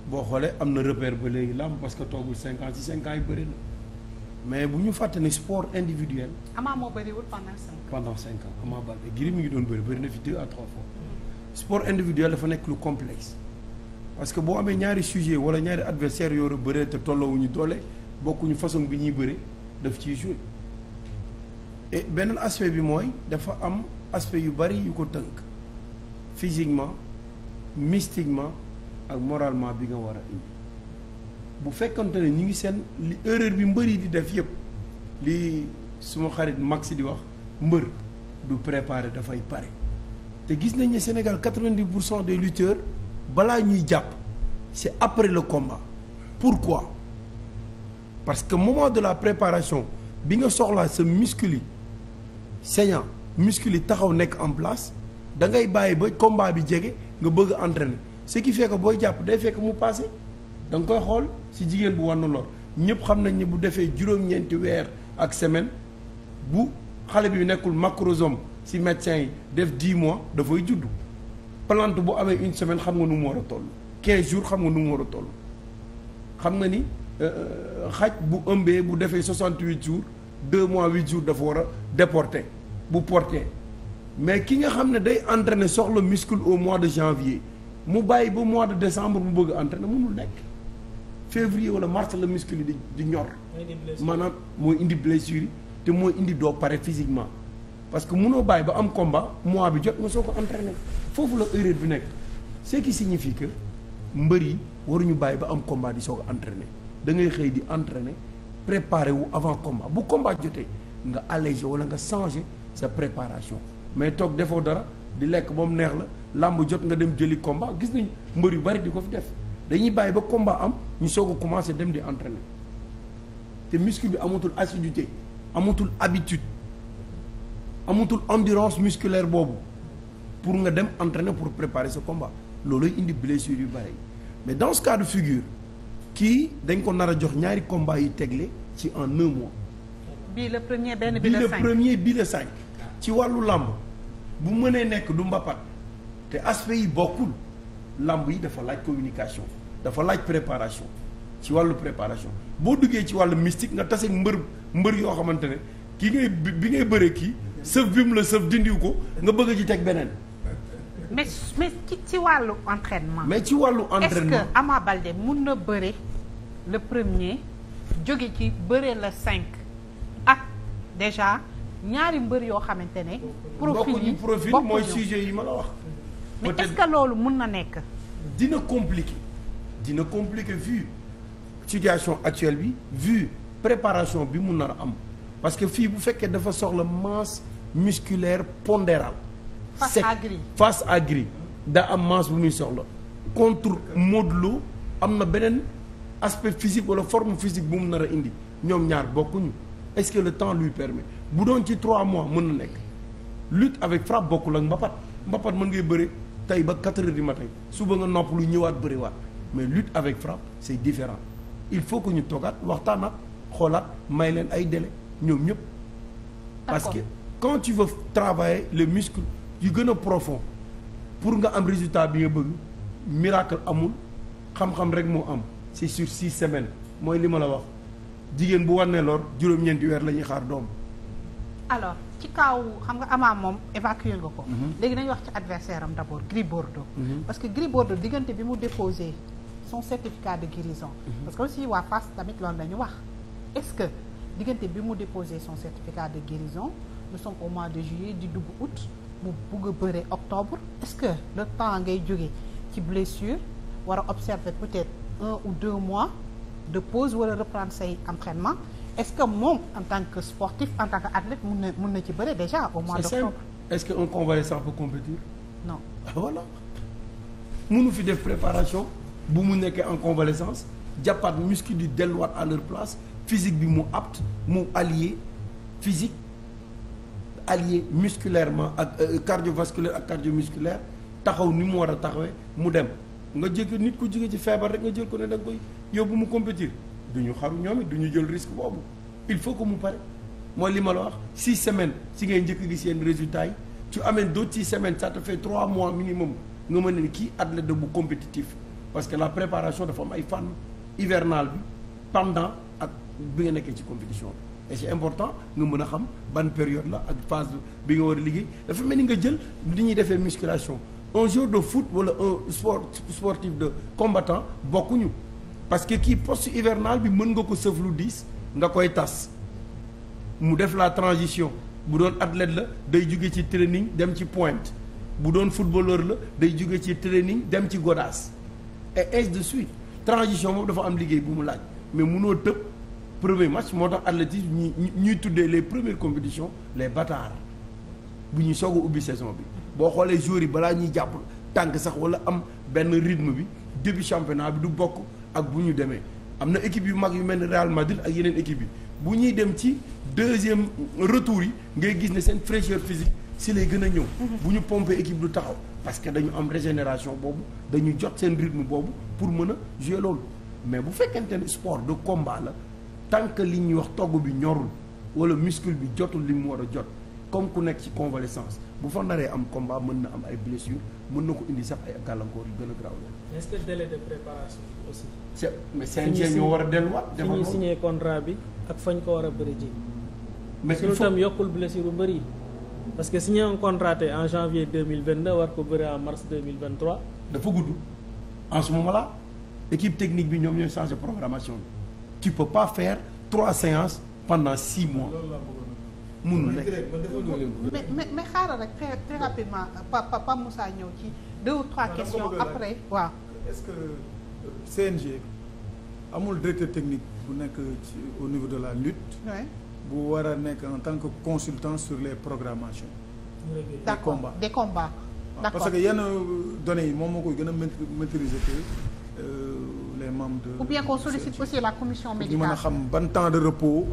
boo xoolee am na repère ba léegi làmb parce que toogul cinq ans ci cinq bëri na mais bu ñu fàtte ne sport individuel. Ama moo bëriwul pendant cinq ans. pendant cinq ans Ama Baldé mi ngi doon bëri bëri na fi deux à trois mhm. sport individuel dafa nekk lu complexe. parce que boo amee ñaari sujet wala ñaari adversaire yoo bëree te ñu doole bokkuñu façon bi ñuy bëre daf ci joué benn beneen aspect bi mooy dafa am aspect yu bari yu ko tënk physiquement mystiquement ak moralement bi nga war a indi bu fekkante ne ñu ngi seen li erreur bi mbëri di def yëpp li suma xarit Max di wax mbër du préparer dafay pare te gis nañ ne Sénégal quatre-vingt-dix pour cent des lutteurs balaa ñuy jàpp c'est après le pour pourquoi parce que moment de la préparation bi nga soxlaa sa muscle yi saignant muscle yi taxaw nekk en place da ngay bàyyi ba combat bi jege nga bëgg a entraîner ce qui booy jàpp day fekk mu passé da nga koy xool si jigéen bu wànnu lor ñëpp xam nañ ne bu defee juróom-ñeenti weer ak semaine bu xale bi nekkul macrosome si médecin yi def 10 mois dafay judd. plante bu amee une semaine xam nga nu mu war a toll quinze jours xam nga nu mu war a toll xam nga ni euh, euh, xaj bu ëmbee bu defee soixante huit jours deux mois huit jours dafa war a déporter bu porter mais ki nga xam ne day entraîner soxla muscle au mois de janvier mu bàyyi ba mois de décembre mu bëgg a entraîner mënul nekk février wala mars la muscle yi di ñor maanaam mooy indi blessure te mooy indi doo pare physiquement parce que munoo bàyyi ba am combat mois bi jot nga soo ko entraîner foofu la erreur bi nekk ce qui signifie que mbër yi waruñu bàyyi ba am combat di soog a entraîner da ngay xëy di entraîner préparer wu avant combat bu combat jotee nga alléger wala nga changer sa préparation mais toog defoo dara di lekk ba mu neex la làmb jot nga dem jëli combat gis nañ mbër yu bari di ko fi def dañuy bàyyi ba combat am ñu soog a commencer dem di entraîner te muscle bi amatul assiduité amatul habitude amatul endurance musculaire boobu pour nga dem entraîner pour préparer sa combat looluy indi blessure yu bëri mais dans ce cas figure kii dañ ko nar a jox ñaari combat yi tegle ci en un mois. bii le premier benn bi le cinq bii le cinq ci wàllu làmb bu mënee nekk du mbapat te aspect yi bokkul làmb yi dafa laaj communication dafa laaj préparation ci wàllu préparation boo duggee ci wàllu mystique nga tase mbër mbër yoo xamante ne ki ngay bi ngay bëree kii sëf bi mu la sëf dindiw ko nga bëgg ci teg beneen mais mais ci ci wàllu entraînement. mais ci wàllu entraînement est amaa que Ama Baldé mun na bëre le premier jóge ci bëre la cinq ak déjà ñaari mbër yoo xamante ne. profil yi profil mooy sujet yi ma la wax. mais est-ce que loolu mun na nekk. dina compliqué dina compliqué vu situation actuelle bi vu préparation bi mun na a am parce que fii bu fekkee dafa soxla masse musculaire pondérale. sec face à gris daa am masse bu muy soxla contre Modou Lo am na beneen aspect physique wala forme physique bu mu nar a indi ñoom ñaar bokkuñu est-ce que le temps lui permet bu doon ci trois mois mën na nekk lutte avec frappe bokkul ak mbapat mbapat mën ngay bëre tey ba quatre heures matin suba nga nopp lu ñëwaat bëriwaat mais lutte avec frappe c'est différent il faut que ñu waxtaan waxtaanaat xoolaat may leen ay délai ñoom ñëpp parce que quand tu veux travailler le muscle yu gën a profond pour nga am résultat bi nga bëgg miracle amul xam-xam rek moo am c'est sur six semaines mooy li ma la wax jigéen bu wane lor juróom-ñeenti weer la ñuy xaar doom. alors ci kaw xam nga Ama moom évacuer nga ko. Mhm. léegi nañu wax ci adversaire am d'abord Gris Bordeaux. Mhm. parce que Gris Bordeaux diggante bi mu déposé son certificat de guérison. Mhm. parce que aussi waa Fass tamit loolu la ñu wax est-ce que diggante bi mu déposé son certificat de guérison nous sommes au de juillet di dugg août. mu bugg a bëre octobre est-ce que le temps ngay jóge ci blessure war a observer peut-être un ou deux mois de pause wala reprendre say entraînement est-ce que moom en tant que sportif en tant que athlète mun na mun na ci bëre déjà au mois d'octobre est-ce que un convalescent peut compétir non ah, voilà mënu fi def préparation bu mu nekkee en convalescence jàppaat muscle di delluwaat à leur place physique bi mu apt mu allié physique allié musculairement ak euh, cardiovasculaire ak cardiomusculaire taxaw ni mu war a taxawee mu dem nga jékki nit ko jóge ci feebar rek nga jël ko ne da nga koy yóbbu mu compétir du ñu xaru ñoom it du ñu jël risque boobu il faut que mu pare mooy li ma la wax six semaines si ngay njëkk gis seen résultat yi tu amènes d'autres six semaines ça te fait trois mois minimum nga mën ne kii athlète de bu compétitif parce que la préparation dafa am ay fànn hivernal bi pendant ak bi nga nekkee ci compétition bi et c'est important nga mën a xam ban période la ak phase bi nga war a liggéey dafa mel ni nga jël li ñuy defee musculation un jour de foot wala un sport sportif de combattant bokkuñu parce que kii poste hivernal bi mën nga ko sëf lu diis nga koy tas mu def la transition bu doon athlète la day jóge ci training dem ci point bu doon footballeur la day jóge ci training dem ci godaas et ainsi de suite transition boobu dafa am liggéey bu mu laaj mais munoo tëb premier match moo tax athlétisme ñi ñuy tuddee les premières compétitions les bâtards bu ñuy soog a ubbi saison bi boo xoolee joueurs yi balaa ñuy jàpp tànk sax wala am benn rythme bi début championnat bi du bokk ak bu ñu demee am na équipe yu mag yu mel ni Real Madrid ak yeneen équipe yi bu ñuy dem ci deuxième retour yi ngay gis ne seen fraîcheur physique si lay gën a ñëw mhm. bu ñu pompé équipe du taxaw parce que dañu am régénération boobu dañu jot seen rythme boobu pour mën a jouer loolu mais bu fekkente ne sport de combat la tant que li ñuy wax togg bi ñorul wala muscle bi jotul li mu war a jot comme ku nekk ci convalescence bu fa naree am combat mën na am ay blessures mën na ko indi sax ay gàllankoor yu gën a graaw la. est-ce mais CNG ñoo war a delluwaat. defal ko fi contrat bi ak fañ ko war a bëri ji. mais il faut yokkul blessure bu bëri parce que signé un contrat en janvier deux mille vingt deux war ko bëri en mars deux mille vingt trois. dafa gudd en ce moment là équipe technique bi ñoom ñooy changé programmation bi. tu peux pas faire trois séances pendant six mois. mënul nekk mais mais mais xaaral rek très très rapidement papa papa Moussa ñëw ci deux ou trois questions après waaw. est-ce que euh, CNG amul directeur technique bu nekk ci au niveau de la lutte. bu war a nekk en tant que consultant sur les programmations. des combats des combats. Ah, parce que yenn données yi moom moo koy gën a maîtriser que. Euh, les membres de. ou bien qu'on sollicite aussi la commission médicale ñu mën a xam ban temps de repos.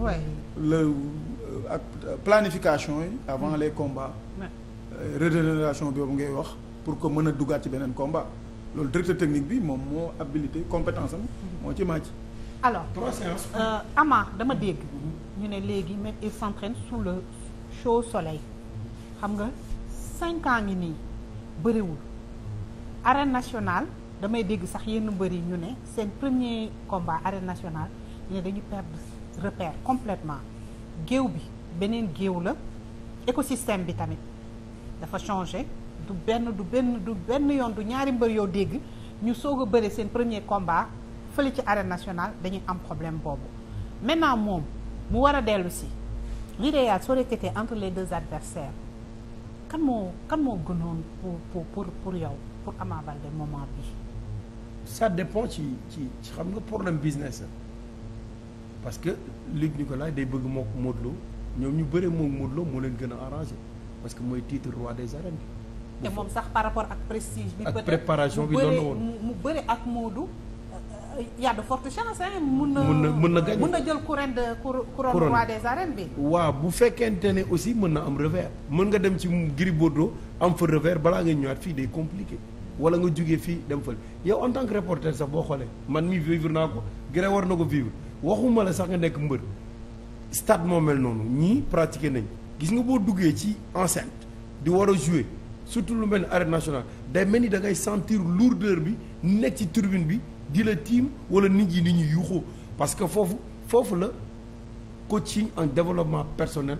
la euh, ak planification yi. avant mm. les combats. bi euh, boobu ngay wax pour que mën a dugaat ci beneen combat loolu directeur technique bi moom moo habilité compétence am. Mm-hmm. moo ci màcc. alors euh, Ama dama dégg. Mm-hmm. ñu ne léegi même il s'entraîne sous le chaud soleil xam nga cinq ans ngi nii bëriwul arène nationale. damay dégg sax yenn mbër yi ñu ne seen premier combat arène nationale ñu ne dañu perdre repère complètement géew bi beneen géew la écosystème bi tamit dafa changé du benn du benn du benn yoon du ñaari mbër yoo dégg ñu soog a bëre seen premier combat fële ci arène national dañuy am problème boobu maintenant moom mu war a dellu si l'idéal ça aurait été entre les deux adversaires kan moo kan moo gënoon pour pour pour yow pour Ama Baldé moment bi ça dépend ci ci xam nga problème business la parce que Luc Nicolaï day bëgg mook Modou ñoom ñu bëree mook Modou Lo moo leen gën a arrangé parce que mooy titre roi des arènes bi. te moom sax par rapport ak prestige bi. ak préparation bi doon woon mu bëri ak Modou. Euh, euh, y a de fortes chances hein mun na mun na mën na jël couronne de couronne roi des arènes bi. waaw bu fekkente ne aussi mën na am revers mën nga dem ci Gris Bordeaux am fa revers balaa nga ñëwaat fii day compliqué. wala nga jugee fii dem fële yow en tant que reporter sax boo xoolee man mi vivre naa ko Gré war na ko vivre waxuma la sax nga nekk mbër stade moo mel noonu ñii pratiquer nañ gis nga boo duggee ci enceinte di war a jouer surtout lu mel ni arène nationale day mel ni dangay ngay sentir lourdeur bi nekk ci tribune bi di la tiim wala nit yi nit ñi yuuxoo parce que foofu foofu la coaching en développement personnel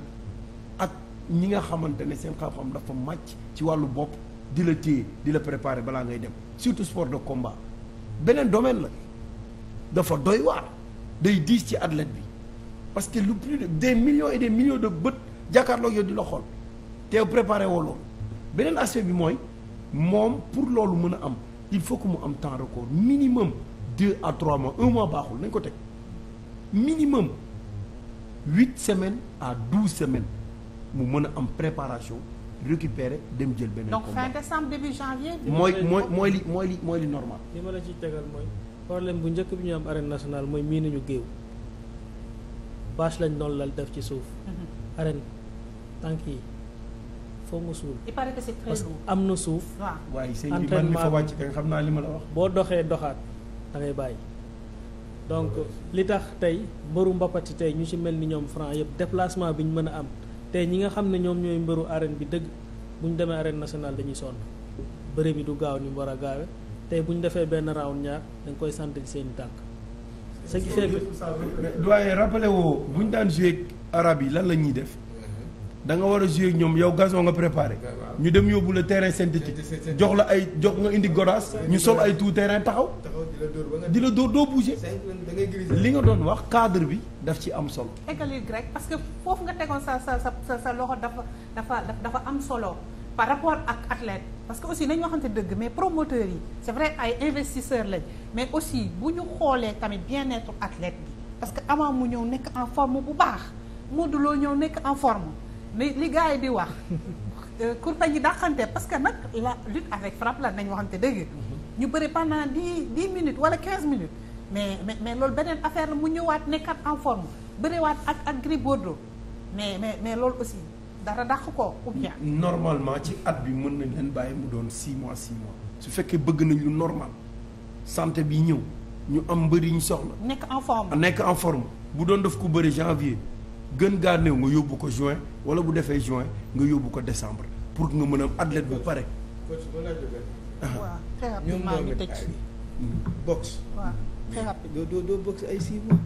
ak ñi nga xamante ne seen xam-xam dafa màcc ci wàllu bopp di la téye di la préparer balaa ngay dem surtout sport de combat beneen domaine la dafa doy waar day diis ci athlète bi parce que lu plus de million millions et des de bët jàkkaarloog yow di la xool te préparé woo loolu beneen aspect bi mooy moom pour loolu mën a am il faut que mu am temps record minimum deux à trois mois un mois baaxul nañ ko teg minimum huit semaines à douze semaine mu mën a am préparation récupérer dem jël beneen combat donc fin décembre mooy mooy mooy li mooy li mooy li normal. li ma la ciy tegal mooy problème bu njëkk bi ñu am arène nationale mooy mii nañu géew bâche lañ doon lal def ci suuf. Mhm. arène tànk yi foo mu suul. il am na suuf. waaw waaye sëñ xam naa li ma la boo doxee doxaat da ngay bàyyi. donc li tax tey mbëru mbapat tey ñu ci mel ni ñoom franc yëpp déplacement bi ñu mën a am. tey ñi nga xam ne ñoom ñooy mbëru arène bi dëgg bu ñu demee arène nationale dañuy sonn bëre bi du gaaw ni mu war a gaawe tey bu ñu defee benn round ñaar dañ koy sant ci seen i tànk. ce qui fait que doyen woo bu ñu daan joué arab yi lan la ñuy def. danga war a jouer ñoom yow gazon nga préparé. ñu dem yóbbu la terrain synthétique. jox la ay jox nga indi godaas. ñu sol ay tout terrain taxaw. di la dóor doo bouger. li nga doon wax cadre bi daf ci am solo. école grec parce que foofu nga tegoon sa sa sa sa loxo dafa dafa dafa am solo. par rapport ak athlète parce que aussi nañu waxante dëgg mais promoteurs yi c'est vrai ay investisseurs lañ mais aussi bu ñu xoolee tamit bien-être athlète bi parce que avant mu ñëw nekk en forme bu baax Modou Lo ñëw nekk en forme li li gars yi di wax euh, kurpañ yi dàqante parce que nag la lutte avec frappe la nañ te dégg ñu bëri pendant dix dix minutes wala quinze minutes mais mais mais loolu beneen affaire la mu ñëwaat nekkat en forme bëriwaat ak ak Gris Bordeaux mais mais mais loolu aussi dara dàq ko ou normalement ci at bi mën nañ leen bàyyi mu doon six mois six mois su fekkee bëgg nañ lu normal sante bi ñëw ñu am mbëri ñu soxla. nekk en forme nekk en forme bu doon def ko bëri janvier. gën gaa néew nga yóbbu ko juin wala bu defee juin nga yóbbu ko décembre pour nga mën a am athlète bu pare. Ah. waaw très rapidement ñu tëj fii boxe. waaw doo doo doo ay six mois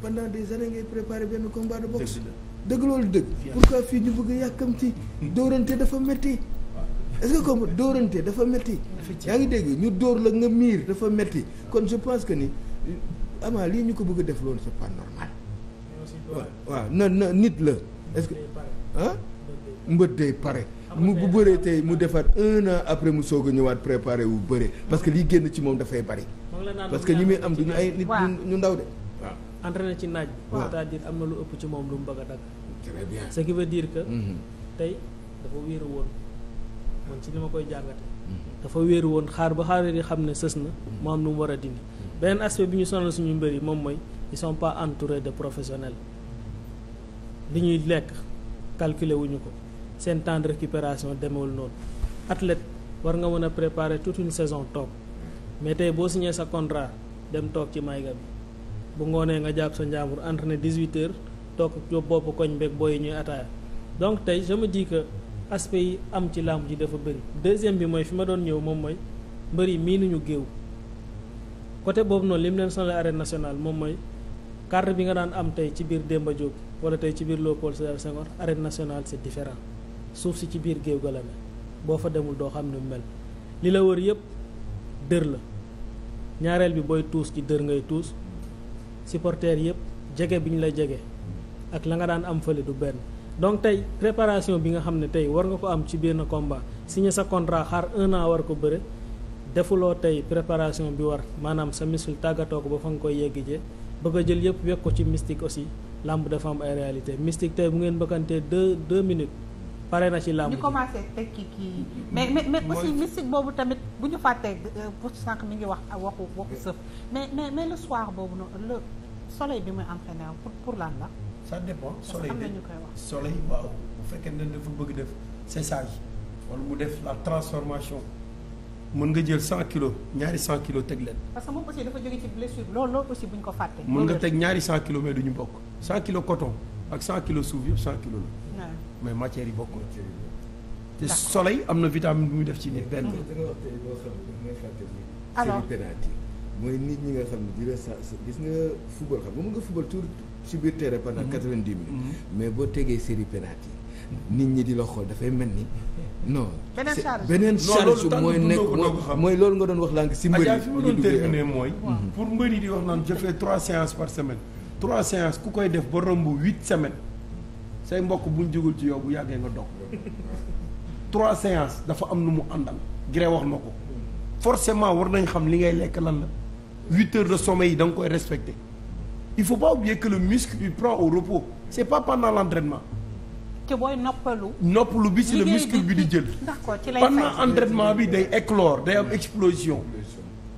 pendant des années ngay préparer benn combat de boxe. dëgg loolu dëgg. pourquoi fii ñu bëgg yàkkamti dóorante dafa metti est-ce que comme dóorante dafa metti yaa ngi dégg ñu door la nga miir dafa metti kon je pense que ni ama lii ñu ko bëgg def loolu c'est pas waaw na na nit la est-ce que ah mbët day pare mu bu bëree tey mu defaat un an après mu soog a ñëwaat préparé wu bëre parce que liy génn ci moom dafay bari parce que ñi muy am duñu ay nit ñu ndaw de waaw entraîné ci naaj cest am na lu ëpp ci moom lu mu bëgg a dagg très bien ce qui veut dire mm-hmm. tey dafa wéeru woon man ci li ma koy jàngate mm-hmm. dafa wéeru woon xaar ba xaar yi xam ne sës na mu am lu mu war a dindi mm-hmm. beneen aspect bi ñu sonal suñu mbër yi moom mooy ils sont pas entourés de professionnels li ñuy lekk calculer wuñu ko seen temps de récupération demewul noonu athlète war nga mën a préparer toute une saison toog mais tey boo signé sa contrat dem toog ci mayga bi bu ngoonee nga jàpp sa njaambur entraîné 18 heures toog yób bopp koñ beeg booy ñuy ataaya donc tey sama me dis yi am ci làmb ji dafa bëri deuxième bi mooy fi ma doon ñëw moom mooy mbër mii mii ñu géew côté boobu noonu li mu leen sonal arène nationale moom mooy carte bi nga daan am tey ci biir Demba Diop wala tey ci biir loo Sédar Senghor arène nationale c'est différent suuf si ci biir géew ga la boo fa demul doo xam ne mu mel li la wër yëpp dër la ñaareel bi booy tuus ci dër ngay tuus supporters yëpp jege bi ñu la jege ak la nga daan am fale du benn donc tey préparation bi nga xam ne tey war nga ko am ci biir na combat signé sa contrat xaar un an war ko bëre defuloo tey préparation bi war maanaam sa misul tàggatoo ko ba fa nga koy yegg je bëgg a jël yëpp wekk ko ci mystique aussi làmb dafa am ay réalité mystique tey bu ngeen bëkkantee deux deux minutes pare na ci làmb ñu commencé tekki kii mais mais mais aussi boobu tamit bu ñu fàttee euh, pour sànq mi ngi wax waxu waxu sëf mais mais mais le boobu noonu le soleil bi muy entraîné pour pour laan la ça dépend soleil de soleil waaw bu fekkee ne dafa bëgg def séchage wala mu def la transformation mën nga jël cent kilos ñaari cent kilo teg leen. parce que moom aussi dafa jóge ci blessure loolu loolu aussi nga teg ñaari cent kilos mais du ñu bokk. cent kilos coton ak cent kilos suuf yëpp cent kilos la. mais matière yi bokk te soleil am na vitamine bu muy def ci nit benn. alors mooy nit ñi nga xam ne dina sa gis nga football xam nga mën nga football tour ci biir terrain pendant mhm. quatre-vingt-dix mhm. mais boo tegee série penalty yi nit ñi di la xool dafay mel ni. non beneen charge beneen charge mooy nekk mooy loolu nga doon wax lànk si mbëri fi ma doon terminer mooy mhm. pour mbëri di wax naan je fais trois séances par semaine trois séances ku koy def ba romb huit semaines say mbokk bu jógul ci yow bu yàggee nga dog trois séances dafa am nu mu àndal gré wax na ko forcément war nañ xam li ngay lekk lan la huit heures de sommeil yi da nga koy respecter il faut pas oublier que le muscle il prend au repos c'est pas pendant l'entraînement te booy noppalu. noppalu bi si la muscle bi di jël. d'accord ci lay fay pendant entraînement bi day éclore day am explosion.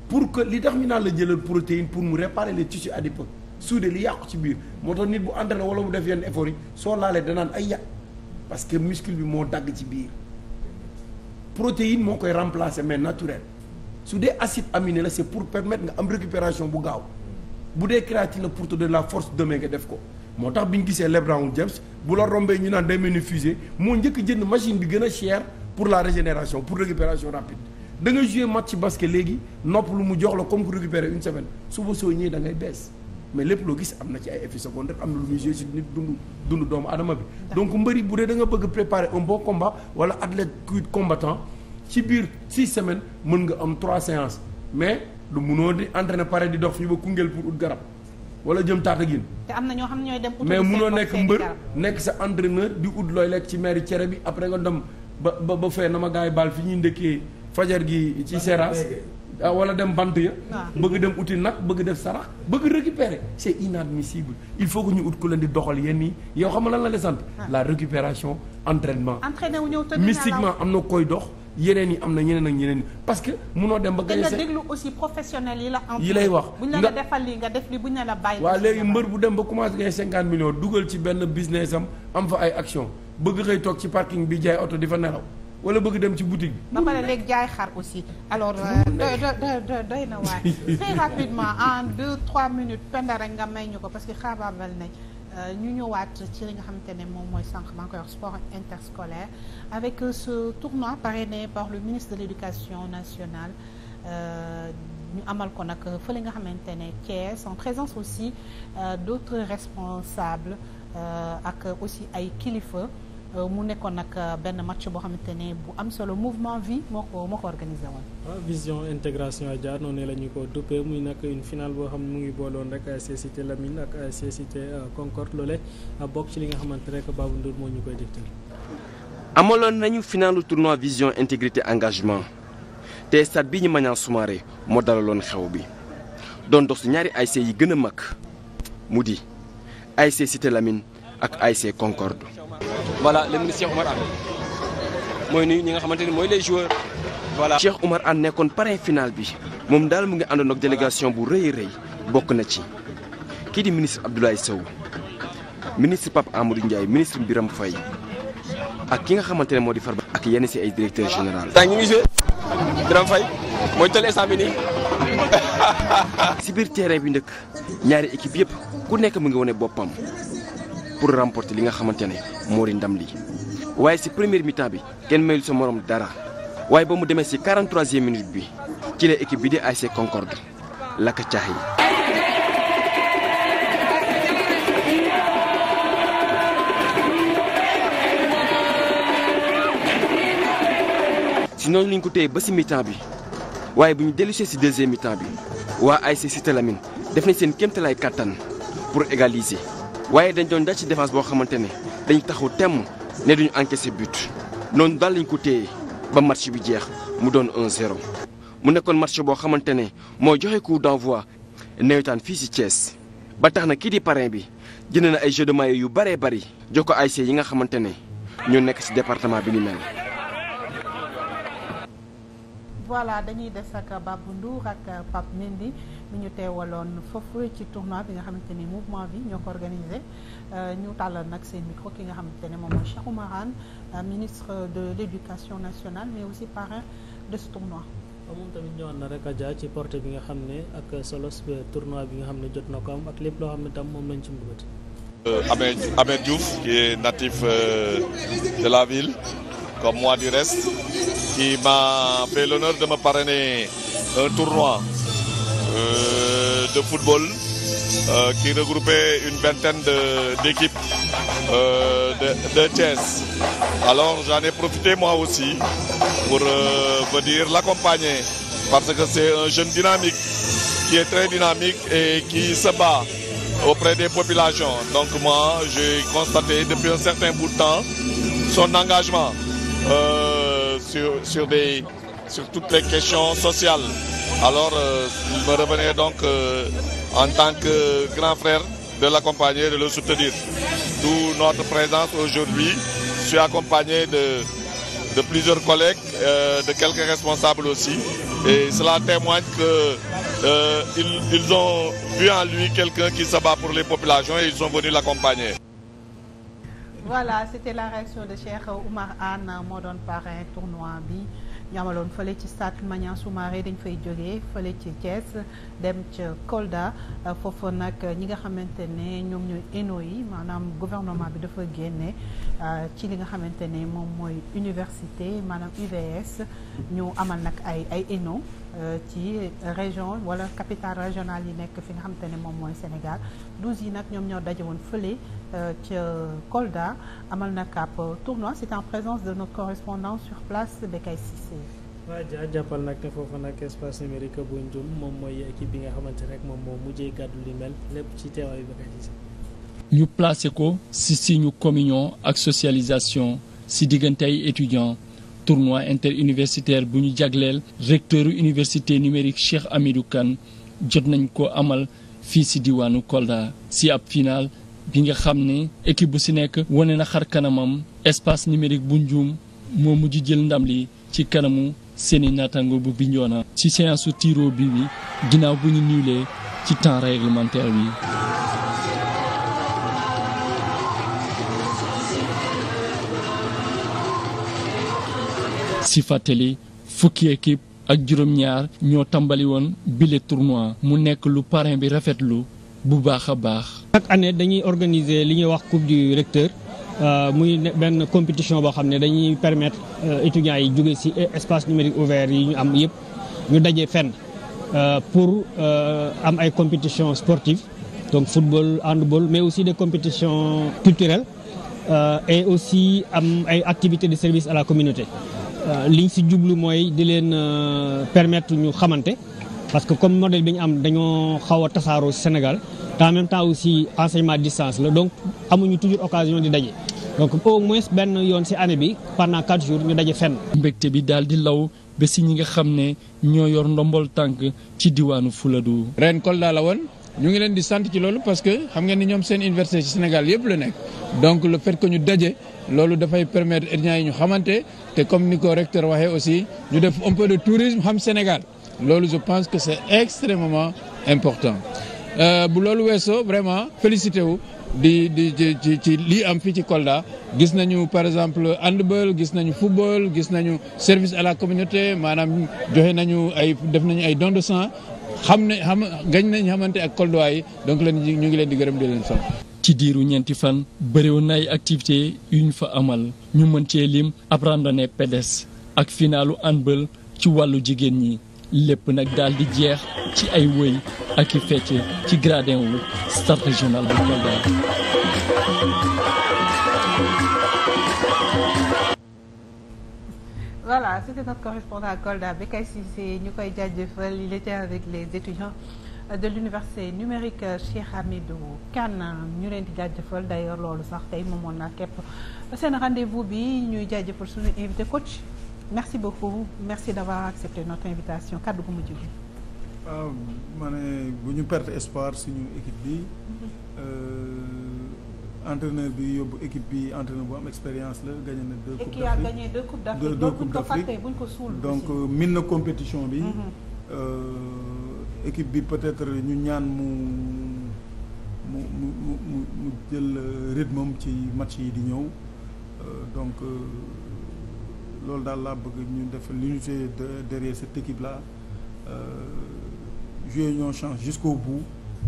pour que li tax ñu naan la jëlal protéine pour mu réparer les tissus adipo suude li yàqu ci biir moo tax nit bu entraîné wala mu def yenn effort soo laalee danaan ay yàq parce que muscle bi moo dagg ci biir protéine moo koy remplacer mais naturel su dee acide amine la c'est pour permettre nga am récupération bu gaaw bu dee créatine la pour te de la force demain nga def ko. moo tax bi ñu gisee LeBron James bu la rombee ñu naan day ni fusée moo njëkk jënd machine bi gën a cher pour la régénération pour récupération rapide da nga joué match basket léegi nopp lu mu jox la comme que récupérer une semaine suba soo ñëwee da ngay bees mais lépp loo gis am na ci ay effets secondaires am na lu muy joué doomu adama bi. donc mbëri bu dee da nga bëgg préparer un bon combat wala athlète kuy combattant ci biir six semaines mën nga am trois séances mais lu munoo di entraîner pare di dox fii ba Koungheul pour ut garab. wala jëm Tataguine. te am na ñoo xam ne ñooy dem mais munoo nekk mbër nekk sa entraîneur di ut looy lekk ci mairie cere bi après nga dem ba ba ba fee na ma gars yi baal fi ñuy ndekkee fajar gi ci Seras. Ah, wala dem bant ya ah. bëgg dem uti nag bëgg def sarax bëgg récupérer c'est inadmissible il faut que ñu ut ku leen di doxal yenn yi yow xam nga lan la desante ah. la récupération entraînement mystiquement am na koy dox yeneen yi am na ñeneen ak ñeneen parce que munoo dem ba. gagné nga déglu aussi professionnel yi la. yi lay wax buñ la defal lii nga def li buñ la bàyyi. waaw léegi mbër bu dem ba commencé gagné cinquante millions dugal ci benn business am am fa ay action bëgg xëy toog ci parking bi jaay oto di fa nelaw wala bëgg dem ci boutique bi. ba pare léegi jaay xar aussi. alors euh, doy na waay. très rapidement en deux trois minutes penda rek ko parce que xaabaabal nañ. Euh, ñu ñëwaat ci li nga xamante ne moom mooy sànq maa ngi koy wax sport interscolaire avec euh, ce tournoi parrainé par le ministre de l'éducation nationale euh, ñu amal ko nag fële nga xamante ne Thiès en présence aussi d'autres responsables ak aussi ay kilifa Euh, mu nekkoon nag euh, benn match boo xamante ne bu am solo mouvement vie moo ko moo ko organisé ah, vision intégration Adja noonu la ñu ko duppee muy nag une finale boo xam ne mu ngi booloon rek ASC Cité Lamine ak ASC Cité euh, Concorde ah, bokk ci li nga xamante rek Babou Ndour moo ñu koy dégtal. amaloon nañu finalu tournoi vision intégrité engagement te stade bi ñu Maniang Soumaré moo dalaloon xew bi doon dox si ñaari ASC yi gën a mag mu di ASC Cité Lamine ak ASC Concorde. voilà le ministre Cheikh Oumar Anne mooy nuyu ñi nga xamante ni mooy les joueurs voilà. Cheikh Oumar Anne nekkoon parrain final bi moom daal mu ngi àndoon ak délégation bu rëy rëy bokk na ci kii di ministre Abdoulaye Sow ministre Pape Amadou Ndiaye ministre biram fay ak ki nga xamante ne moo di Farba ak yenn si ay directeur général. temps ñu ngi joué Birame Faye mooy bi nii. si biir terrain bi ndëkk ñaari équipe yëpp ku nekk mu ngi wane boppam. pour remporter li nga xamante ne moo di ndam li waaye si première mi bi kenn mayul sa morom dara waaye ba mu demee si 43e minute bi ci la équipe bi di ASC Concorde lakk caax yi. si noonu lañ ko téye ba si mi-temps bi waaye bu ñu dellusee si deuxième mi bi waa ASC Cité Lamine def nañ seen kéemtalaay kàttan pour égaliser. waaye dañ doon daj ci défense boo xamante ne dañ taxaw temm ne duñu encaissé but noonu daal lañ ko téye ba match bi jeex mu doon 1-0 mu nekkoon match boo xamante ne moo joxe coup d'envoi nawetaan fii ci Thiès ba tax na kii di parrain bi jënd na ay jeu de yu bëree bëri jox ko ASC yi nga xamante ne ñoo nekk ci département bi ni mel. bi ñu teewaloon foofu ci tournoi bi nga xamante ni mouvement bi ñoo ko organisé euh, ñu tàllal nag seen micro ki nga xamante ne moom mooy Cheikh Oumar Anne euh, ministre de l'éducation nationale mais aussi parrain de ce tamit ñëwaat na rek jaar ci porte bi nga xam ne ak solos tournoi bi nga xam ne jot na ko am ak lépp loo xam ne tam moom lañ ci mbugat. Euh, Ahmed Ahmed Diouf qui natif de la ville comme moi du reste qui m'a fait l'honneur de me parrainer un tournoi Euh, de football euh, qui regroupait une vingtaine d'équipes euh, de, de, Thiès. Alors j'en ai profité aussi pour venir l'accompagner parce que c'est un jeune dynamique qui est très dynamique et qui se bat auprès des populations. Donc moi, j'ai constaté depuis un certain bout de temps son engagement sur des sur toutes les questions sociales. Alors, euh, il me revenait donc euh, en tant que grand frère de l'accompagner, de le soutenir. D'où notre présence aujourd'hui. Je suis accompagné de, de plusieurs collègues, euh, de quelques responsables aussi. Et cela témoigne qu'ils euh, ils ont vu en lui quelqu'un qui se bat pour les populations et ils sont venus l'accompagner. Voilà, c'était la réaction de Cheikh Oumar Anne, moo doon parrain tournoi bi. ñu amaloon fële ci stade Maniang Soumaré dañ fay jógee fële ci Thiès dem ca Kolda foofa nag ñi nga xamante ne ñoom ñooy ENO yi maanaam gouvernement bi dafa génne euh, ci li nga xamante ne moom mooy université maanaam UVS ñu amal nag ay ay ENO euh, ci région wala capital régionale yi nekk fi nga xamante ne moom mooy Sénégal douze yi nag ñoom ñoo daje woon fële ca euh, Kolda amal na kàpp euh, tournoi c'est moom mooy bi nga xamante rek moom moo mujjee gàddu li mel lépp ci teewaay Bekay Cissé. ñu placé ko si signe communion ak socialisation si diggante ay étudiants. tournoi interuniversitaire bu ñu jagleel recteur université numérique Cheikh Hamidou Kane jot nañ ko amal fii ci diwaanu Kolda ci ab final bi nga xam ni équipe bu ci nekk wane na xar kanamam espace numérique bu njuum moo mujj jël ndam li ci kanamu seeni naataango bu Bignona ci séance su tiro bi bi ginnaaw bu ñu niwlee ci temps réglementaire bi si fàttali fukki équipe ak juróom-ñaar ñoo tàmbali woon bile tournoi mu nekk lu parrain bi rafetlu bu baax a baax chaque année dañuy organiser li ñuy wax coupe du recteur euh, muy benn compétition boo xam ne dañuy permettre euh, étudiants yi jóge ci espace numérique ouvert yi ñu am yëpp ñu daje fenn euh, pour am ay compétitions sportive donc football handball mais aussi des compétition culturelles et aussi am ay activités de service à la communauté liñ ci jublu mooy di leen permettre ñu xamante parce que comme modèle bi am dañoo xaw a tasaaroo Sénégal en même temps aussi enseignement distance la donc amuñu toujours occasion di daje donc au moins benn yoon ci année bi pendant quatre jours ñu daje fenn. mbégte bi daal di law ba ñi nga xam ne ñoo yor ndombol tànk ci diwaanu fula du ren colda la woon ñu ngi leen di sant ci loolu parce que xam nga ni ñoom seen université ci Sénégal yëpp la nekk donc le fait que ñu daje loolu dafay permettre étudiants yi ñu xamante te comme ni ko recteur waxee aussi ñu def e peu de tourisme xam Sénégal loolu je pense que c'est extrêmement important. Euh, bu loolu weesoo vraiment félicité wu di di ci ci lii am fii ci Kolda gis nañu par exemple handball gis nañu football gis nañu service à la communauté maanaam joxe nañu ay def nañu ay don de sang xam ne xam gañ nañ xamante ak Kolda yi donc leen ñu ngi leen di gërëm di leen sant. ci diiru ñeenti fan bëriwoon na ay activités yu ñu fa amal ñu mën cee lim ab randonnée pédestre ak finalu handball ci wàllu jigéen ñi. lépp nag daal jeex ci ay wëy ak i fecc ci gradin wu stade régional bu Kolda voilà c'était notre correspondant à Kolda Bekay Cissé ñu koy jaajëfal il était avec les étudiants de l'université numérique Cheikh Hamidou Kane ñu leen di jaajëfal d'ailleurs loolu sax tey moomoon naa képp seen rendez bi ñuy jaajëfal suñu invité coach merci beaucoup merci d'avoir accepté notre invitation kaddu gu mujj bi. waaw ma bu ñu perte espoir suñu équipe bi euh, entraîneur bi yóbbu équipe bi entraîneur bu am expérience la gagné na deux coupes d'Afrique a gagné deux coupes d'Afrique donc euh, min na compétition bi. Mm-hmm. Euh, équipe bi peut-être ñu ñaan mu mu mu mu mu jël rythme ci match yi di ñëw donc. loolu daal la bëgg ñu def l'unité derrière cette équipe là euh, jouer ñoo chance jusqu'au bout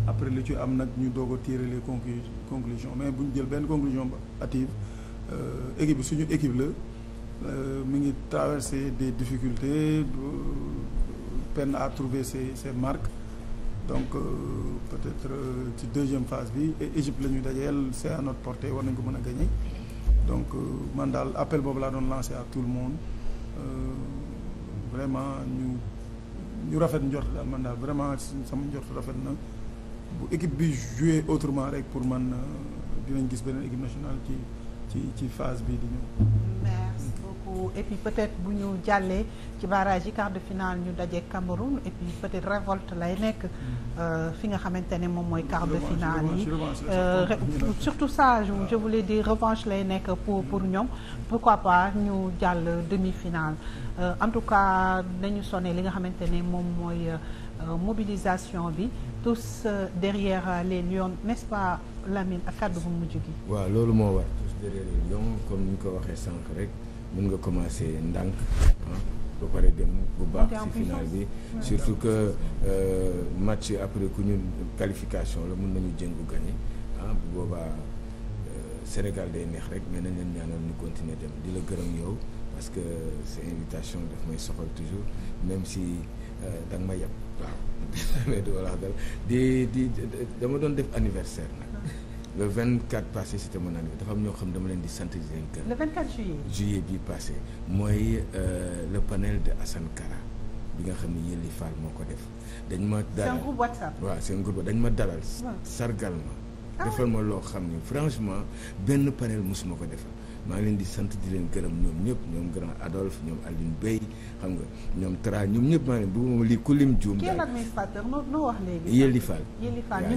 après li ci am nag ñu doog a tirer les conclu conclusions mais bu ñu jël benn conclusion hâtive euh, équipe suñu équipe la euh, mi ngi traverser des difficultés peine à trouver ses ses marques donc euh, peut-être ci euh, deuxième phase bi Égypte la ñu dajeel c'est à notre portée war nañ ko mën a gagner donc euh, man daal appel boobu laa doon lancé à tout le monde euh, vraiment ñu ñu rafet njort daal man daal vraiment sama njort rafet na bu équipe bi jouer autrement rek pour man euh, dinañ gis beneen équipe nationale ci ci ci phase bi di ñëw. boobu et être bu ñu jàllee ci barrage yi quart de finale ñu dajee Cameroun et puis révolte lay nekk mm. euh, fi nga xamante ne moom mooy quart de finale yi euh, surtout ça je voulais dire revanche lay nekk pour pour ñoom pourquoi pas ñu jàll demi-finale euh, en tout cas nañu sonné li nga xamante ne moom mooy mobilisation bi tous derrière les lions n'est-ce pas Lamine ak kàddu bu mujj gi waaw loolu moo war tous derrière les lions comme ni ñu ko waxee sànq rek mën nga commencer ndànk ah, ba pare dem bu baax ci final bi surtout que euh, match après ku ñun qualification la mun nañu jëngu gagné ah boobaa euh, Sénégal day neex rek mais nañ leen ñaanal ñu continuer dem di la gërëm yow parce que sa invitation daf may soxal toujours même si euh, da ma yeb waaw mais du wala di di dama doon def anniversaire nag le 24 passé c'était mon anniversaire dafa am ñoo xam dama leen di sant di leen juillet. juillet bii passé mooy euh, le panel de Assane Kara bi nga xam ne Yelli Fall moo ko def dañ ma. dalal c'est un waaw c'est un dañ ma dalal. sargal ma. Ah defal ma loo xam ne franchement benn panel mosuma ko defal. maa ngi leen di sant di leen gërëm ñoom ñëpp ñoom grand Adolphe ñoom Aline Bey xam nga ñoom Tra ñoom ñëpp maa ngi leen bu ma li ku lim juum. daal administrateur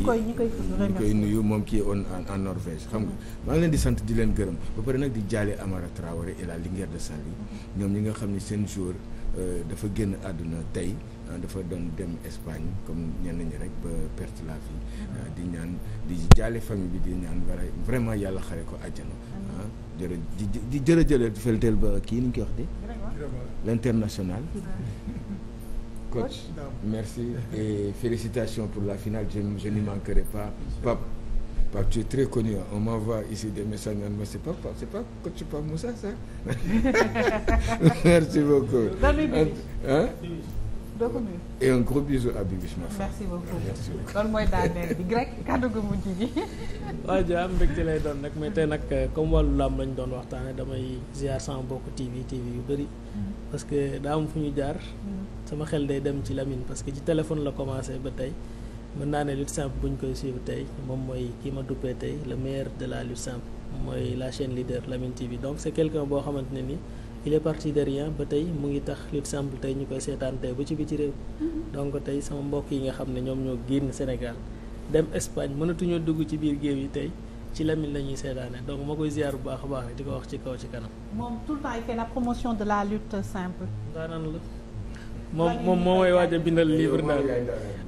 koy ñu koy nuyu moom kii on en Norvège xam nga mm-hmm. maa ngi leen di sant di leen gërëm ba pare nag di jaalee Amara Traoré et la Linguère de Saint-Louis mm-hmm. ñoom ñi nga xam ni seen jour euh, dafa génn àdduna tey ah, dafa doon dem Espagne comme ñenn ñi rek ba perte la vie mm-hmm. ah, di ñaan di jaalee famille bi di ñaan wala vraiment yàlla xare ko àjjana jërë di jërëjële felteel ba kii ni ñu koy wax de l'international coach merci et félicitations pour la finale je, je n'y manquerai pas Pape Pape tu es très connu on m'envoie ici des messages naan ma c'est pas coach Pape Moussa ça merci beaucoup hein doo ko nuyu. et un gros bisou à Bibi ma merci beaucoup loolu mooy daaneel bi grec kàddu gu mujj gi. waa jaa mbégte lay doon nag mais tey nag euh, comme wàllu làmb lañ doon waxtaanee damay ziar sama mbokk TV TV yu bëri. Mm-hmm. parce que daa am fu ñu jaar. Mm-hmm. sama xel day dem ci Lamine parce que ci téléphone la commencé ba tey. mën naa ne lutte simple bu ñu koy suivre tey moom mooy kii ma duppee tey le maire de la lutte mooy la chaîne leader Lamine TV donc c'est quelqu'un boo xamante ne nii il est parti de ba tey mu ngi tax lutte simple tey ñu koy seetaan tey ba ci bi ci réew mm-hmm. donc tey sama mbokk yi nga xam ne ñoom ñoo génn Sénégal dem Espagne mënatuñoo dugg ci biir géew yi tey ci Lamine la ñuy seetaane donc ma koy ziar bu baax a baax di ko wax ci kaw ci kanam. moom tout le temps il fait la la lutte simple. daanan moom moom moo may waaja bindal livre daal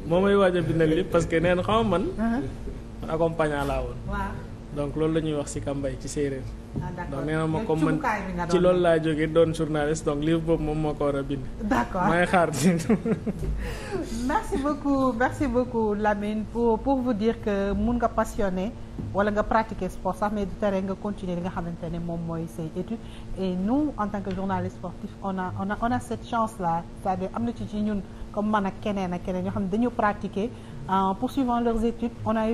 moo may waaja bindal livre parce que neen xam man. man uh-huh. accompagnant laa woon. waaw donc loolu la ñuy wax si Kambay ci séeréer. donc nee na ma comme man ci loolu laa jógee doon journaliste donc livre boobu moom moo ko war a bind. d'accord may xaar merci beaucoup merci beaucoup Lamine pour pour vous dire que mun nga passionné wala nga pratiquer sport sax mais du terrain nga continuer li nga xamante ne moom mooy say études et nous en tant que journaliste sportif on a on a on a cette chance là c'est-à-dire am na ci ci ñun comme man a keneen ak keneen ñoo xam ne dañu pratiquer en poursuivant leurs études on a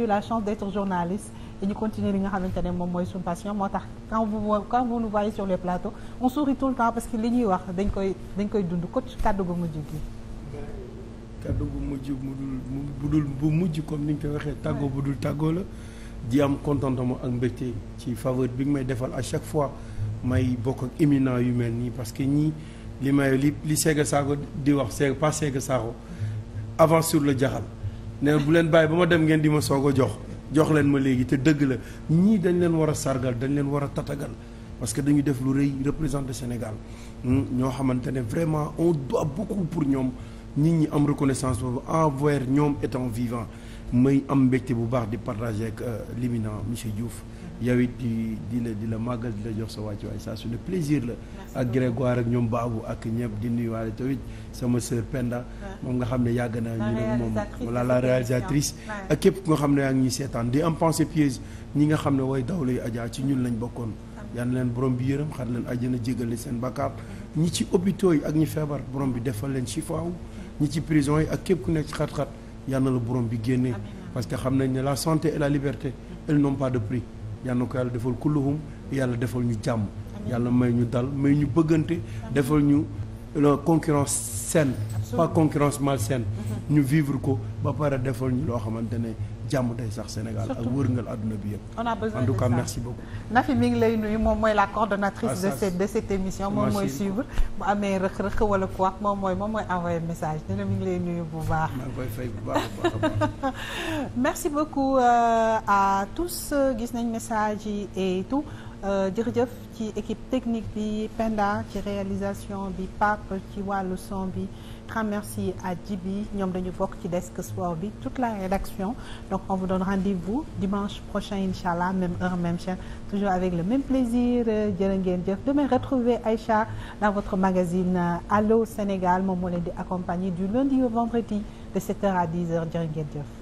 dañu continuer li nga xamante ne moom mooy suñu passion moo tax quand vous quand vous nous voyez sur les plateaux on sourit tout temps parce li ñuy wax dañ koy dañ koy dund ko kàddu gu mujj gi kàddu gu mujj mu dul bu dul bu mujj comme ni nga koy waxee tàggoo bu dul tàggoo la di am contentement ak mbégte ci faveur bi nga may defal à chaque fois may bokk ak éminent yu mel nii parce que ñii li may li li Séga Sakho di wax Séga pas Séga saako avant sur le jaxal ne bu leen bàyyi ba ma dem ngeen di ma soog a jox jox leen ma léegi te dëgg la ñii dañ leen war a sargal dañu leen war a tatagal parce que dañu def lu rëy représenté Sénégal hmm? ñoo xamante ne vraiment on doit beaucoup pour ñoom nit ñi am reconnaissance boobu envers ñoom étan vivant may am mbégte bu baax di partager ak euh, l'éminent monsieur Diouf yow it di di la di la màggal di la jox sa wàccuwaay sa su ne plaisir la ak Grégoire ak ñoom Babou ak ñëpp di nuyuwaale tamit sama sœur Penda moom nga xam ne yàgg na ñu ne moom voilà la réalisatrice ak képp ku nga xam ne yaa ñi seetaan di am pensée pieuse ñi nga xam ne way dawlu ajaa ci ñun lañ bokkoon yal leen borom bi yërëm xar leen àjjana jégal leen seen bakkaar ñi ci hôpitaux yi ak ñi feebar borom bi defal leen ci chifaaw ñi ci prison yi ak képp ku nekk ci xat-xat na la borom bi génnee parce que xam nañ ne la santé et la liberté elles pas de prix yal na ko yàlla defal kulluhum yàlla defal ñu jàmm yàlla may ñu dal may ñu bëggante defal ñu la euh, concurrence saine pas concurrence malsaine mm-hmm. ñu vivre ko ba pare defal ñu loo xamante ne jàmm day sax Sénégal ak wërngal àdduna bi yëpp. on a besoin merci beaucoup. Nafi mi ngi lay nuyu moom mooy la coordonnatrice ah, de cette de cette émission moom mooy suivre bu amee rëq-rëq wala quoi moom mooy moom mooy envoyé message dina mi ngi lay nuyu bu baax. maa ngi koy fay merci beaucoup euh, à tous gis nañ message yi tou tout. Euh, jërëjëf ci équipe technique bi Penda ci réalisation bi Pape ci wàllu son bi grand merci à Djibi ñoom dañu bokk ci desk sport bi toute la rédaction donc on vous donne rendez-vous dimanche prochain incha allah même heure même chaîne toujours avec le même plaisir jërë ngeen jëf demain retrouver Aïcha dans votre magazine Allô Sénégal moom moo leen di accompagner du lundi au vendredi de 7h à 10h